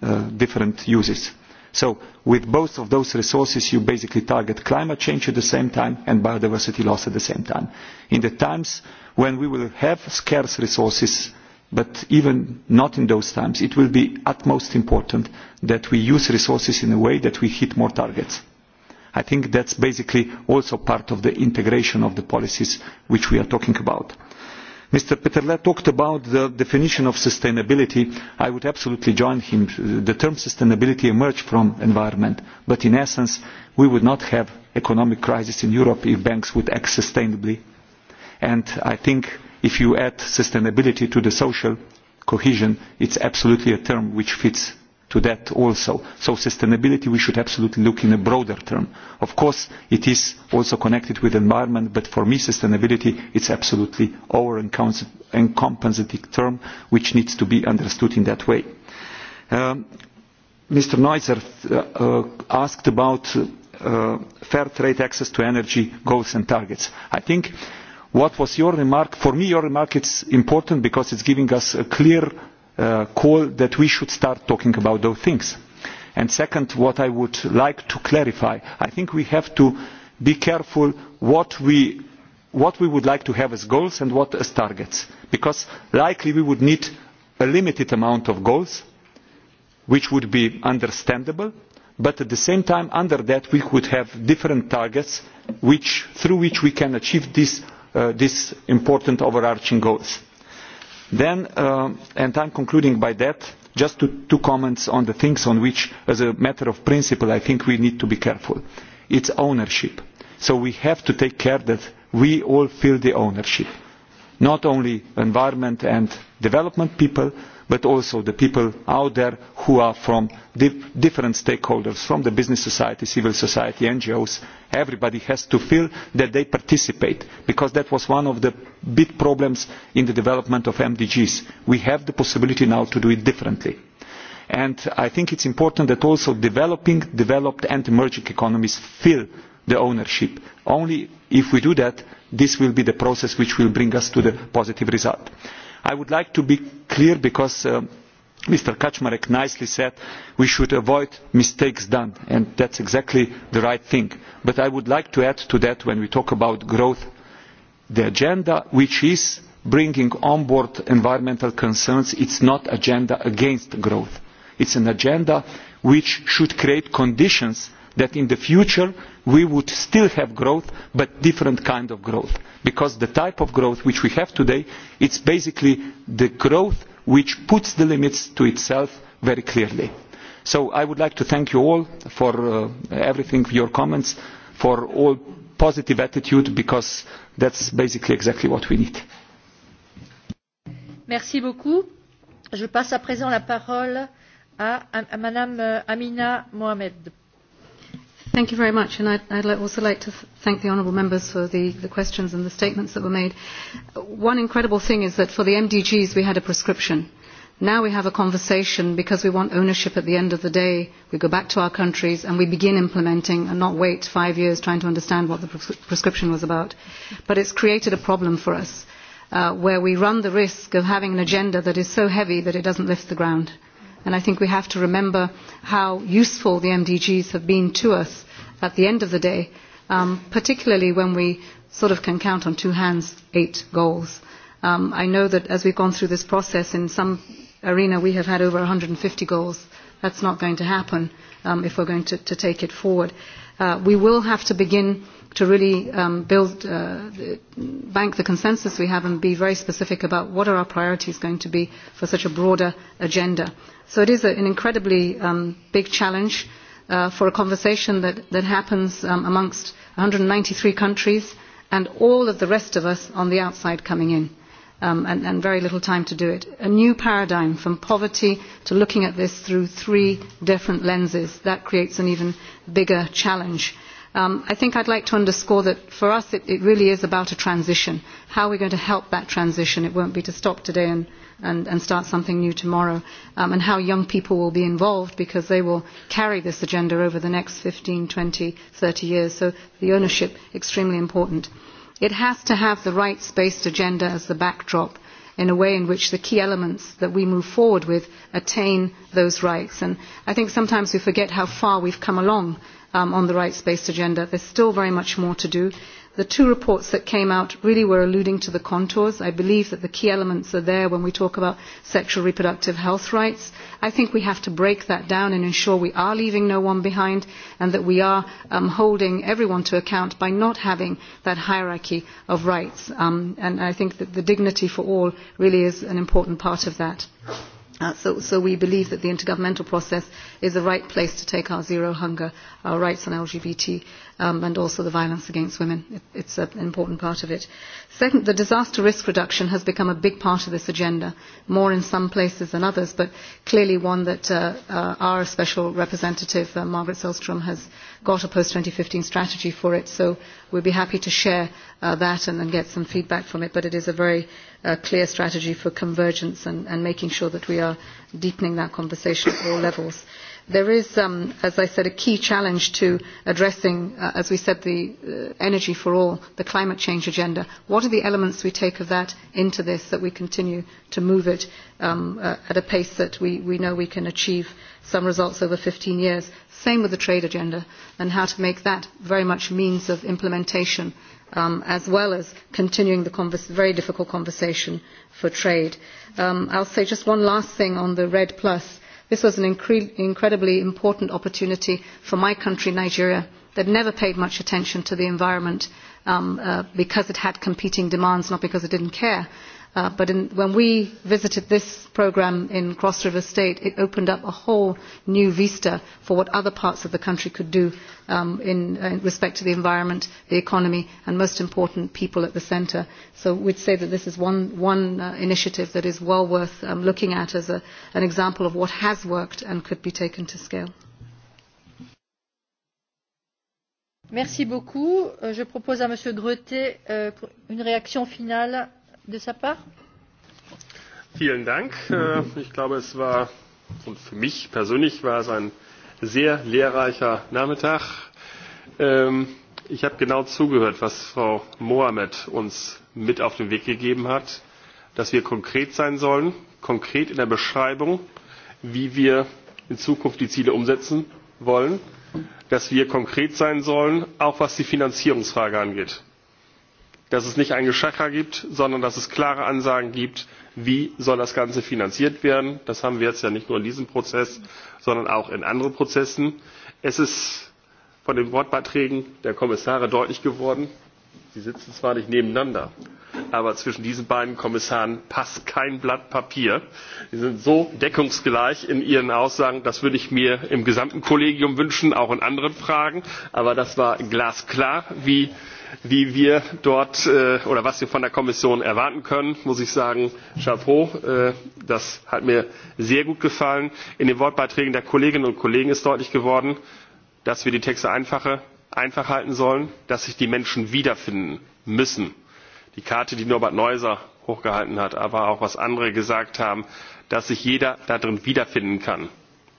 uh, different uses. So with both of those resources, you basically target climate change at the same time and biodiversity loss at the same time. In the times when we will have scarce resources, but even not in those times, it will be utmost important that we use resources in a way that we hit more targets. I think that's basically also part of the integration of the policies which we are talking about. Mr. Peterle talked about the definition of sustainability. I would absolutely join him. The term sustainability emerged from environment, but in essence, we would not have economic crisis in Europe if banks would act sustainably. And I think if you add sustainability to the social cohesion, it's absolutely a term which fits to that also. So sustainability, we should absolutely look in a broader term. Of course, it is also connected with environment, but for me, sustainability, it's absolutely our encompassing term, which needs to be understood in that way. Um, Mr. Neutzer uh, uh, asked about uh, fair trade access to energy goals and targets. I think what was your remark, for me your remark is important because it's giving us a clear uh, call that we should start talking about those things. And second, what I would like to clarify, I think we have to be careful what we, what we would like to have as goals and what as targets, because likely we would need a limited amount of goals, which would be understandable, but at the same time, under that we could have different targets which, through which we can achieve these uh, these important overarching goals Then, uh, and I'm concluding by that, just to, two comments on the things on which, as a matter of principle, I think we need to be careful. It's ownership. So we have to take care that we all feel the ownership. Not only environment and development people, but also the people out there who are from dif different stakeholders, from the business society, civil society, NGOs. Everybody has to feel that they participate, because that was one of the big problems in the development of MDGs. We have the possibility now to do it differently and i think it is important that also developing developed and emerging economies feel the ownership. only if we do that this will be the process which will bring us to the positive result i would like to be clear because um, uh, mr kaczmarek nicely said we should avoid mistakes done and that is exactly the right thing but i would like to add to that when we talk about growth the agenda which is bringing on board environmental concerns is not an agenda against growth it is an agenda which should create conditions that in the future we would still have growth but different kind of growth because the type of growth which we have today is basically the growth which puts the limits to itself very clearly. So I would like to thank you all for uh, everything, your comments, for all positive attitude because that's basically exactly what we need. Merci beaucoup. Je passe à présent la parole à, à, à Madame euh, Amina Mohamed. Thank you very much, and I'd, I'd also like to thank the honourable members for the, the questions and the statements that were made. One incredible thing is that for the MDGs we had a prescription. Now we have a conversation because we want ownership at the end of the day. We go back to our countries and we begin implementing and not wait five years trying to understand what the pres- prescription was about. But it's created a problem for us uh, where we run the risk of having an agenda that is so heavy that it doesn't lift the ground And I think we have to remember how useful the MDGs have been to us at the end of the day, um, particularly when we sort of can count on two hands eight goals. Um, I know that as we've gone through this process, in some arena we have had over 150 goals. That's not going to happen um, if we're going to, to take it forward. Uh, we will have to begin to really um, build, uh, bank the consensus we have and be very specific about what are our priorities going to be for such a broader agenda. So it is a, an incredibly um, big challenge uh, for a conversation that, that happens um, amongst 193 countries and all of the rest of us on the outside coming in. Um, and, and very little time to do it. A new paradigm from poverty to looking at this through three different lenses. That creates an even bigger challenge. Um, I think I'd like to underscore that for us it, it really is about a transition. How are we going to help that transition? It won't be to stop today and, and, and start something new tomorrow, um, and how young people will be involved because they will carry this agenda over the next 15, 20, 30 years. So the ownership, extremely important. It has to have the rights-based agenda as the backdrop in a way in which the key elements that we move forward with attain those rights. And I think sometimes we forget how far we've come along um, on the rights-based agenda. There's still very much more to do The two reports that came out really were alluding to the contours. I believe that the key elements are there when we talk about sexual reproductive health rights. I think we have to break that down and ensure we are leaving no one behind and that we are um, holding everyone to account by not having that hierarchy of rights. Um, and I think that the dignity for all really is an important part of that. Uh, so, so we believe that the intergovernmental process is the right place to take our zero hunger, our uh, rights on LGBT um, and also the violence against women. It, it's an important part of it. Second, the disaster risk reduction has become a big part of this agenda, more in some places than others, but clearly one that uh, uh, our special representative, uh, Margaret Selstrom, has got a post-2015 strategy for it, so we'd be happy to share uh, that and, and get some feedback from it, but it is a very uh, clear strategy for convergence and, and making sure that we are deepening that conversation at all levels there is, um, as I said, a key challenge to addressing, uh, as we said, the uh, energy for all, the climate change agenda. What are the elements we take of that into this that we continue to move it um, uh, at a pace that we, we know we can achieve some results over 15 years? Same with the trade agenda and how to make that very much means of implementation um, as well as continuing the converse, very difficult conversation for trade. Um, I'll say just one last thing on the Red Plus this was an incre incredibly important opportunity for my country nigeria that never paid much attention to the environment um, uh, because it had competing demands not because it did not care. Uh, but in, when we visited this programme in Cross River State, it opened up a whole new vista for what other parts of the country could do um, in, uh, in respect to the environment, the economy, and most important, people at the centre. So we'd say that this is one, one uh, initiative that is well worth um, looking at as a, an example of what has worked and could be taken to scale. Merci beaucoup. Euh, je propose à Monsieur Greuté euh, une réaction finale de sa part? Vielen Dank. Äh, ich glaube, es war, und für mich persönlich war es ein sehr lehrreicher Nachmittag. Ähm, ich habe genau zugehört, was Frau Mohamed uns mit auf den Weg gegeben hat, dass wir konkret sein sollen, konkret in der Beschreibung, wie wir in Zukunft die Ziele umsetzen wollen, dass wir konkret sein sollen, auch was die Finanzierungsfrage angeht dass es nicht ein Geschacher gibt, sondern dass es klare Ansagen gibt, wie soll das Ganze finanziert werden. Das haben wir jetzt ja nicht nur in diesem Prozess, sondern auch in anderen Prozessen. Es ist von den Wortbeiträgen der Kommissare deutlich geworden, sie sitzen zwar nicht nebeneinander, aber zwischen diesen beiden Kommissaren passt kein Blatt Papier. Sie sind so deckungsgleich in ihren Aussagen, das würde ich mir im gesamten Kollegium wünschen, auch in anderen Fragen. Aber das war glasklar, wie wie wir dort äh, oder was wir von der Kommission erwarten können, muss ich sagen, Chapeau, äh, das hat mir sehr gut gefallen. In den Wortbeiträgen der Kolleginnen und Kollegen ist deutlich geworden, dass wir die Texte einfache, einfach halten sollen, dass sich die Menschen wiederfinden müssen. Die Karte, die Norbert Neuser hochgehalten hat, aber auch was andere gesagt haben, dass sich jeder darin wiederfinden kann,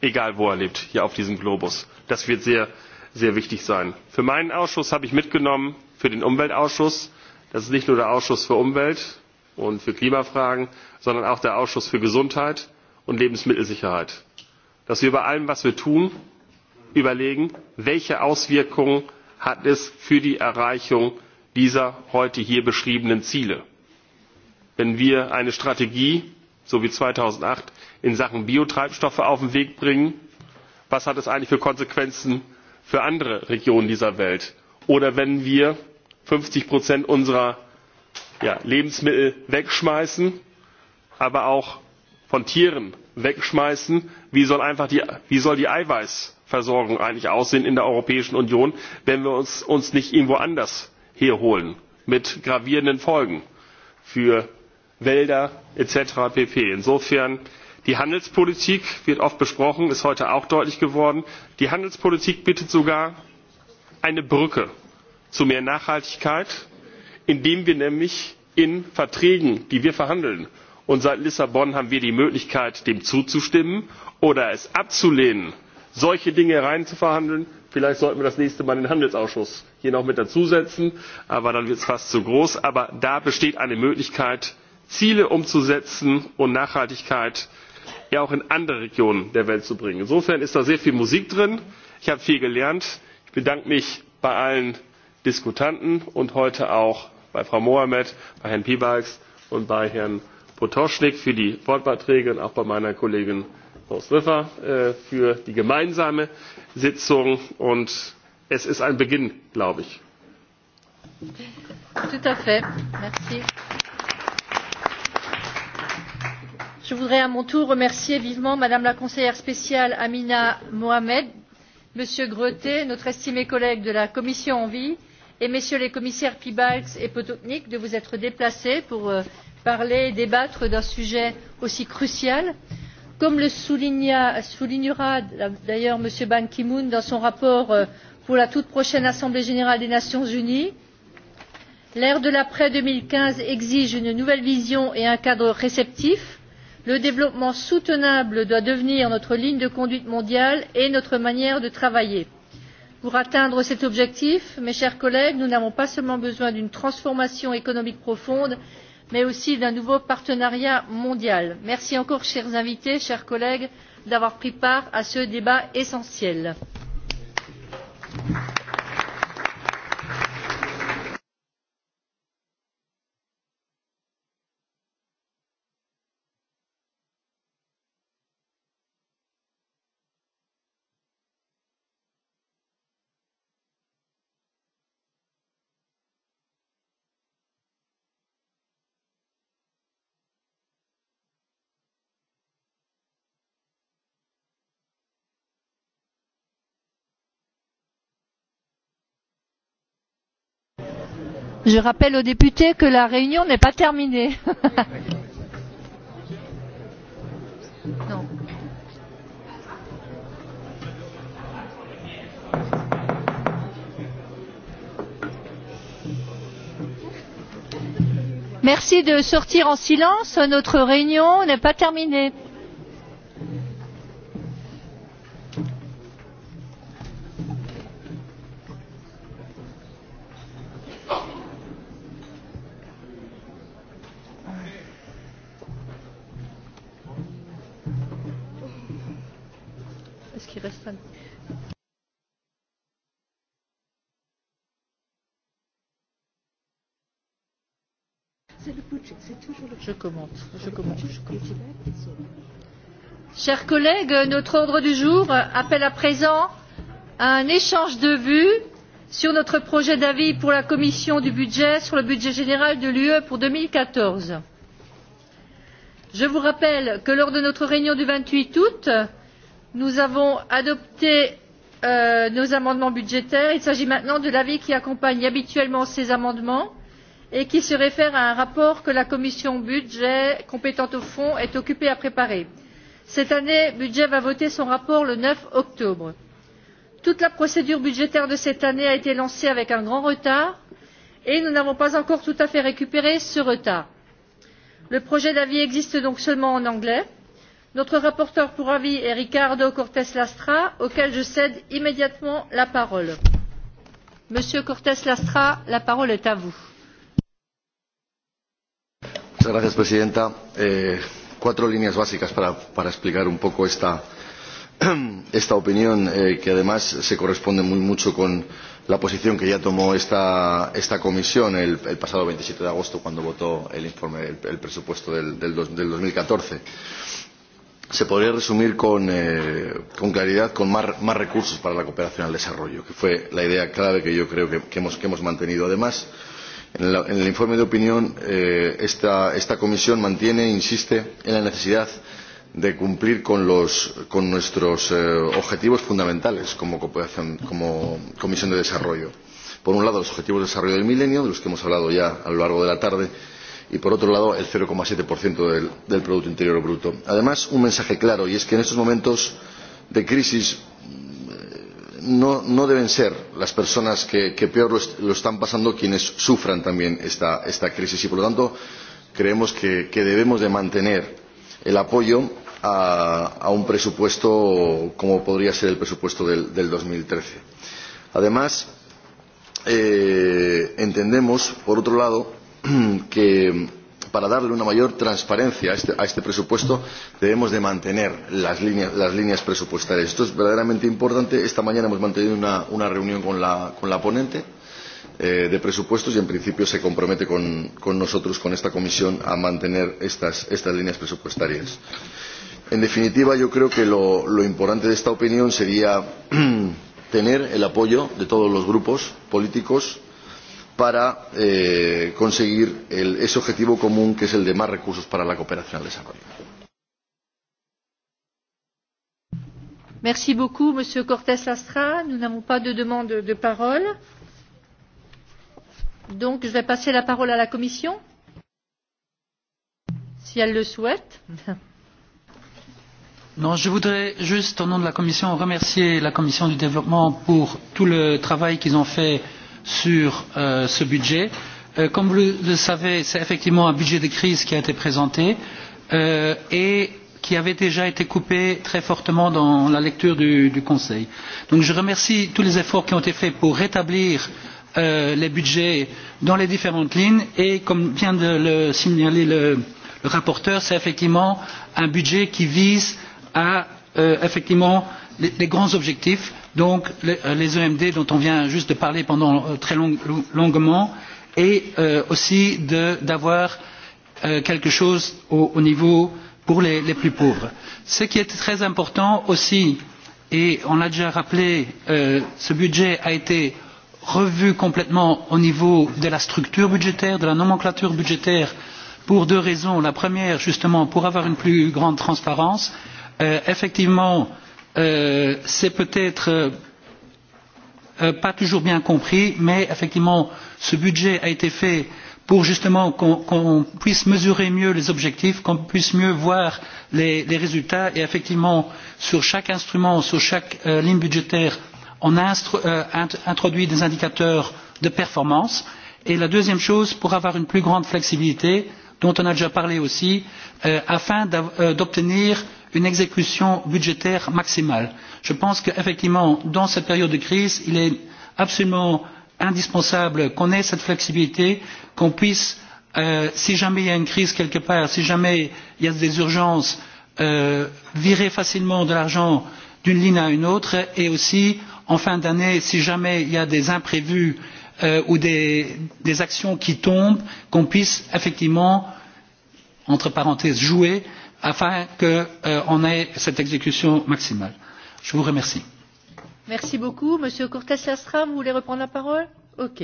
egal wo er lebt, hier auf diesem Globus. Das wird sehr, sehr wichtig sein. Für meinen Ausschuss habe ich mitgenommen, für den umweltausschuss das ist nicht nur der ausschuss für umwelt und für klimafragen sondern auch der ausschuss für gesundheit und lebensmittelsicherheit dass wir bei allem was wir tun überlegen welche auswirkungen hat es für die erreichung dieser heute hier beschriebenen ziele? wenn wir eine strategie so wie zweitausendacht in sachen biotreibstoffe auf den weg bringen was hat das eigentlich für konsequenzen für andere regionen dieser welt? oder wenn wir fünfzig unserer ja, lebensmittel wegschmeißen aber auch von tieren wegschmeißen wie soll, die, wie soll die eiweißversorgung eigentlich aussehen in der europäischen union wenn wir uns, uns nicht irgendwo anders herholen mit gravierenden folgen für wälder etc. pp. insofern die handelspolitik wird oft besprochen ist heute auch deutlich geworden die handelspolitik bietet sogar eine brücke zu mehr nachhaltigkeit indem wir nämlich in verträgen die wir verhandeln und seit lissabon haben wir die möglichkeit dem zuzustimmen oder es abzulehnen solche dinge hineinzuverhandeln vielleicht sollten wir das nächste mal den handelsausschuss hier noch mit dazusetzen aber dann wird es fast zu groß aber da besteht eine möglichkeit ziele umzusetzen und nachhaltigkeit ja auch in andere regionen der welt zu bringen. insofern ist da sehr viel musik drin. ich habe viel gelernt. ich bedanke mich bei allen Diskutanten und heute auch bei Frau Mohamed, bei Herrn Piebalgs und bei Herrn Potoschnik für die Wortbeiträge und auch bei meiner Kollegin Horst Riffer äh, für die gemeinsame Sitzung. Und es ist ein Beginn, glaube ich. Tout à fait. Merci. Je voudrais à mon tour remercier vivement Madame la conseillère spéciale Amina Mohamed, Monsieur Greuté, notre estimé collègue de la Commission Envie, et messieurs les commissaires piebalgs et potonik de vous être déplacés pour euh, parler et débattre d'un sujet aussi crucial. comme le soulignera d'ailleurs m. ban ki moon dans son rapport euh, pour la toute prochaine assemblée générale des nations unies l'ère de l'après deux mille quinze exige une nouvelle vision et un cadre réceptif. le développement soutenable doit devenir notre ligne de conduite mondiale et notre manière de travailler pour atteindre cet objectif mes chers collègues nous n'avons pas seulement besoin d'une transformation économique profonde mais aussi d'un nouveau partenariat mondial. merci encore chers invités chers collègues d'avoir pris part à ce débat essentiel. applaudissements je rappelle aux députés que la réunion n'est pas terminée. merci de sortir en silence notre réunion n'est pas terminée. Je commente. Je commente. Je commente. Chers collègues, notre ordre du jour appelle à présent un échange de vues sur notre projet d'avis pour la commission du budget sur le budget général de l'ue pour deux mille quatorze je vous rappelle que lors de notre réunion du vingt huit août nous avons adopté euh, nos amendements budgétaires il s'agit maintenant de l'avis qui accompagne habituellement ces amendements et qui se réfère à un rapport que la commission budget compétente au fond est occupée à préparer. cette année budget va voter son rapport le neuf octobre. toute la procédure budgétaire de cette année a été lancée avec un grand retard et nous n'avons pas encore tout à fait récupéré ce retard. le projet d'avis existe donc seulement en anglais. notre rapporteur pour avis est ricardo cortés lastra auquel je cède immédiatement la parole. monsieur cortés lastra la parole est à vous señora presidenta eh, cuatro líneas básicas para, para explicar un poco esta, esta opinión eh, que además se corresponde muy mucho con la posición que ya tomó esta, esta comisión el, el pasado 27 de agosto cuando votó el informe el, el presupuesto del, del, dos, del 2014 se podría resumir con, eh, con claridad con más, más recursos para la cooperación al desarrollo que fue la idea clave que yo creo que, que, hemos, que hemos mantenido además eh, En, la, en el informe de opinión, eh, esta, esta comisión mantiene e insiste en la necesidad de cumplir con, los, con nuestros eh, objetivos fundamentales como, como Comisión de Desarrollo. Por un lado, los objetivos de desarrollo del milenio, de los que hemos hablado ya a lo largo de la tarde, y por otro lado, el 0,7% del, del Producto Interior Bruto. Además, un mensaje claro, y es que en estos momentos de crisis no, no deben ser las personas que, que peor lo, est lo están pasando quienes sufran también esta, esta crisis y, por lo tanto, creemos que, que debemos de mantener el apoyo a, a un presupuesto como podría ser el presupuesto del, del 2013. Además, eh, entendemos, por otro lado, que para darle una mayor transparencia a este, a este presupuesto debemos de mantener las líneas, las líneas presupuestarias. Esto es verdaderamente importante. Esta mañana hemos mantenido una, una reunión con la, con la ponente eh, de presupuestos y en principio se compromete con, con nosotros, con esta comisión, a mantener estas, estas líneas presupuestarias. En definitiva, yo creo que lo, lo importante de esta opinión sería tener el apoyo de todos los grupos políticos eh, para eh, conseguir el, ese objetivo común que es el de más recursos para la cooperación al desarrollo. Merci beaucoup, Monsieur Cortés Lastra. Nous n'avons pas de demande de parole. Donc, je vais passer la parole à la Commission, si elle le souhaite. Non, je voudrais juste, au nom de la Commission, remercier la Commission du développement pour tout le travail qu'ils ont fait euh, sur euh, ce budget. Euh, comme vous le savez, c'est effectivement un budget de crise qui a été présenté euh, et qui avait déjà été coupé très fortement dans la lecture du, du Conseil. Donc je remercie tous les efforts qui ont été faits pour rétablir euh, les budgets dans les différentes lignes et comme vient de le signaler le, le rapporteur, c'est effectivement un budget qui vise à euh, effectivement les, les grands objectifs donc les emd euh, e dont on vient juste de parler pendant euh, très long, longuement et euh, aussi d'avoir euh, quelque chose au, au niveau pour les, les plus pauvres. ce qui est très important aussi et on l'a déjà rappelé euh, ce budget a été revu complètement au niveau de la structure budgétaire de la nomenclature budgétaire pour deux raisons la première justement pour avoir une plus grande transparence euh, effectivement euh, c'est peut être euh, euh, pas toujours bien compris mais effectivement ce budget a été fait pour justement qu'on qu puisse mesurer mieux les objectifs qu'on puisse mieux voir les, les résultats et effectivement sur chaque instrument sur chaque euh, ligne budgétaire on a instru, euh, int introduit des indicateurs de performance et la deuxième chose pour avoir une plus grande flexibilité dont on a déjà parlé aussi euh, afin euh, d'obtenir av une exécution budgétaire maximale. je pense qu'effectivement dans cette période de crise il est absolument indispensable qu'on ait cette flexibilité qu'on puisse euh, si jamais il y a une crise quelque part si jamais il y a des urgences euh, virer facilement de l'argent d'une ligne à une autre et aussi en fin d'année si jamais il y a des imprévus euh, ou des, des actions qui tombent qu'on puisse effectivement entre parenthèses jouer euh, afin qu'on euh, ait cette exécution maximale. Je vous remercie. Merci beaucoup. Monsieur Cortés Lastra, vous voulez reprendre la parole OK.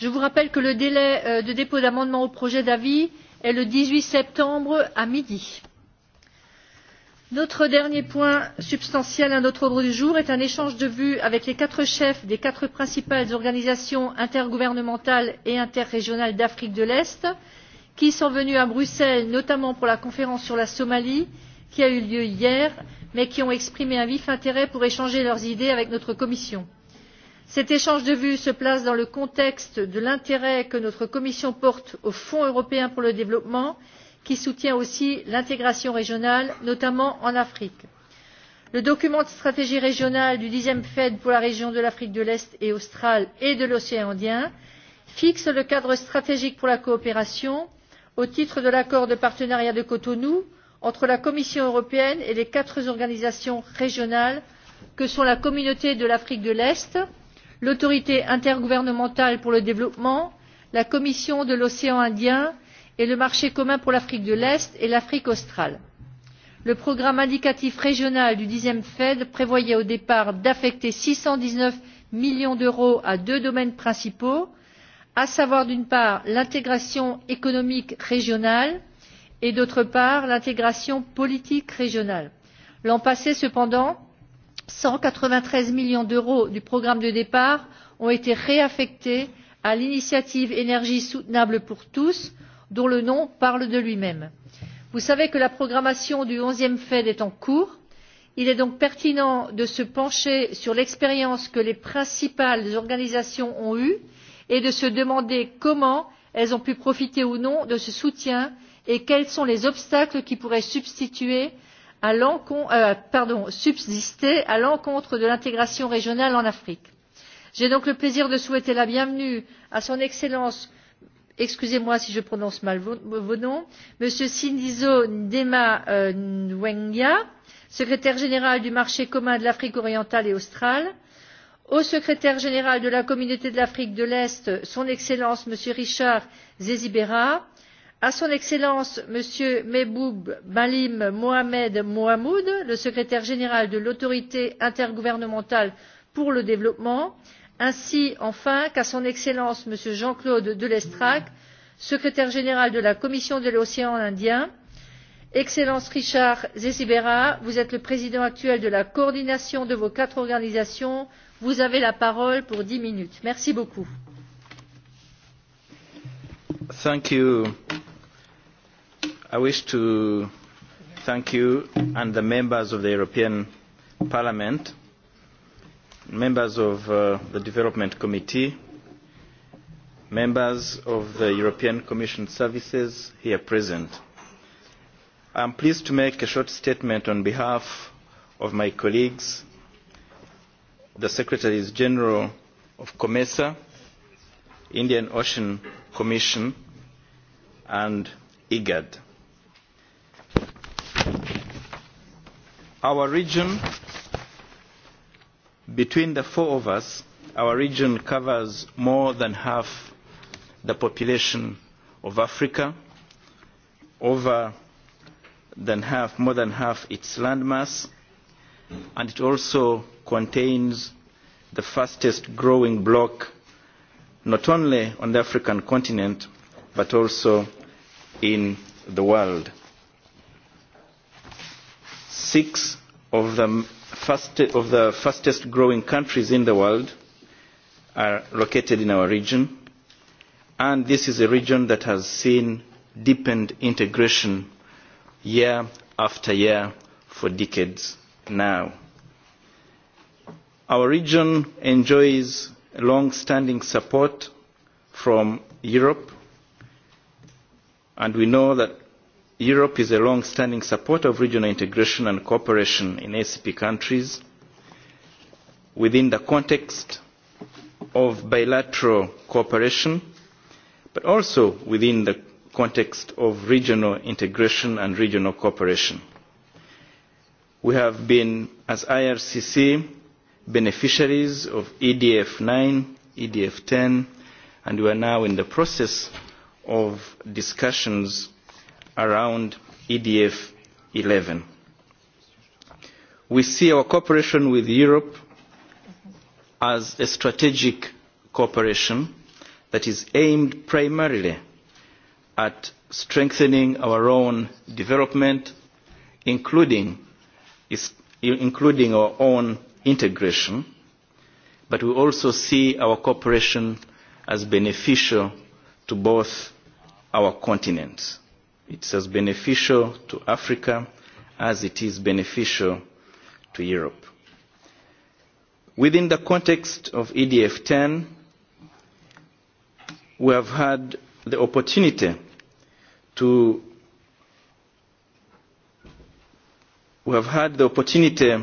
Je vous rappelle que le délai euh, de dépôt d'amendements au projet d'avis est le 18 septembre à midi. Notre dernier point substantiel à notre ordre du jour est un échange de vues avec les quatre chefs des quatre principales organisations intergouvernementales et interrégionales d'Afrique de l'Est. Euh, qui sont venus à bruxelles notamment pour la conférence sur la somalie qui a eu lieu hier mais qui ont exprimé un vif intérêt pour échanger leurs idées avec notre commission. cet échange de vues se place dans le contexte de l'intérêt que notre commission porte au fonds européen pour le développement qui soutient aussi l'intégration régionale notamment en afrique. le document de stratégie régionale du dixième fed pour la région de l'afrique de l'est et australe et de l'océan indien fixe le cadre stratégique pour la coopération au titre de l'accord de partenariat de cotonou entre la commission européenne et les quatre organisations régionales que sont la communauté de l'afrique de l'est l'autorité intergouvernementale pour le développement la commission de l'océan indien et le marché commun pour l'afrique de l'est et l'afrique australe. le programme indicatif régional du dixième fed prévoyait au départ d'affecter six cent dix neuf millions d'euros à deux domaines principaux à savoir d'une part l'intégration économique régionale et d'autre part l'intégration politique régionale. l'an passé cependant cent quatre vingt treize millions d'euros du programme de départ ont été réaffectés à l'initiative énergie soutenable pour tous dont le nom parle de lui même. vous savez que la programmation du onzième fed est en cours. il est donc pertinent de se pencher sur l'expérience que les principales organisations ont eue et de se demander comment elles ont pu profiter ou non de ce soutien et quels sont les obstacles qui pourraient à euh, pardon, subsister à l'encontre de l'intégration régionale en afrique. j'ai donc le plaisir de souhaiter la bienvenue à son excellence excusez moi si je prononce mal vos, vos noms m. sindizo ndema euh, ngwenga secrétaire général du marché commun de l'afrique orientale et australe au secrétaire général de la communauté de l'afrique de l'est son excellence m. richard zezibera à son excellence m. mehboob malim mohamed mohamoud le secrétaire général de l'autorité intergouvernementale pour le développement ainsi enfin qu'à son excellence m. jean claude delestrac secrétaire général de la commission de l'océan indien excellences richard zezibera vous êtes le président actuel de la coordination de vos quatre organisations vous avez la parole pour dix minutes. merci beaucoup. thank you. i wish to thank you and the members of the european parliament members of uh, the development committee members of the european commission services here present i am pleased to make a short statement on behalf of my colleagues the secretaries general of comesa indian ocean commission and igad. our region between the four of us our region covers more than half the population of africa over than half, more than half its landmass, and it also contains the fastest growing bloc not only on the African continent but also in the world. Six of the, fast, of the fastest growing countries in the world are located in our region, and this is a region that has seen deepened integration year after year for decades now. Our region enjoys long-standing support from Europe, and we know that Europe is a long-standing supporter of regional integration and cooperation in ACP countries within the context of bilateral cooperation, but also within the context of regional integration and regional cooperation. We have been, as IRCC, beneficiaries of EDF 9, EDF 10, and we are now in the process of discussions around EDF 11. We see our cooperation with Europe as a strategic cooperation that is aimed primarily at strengthening our own development, including, is, including our own integration, but we also see our cooperation as beneficial to both our continents. It's as beneficial to Africa as it is beneficial to Europe. Within the context of EDF 10, we have had the opportunity to who have had the opportunity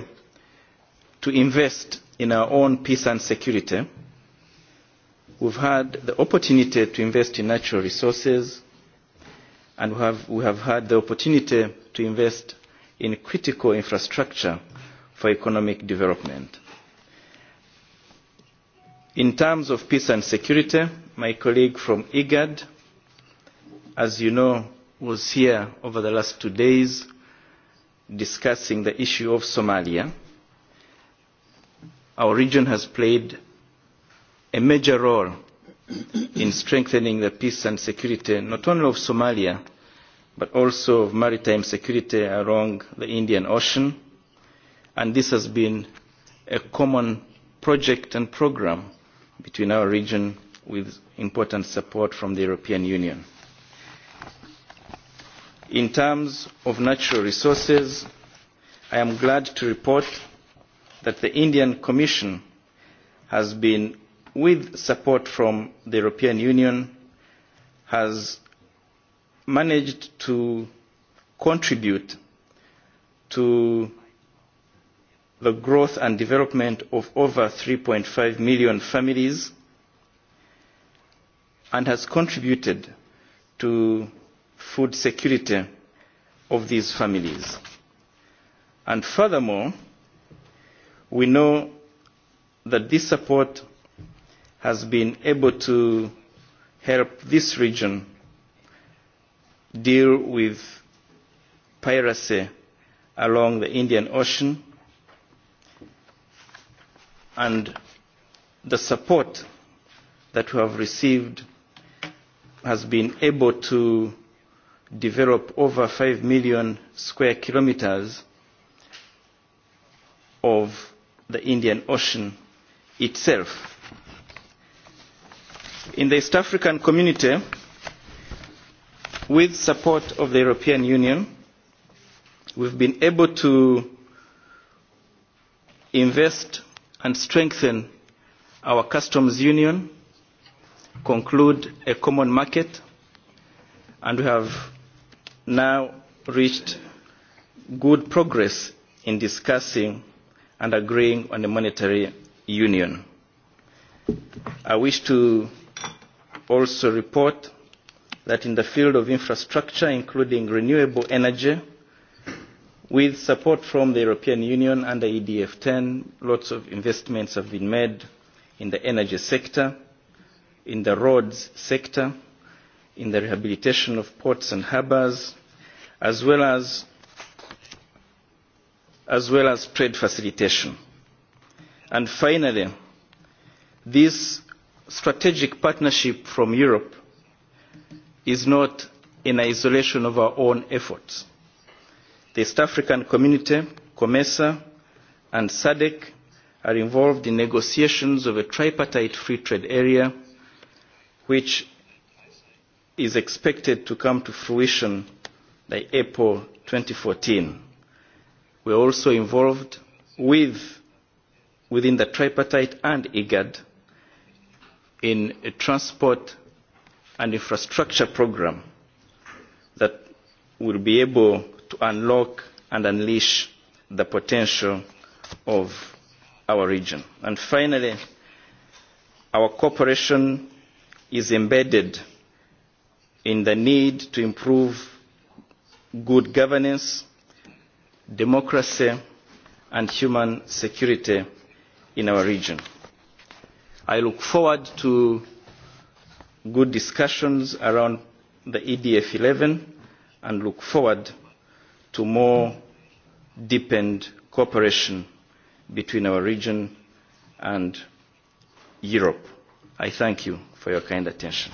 to invest in our own peace and security. We've had the opportunity to invest in natural resources and we have, we have had the opportunity to invest in critical infrastructure for economic development. In terms of peace and security, my colleague from IGAD as you know, was here over the last two days discussing the issue of Somalia. Our region has played a major role in strengthening the peace and security not only of Somalia but also of maritime security along the Indian Ocean and this has been a common project and program between our region with important support from the European Union in terms of natural resources i am glad to report that the indian commission has been with support from the european union has managed to contribute to the growth and development of over 3.5 million families and has contributed to food security of these families. And furthermore, we know that this support has been able to help this region deal with piracy along the Indian Ocean and the support that we have received has been able to develop over 5 million square kilometers of the Indian Ocean itself. In the East African community, with support of the European Union, we've been able to invest and strengthen our customs union, conclude a common market, and we have now reached good progress in discussing and agreeing on the monetary union. I wish to also report that in the field of infrastructure, including renewable energy, with support from the European Union under EDF 10, lots of investments have been made in the energy sector, in the roads sector, in the rehabilitation of ports and harbours, as well as, as well as trade facilitation. And finally, this strategic partnership from Europe is not in isolation of our own efforts. The East African Community, COMESA, and SADC are involved in negotiations of a tripartite free trade area, which is expected to come to fruition by April 2014. We are also involved with, within the tripartite and IGAD in a transport and infrastructure program that will be able to unlock and unleash the potential of our region. And finally, our cooperation is embedded in the need to improve good governance, democracy, and human security in our region. I look forward to good discussions around the EDF 11 and look forward to more deepened cooperation between our region and Europe. I thank you for your kind attention.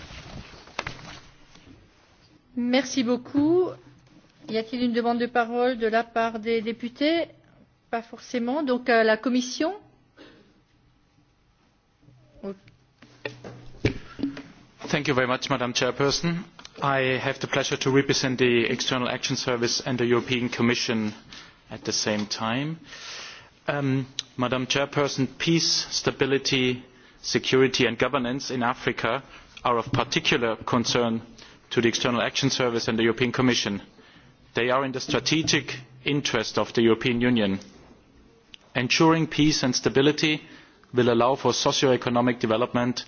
Merci beaucoup. Y a-t-il une demande de parole de la part des députés Pas forcément. Donc à euh, la Commission Thank you very much, Madam Chairperson. I have the pleasure to represent the External Action Service and the European Commission at the same time. Um, Madam Chairperson, peace, stability, security and governance in Africa are of particular concern to the external action service and the european commission. they are in the strategic interest of the european union. ensuring peace and stability will allow for socio economic development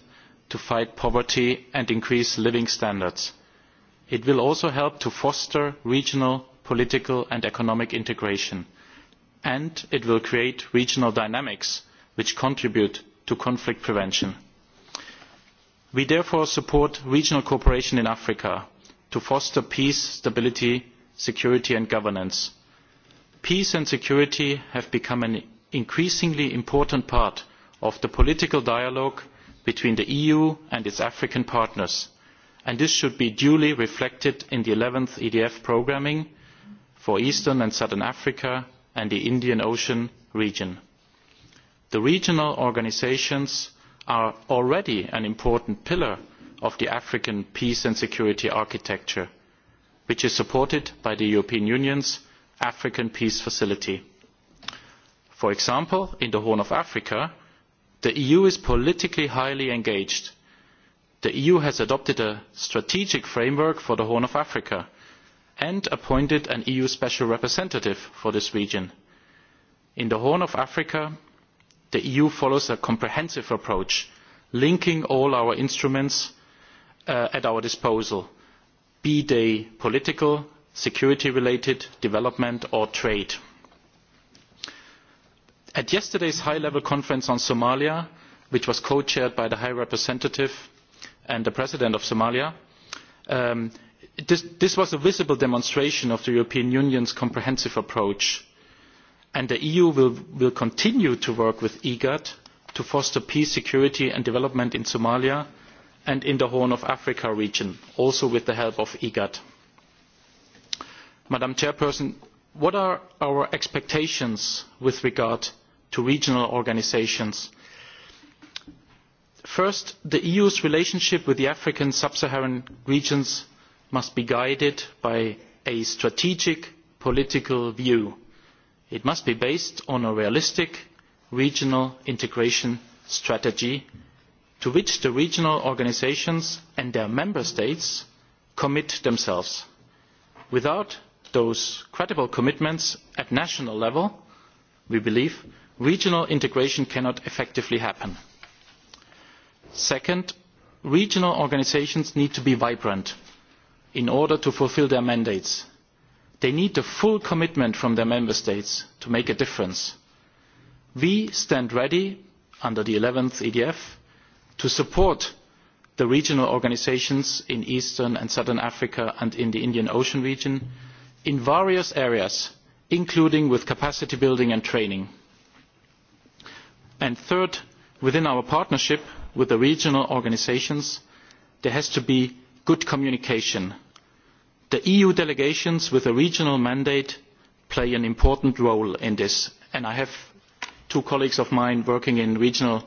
to fight poverty and increase living standards. it will also help to foster regional political and economic integration and it will create regional dynamics which contribute to conflict prevention we therefore support regional cooperation in africa to foster peace stability security and governance. peace and security have become an increasingly important part of the political dialogue between the eu and its african partners and this should be duly reflected in the eleventh edf programming for eastern and southern africa and the indian ocean region. the regional organisations are already an important pillar of the african peace and security architecture which is supported by the european union's african peace facility. for example in the horn of africa the eu is politically highly engaged. the eu has adopted a strategic framework for the horn of africa and appointed an eu special representative for this region. in the horn of africa the eu follows a comprehensive approach linking all our instruments uh, at our disposal be they political security related development or trade. at yesterday's high level conference on somalia which was co chaired by the high representative and the president of somalia um, this, this was a visible demonstration of the european union's comprehensive approach and the eu will, will continue to work with igad e to foster peace security and development in somalia and in the horn of africa region also with the help of igad. E madam chairperson what are our expectations with regard to regional organisations? first the eu's relationship with the african sub saharan regions must be guided by a strategic political view it must be based on a realistic regional integration strategy to which the regional organisations and their member states commit themselves. without those credible commitments at national level we believe regional integration cannot effectively happen. second regional organisations need to be vibrant in order to fulfil their mandates they need the full commitment from their member states to make a difference. we stand ready under the eleventh edf to support the regional organisations in eastern and southern africa and in the indian ocean region in various areas including with capacity building and training. And third within our partnership with the regional organisations there has to be good communication the eu delegations with a regional mandate play an important role in this and i have two colleagues of mine working in regional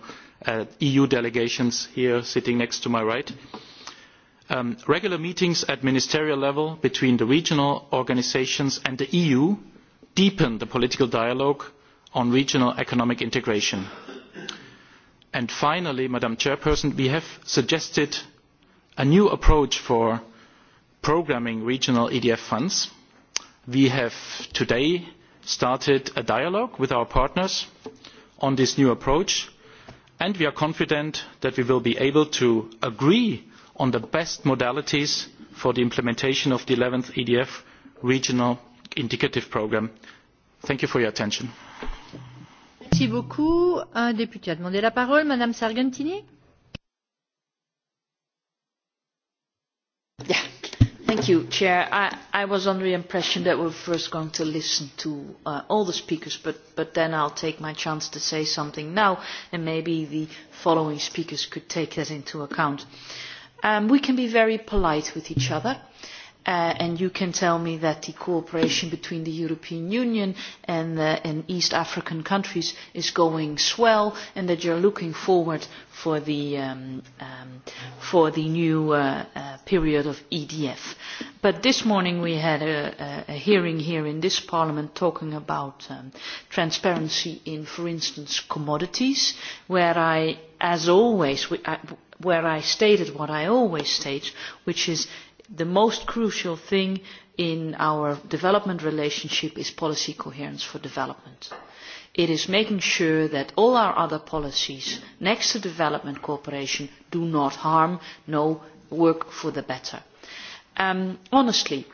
uh, eu delegations here sitting next to my right. Um, regular meetings at ministerial level between the regional organisations and the eu deepen the political dialogue on regional economic integration. And finally madam chairperson we have suggested a new approach for programming regional edf funds we have today started a dialogue with our partners on this new approach and we are confident that we will be able to agree on the best modalities for the implementation of the eleventh edf regional indicative programme. thank you for your attention. Merci beaucoup. Un député a demandé la parole. Madame Sargentini. Yeah. Thank you, Chair. I, I was under the impression that we're first going to listen to uh, all the speakers, but, but then I'll take my chance to say something now, and maybe the following speakers could take that into account. Um, we can be very polite with each other. Uh, Uh, and you can tell me that the cooperation between the European Union and, uh, and East African countries is going swell and that you're looking forward for the, um, um, for the new uh, uh, period of EDF. But this morning we had a, a, a hearing here in this parliament talking about um, transparency in, for instance, commodities, where I, as always, where I stated what I always state, which is the most crucial thing in our development relationship is policy coherence for development. It is making sure that all our other policies next to development cooperation do not harm, no, work for the better. Um, honestly,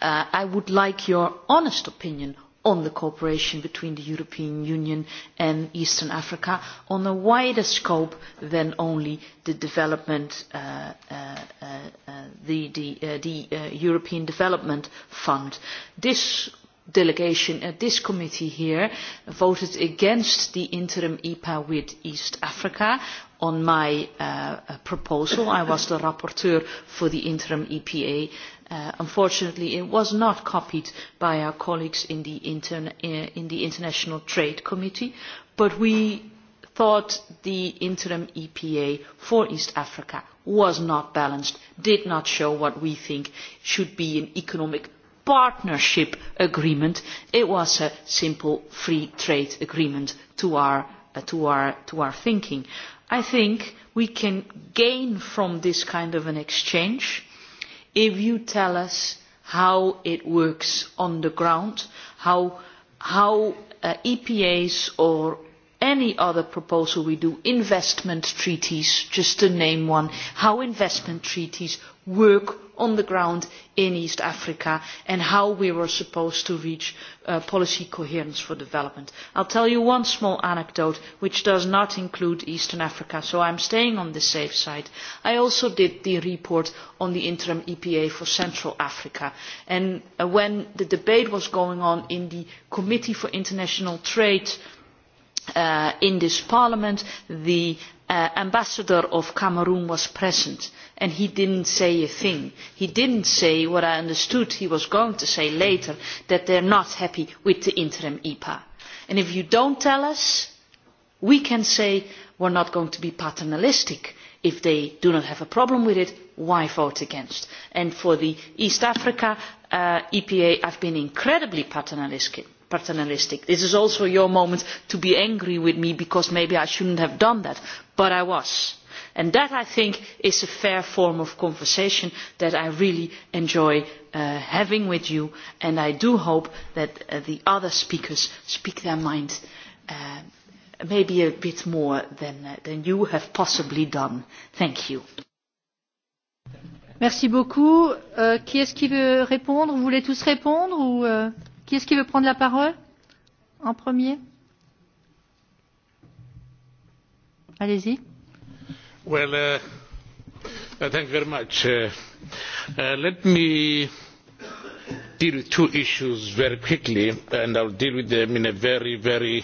uh, I would like your honest opinion on the cooperation between the European Union and Eastern Africa on a wider scope than only the development, uh, uh, uh, uh the, the, uh, the uh, European Development Fund. This delegation at this committee here voted against the interim EPA with East Africa on my uh, uh, proposal. I was the rapporteur for the interim EPA. Uh, unfortunately, it was not copied by our colleagues in the, interne- uh, in the International Trade Committee, but we thought the interim EPA for East Africa was not balanced, did not show what we think should be an economic partnership agreement it was a simple free trade agreement to our, uh, to our, to our thinking. i think we can gain from this kind of an exchange if you tell us how it works on the ground how, how uh, epas or any other proposal we do investment treaties just to name one how investment treaties work on the ground in East Africa and how we were supposed to reach uh, policy coherence for development. I'll tell you one small anecdote which does not include Eastern Africa, so I'm staying on the safe side. I also did the report on the interim EPA for Central Africa. And uh, when the debate was going on in the Committee for International Trade uh, in this parliament, the uh, ambassador of Cameroon was present and he didn't say a thing. He didn't say what I understood he was going to say later, that they're not happy with the interim EPA. And if you don't tell us, we can say we're not going to be paternalistic. If they do not have a problem with it, why vote against? And for the East Africa uh, EPA, I've been incredibly paternalistic paternalistic. this is also your moment to be angry with me because maybe i should not have done that but i was and that i think is a fair form of conversation that i really enjoy uh, having with you and i do hope that uh, the other speakers speak their mind uh, maybe a bit more than, uh, than you have possibly done. thank you. Merci beaucoup. Euh, qui est-ce qui veut répondre Vous voulez tous répondre ou euh, qui est-ce qui veut prendre la parole en premier Allez-y. Well, uh, uh, thank you very much. Uh, uh, let me deal with two issues very quickly, and I'll deal with them in a very, very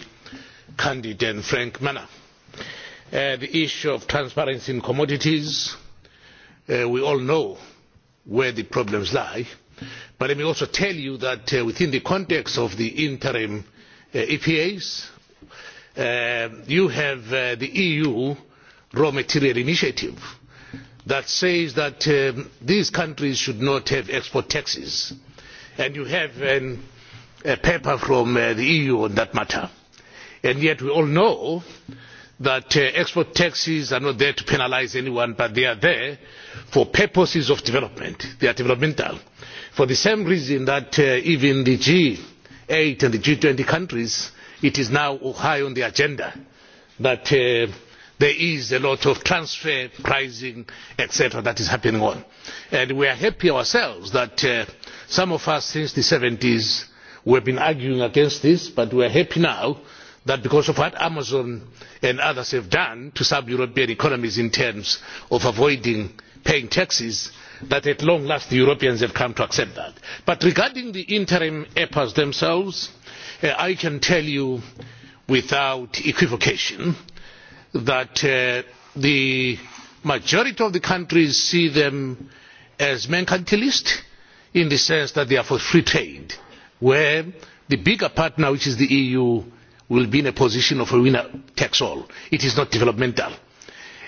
candid and frank manner. Uh, the issue of transparency in commodities, uh, we all know where the problems lie. But let me also tell you that uh, within the context of the interim uh, EPAs, uh, you have uh, the EU raw material initiative that says that um, these countries should not have export taxes and you have an, a paper from uh, the eu on that matter and yet we all know that uh, export taxes are not there to penalise anyone but they are there for purposes of development they are developmental for the same reason that uh, even the g eight and the g twenty countries it is now high on the agenda that uh, there is a lot of transfer pricing etc. that is happening on. And we are happy ourselves that uh, some of us since the 70s we have been arguing against this but we are happy now that because of what amazon and others have done to sub european economies in terms of avoiding paying taxes that at long last the europeans have come to accept that. but regarding the interim epas themselves uh, i can tell you without equivocation that that uh, the majority of the countries see them as mercantilist in the sense that they are for free trade, where the bigger partner, which is the EU, will be in a position of a winner takes all. It is not developmental.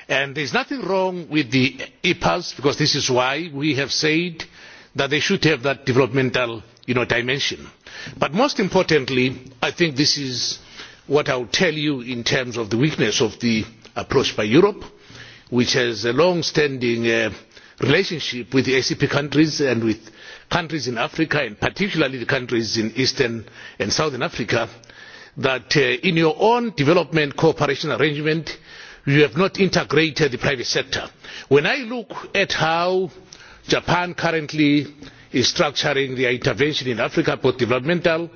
And there is nothing wrong with the EPAs, because this is why we have said that they should have that developmental you know, dimension. But most importantly, I think this is what i will tell you in terms of the weakness of the approach by europe which has a long standing uh, relationship with the acp countries and with countries in africa and particularly the countries in eastern and southern africa that uh, in your own development cooperation arrangement you have not integrated the private sector. when i look at how japan currently is structuring their intervention in africa both developmental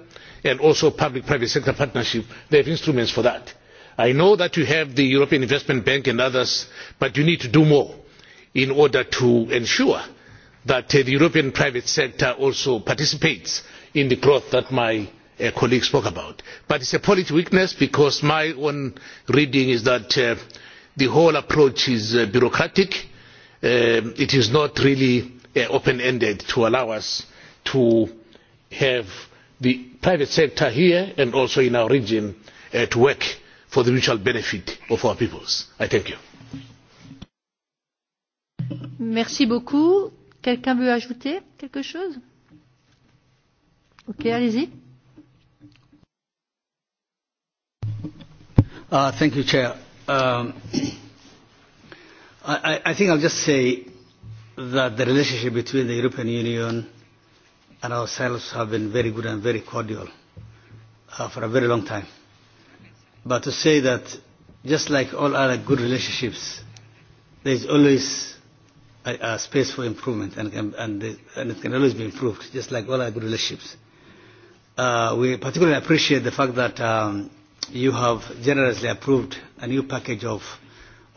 and also public private sector partnership they have instruments for that. i know that you have the european investment bank and others but you need to do more in order to ensure that uh, the european private sector also participates in the growth that my uh, colleague spoke about. but it is a policy weakness because my own reading is that uh, the whole approach is uh, bureaucratic um, it is not really uh, open ended to allow us to have the private sector here and also in our region uh, to work for the mutual benefit of our peoples. I thank you. Merci beaucoup. Quelqu'un veut ajouter quelque chose Ok, allez-y. Uh, thank you, Chair. Um, I, I think I'll just say that the relationship between the European Union and ourselves have been very good and very cordial uh, for a very long time. But to say that, just like all other good relationships, there is always a, a space for improvement, and, can, and, the, and it can always be improved, just like all other good relationships. Uh, we particularly appreciate the fact that um, you have generously approved a new package of,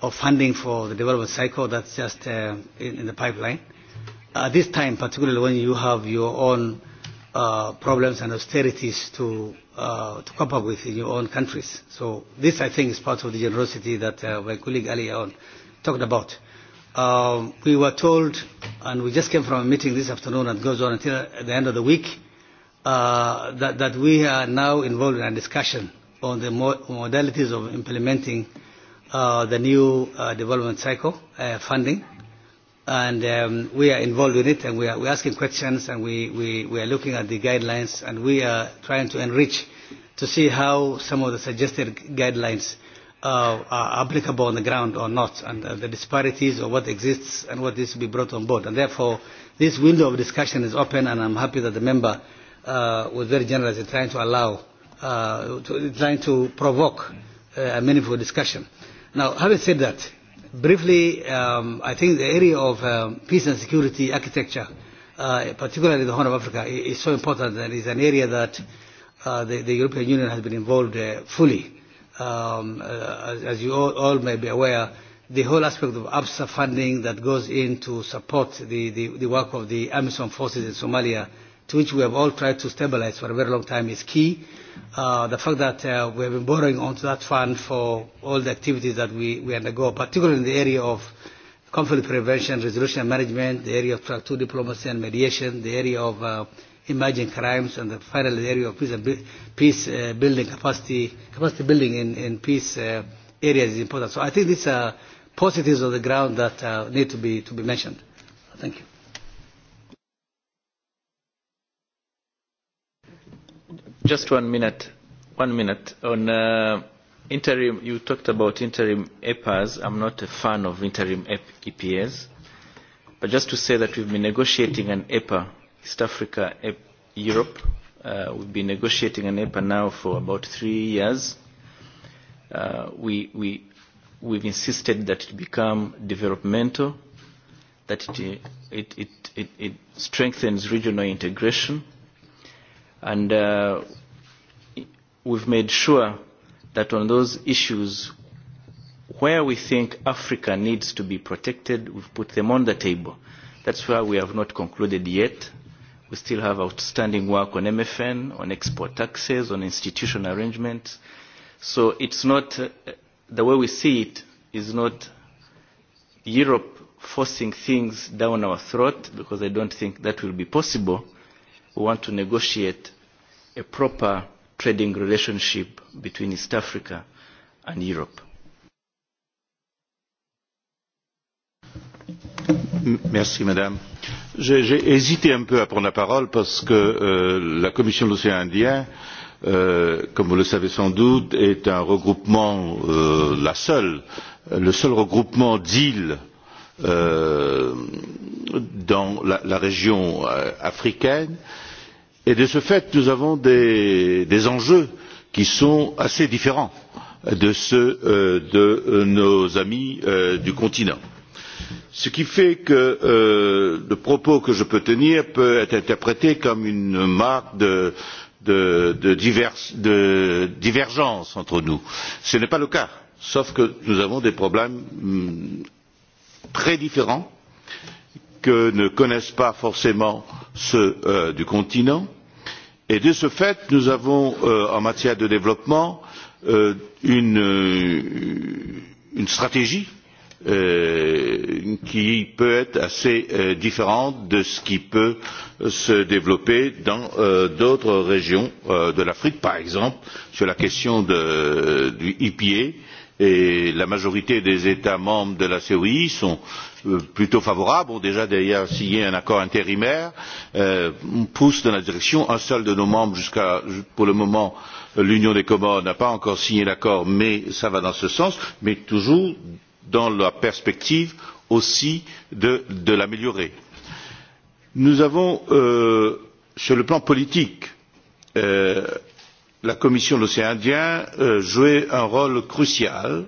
of funding for the development cycle that's just uh, in, in the pipeline. Uh, at this time, particularly when you have your own uh, problems and austerities to, uh, to cope up with in your own countries. So this, I think, is part of the generosity that uh, my colleague earlier on talked about. Um, we were told, and we just came from a meeting this afternoon that goes on until the end of the week, uh, that, that we are now involved in a discussion on the mo modalities of implementing uh, the new uh, development cycle uh, funding. Uh, and um, we are involved in it and we are we're asking questions and we, we, we are looking at the guidelines and we are trying to enrich to see how some of the suggested guidelines uh, are applicable on the ground or not and uh, the disparities or what exists and what needs to be brought on board. And therefore, this window of discussion is open and I'm happy that the member uh, was very generous in trying to allow, uh, to, trying to provoke uh, a meaningful discussion. Now, having said that, briefly, um, I think the area of um, peace and security architecture, uh, particularly the Horn of Africa, is so important and is an area that uh, the, the European Union has been involved uh, fully. Um, uh, as, as you all, all may be aware, the whole aspect of ABSA funding that goes in to support the, the, the work of the AMISOM forces in Somalia to which we have all tried to stabilize for a very long time is key. Uh, the fact that uh, we have been borrowing onto that fund for all the activities that we, we undergo, particularly in the area of conflict prevention, resolution and management, the area of track two diplomacy and mediation, the area of uh, emerging crimes, and the, finally the area of peace, and bu- peace uh, building capacity, capacity building in, in peace uh, areas is important. So I think these are positives on the ground that uh, need to be, to be mentioned. Thank you. Just one minute. One minute. On uh, interim, you talked about interim EPAs. I'm not a fan of interim EPAs. But just to say that we've been negotiating an EPA, East Africa, EP, Europe. Uh, we've been negotiating an EPA now for about three years. Uh, we, we, we've insisted that it become developmental, that it, it, it, it, it strengthens regional integration, uh, and uh, we've made sure that on those issues where we think Africa needs to be protected, we've put them on the table. That's why we have not concluded yet. We still have outstanding work on MFN, on export taxes, on institutional arrangements. So it's not, uh, the way we see it is not Europe forcing things down our throat, because I don't think that will be possible. We want to negotiate a proper trading relationship between East Africa and Europe. Merci, madame. J'ai hésité un peu à prendre la parole parce que euh, la Commission de l'océan Indien, euh, comme vous le savez sans doute, est un regroupement, euh, la seule, le seul regroupement d'îles euh, dans la, la région euh, africaine euh, et de ce fait nous avons des, des enjeux qui sont assez différents de ceux euh, de euh, nos amis euh, du continent ce qui fait que euh, le propos que je peux tenir peut être interprété comme une marque de, de, de, divers, de divergence entre nous. ce n'est pas le cas sauf que nous avons des problèmes hum, mm, très différents que ne connaissent pas forcément ceux euh, du continent et de ce fait nous avons euh, en matière de développement euh, une, euh, une stratégie euh, qui peut être assez euh, différente de ce qui peut se développer dans euh, d'autres régions de l'afrique par exemple sur la question de, du ipa et la majorité des états membres de la coi sont euh, plutôt favorables ont déjà d'ailleurs signé un accord intérimaire euh, poussent dans la direction un seul de nos membres jusqu'à pour le moment l'union des comores n'a pas encore signé l'accord mais ça va dans ce sens mais toujours dans la perspective aussi de, de l'améliorer. nous avons euh, sur le plan politique euh, la commission de l'océan indien euh, jouait un rôle crucial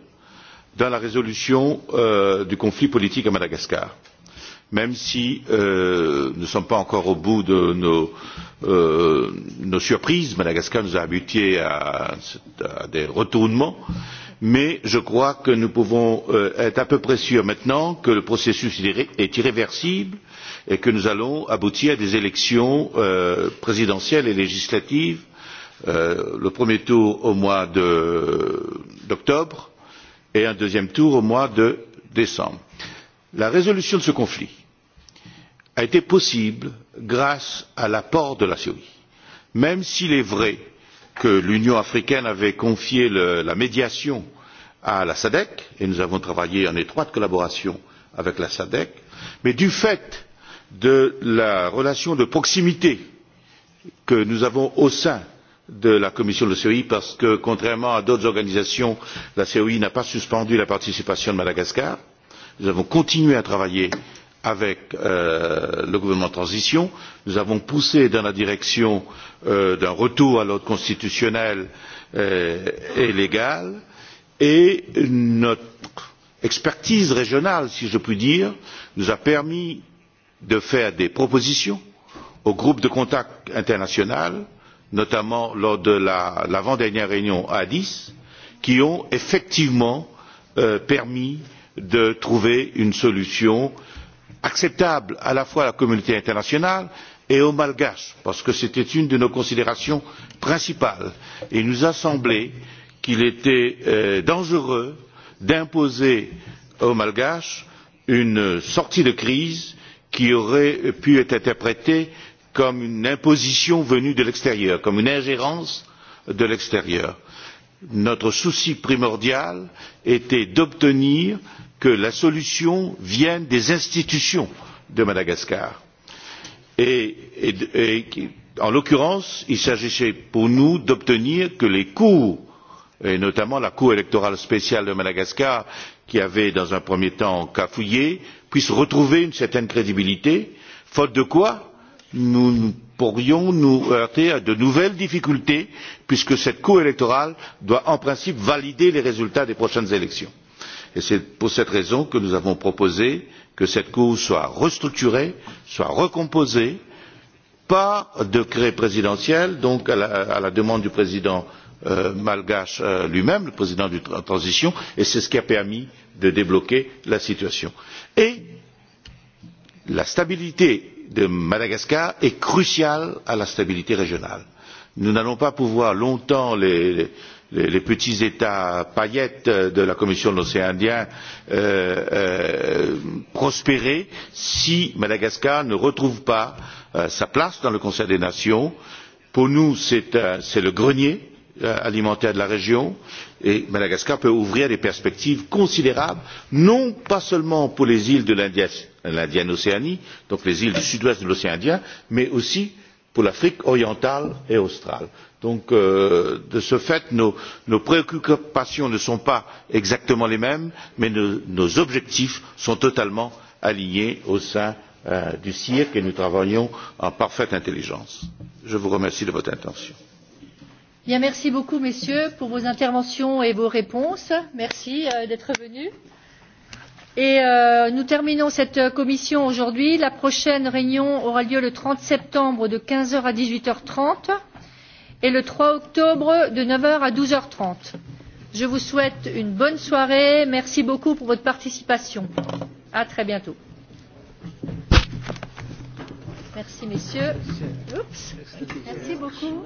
dans la résolution euh, du conflit politique à madagascar même si euh, nous ne sommes pas encore au bout de nos, euh, nos surprises madagascar nous a habitués à, à des retournements mais je crois que nous pouvons euh, être à peu près sûrs maintenant que le processus est irréversible et que nous allons aboutir à des élections euh, présidentielles et législatives Euh, le premier tour au mois d'octobre et un deuxième tour au mois de décembre. la résolution de ce conflit a été possible grâce à l'apport de la syrie même s'il est vrai que l'union africaine avait confié le, la médiation à la sadc et nous avons travaillé en étroite collaboration avec la sadc mais du fait de la relation de proximité que nous avons au sein de la commission de la bei parce que contrairement à d'autres organisations la bei n'a pas suspendu la participation de madagascar. nous avons continué à travailler avec euh, le gouvernement de transition nous avons poussé dans la direction euh, d'un retour à l'ordre constitutionnel euh, et légal et notre expertise régionale si je puis dire nous a permis de faire des propositions au groupe de contact international notamment lors de l'avant la, dernière réunion à addis qui ont effectivement euh, permis de trouver une solution acceptable à la fois à la communauté internationale et aux malgaches parce que c'était une de nos considérations principales. il nous a semblé qu'il était euh, dangereux d'imposer aux malgaches une sortie de crise qui aurait pu être interprétée comme une imposition venue de l'extérieur comme une ingérence de l'extérieur. notre souci primordial était d'obtenir que la solution vienne des institutions de madagascar et, et, et en l'occurrence il s'agissait pour nous d'obtenir que les cours et notamment la cour électorale spéciale de madagascar qui avait dans un premier temps cafouillé puisse retrouver une certaine crédibilité faute de quoi nous, nous pourrions nous heurter à de nouvelles difficultés puisque cette cour électorale doit en principe valider les résultats des prochaines élections. c'est pour cette raison que nous avons proposé que cette cour soit restructurée soit recomposée pas de décret présidentiel donc à la, à la demande du président euh, malgache euh, lui même le président de la transition et c'est ce qui a permis de débloquer la situation. et la stabilité de madagascar est cruciale à la stabilité régionale. nous n'allons pas pouvoir longtemps les, les, les petits états paillettes de la commission de l'océan indien euh, euh, prospérer si madagascar ne retrouve pas euh, sa place dans le conseil des nations. pour nous c'est le grenier euh, alimentaire de la région et madagascar peut ouvrir des perspectives considérables non pas seulement pour les îles de l'indienne océanie donc les îles du sud ouest de l'océan indien mais aussi pour l'afrique orientale et australe. donc euh, de ce fait nos, nos préoccupations ne sont pas exactement les mêmes mais nos, nos objectifs sont totalement alignés au sein euh, du cirque et nous travaillons en parfaite intelligence. je vous remercie de votre attention. Bien, merci beaucoup messieurs pour vos interventions et vos réponses. merci euh, d'être venus. Et euh, nous terminons cette euh, commission aujourd'hui. La prochaine réunion aura lieu le 30 septembre de 15h à 18h30 et le 3 octobre de 9h à 12h30. Je vous souhaite une bonne soirée. Merci beaucoup pour votre participation. À très bientôt. Merci messieurs. Oups. Merci beaucoup.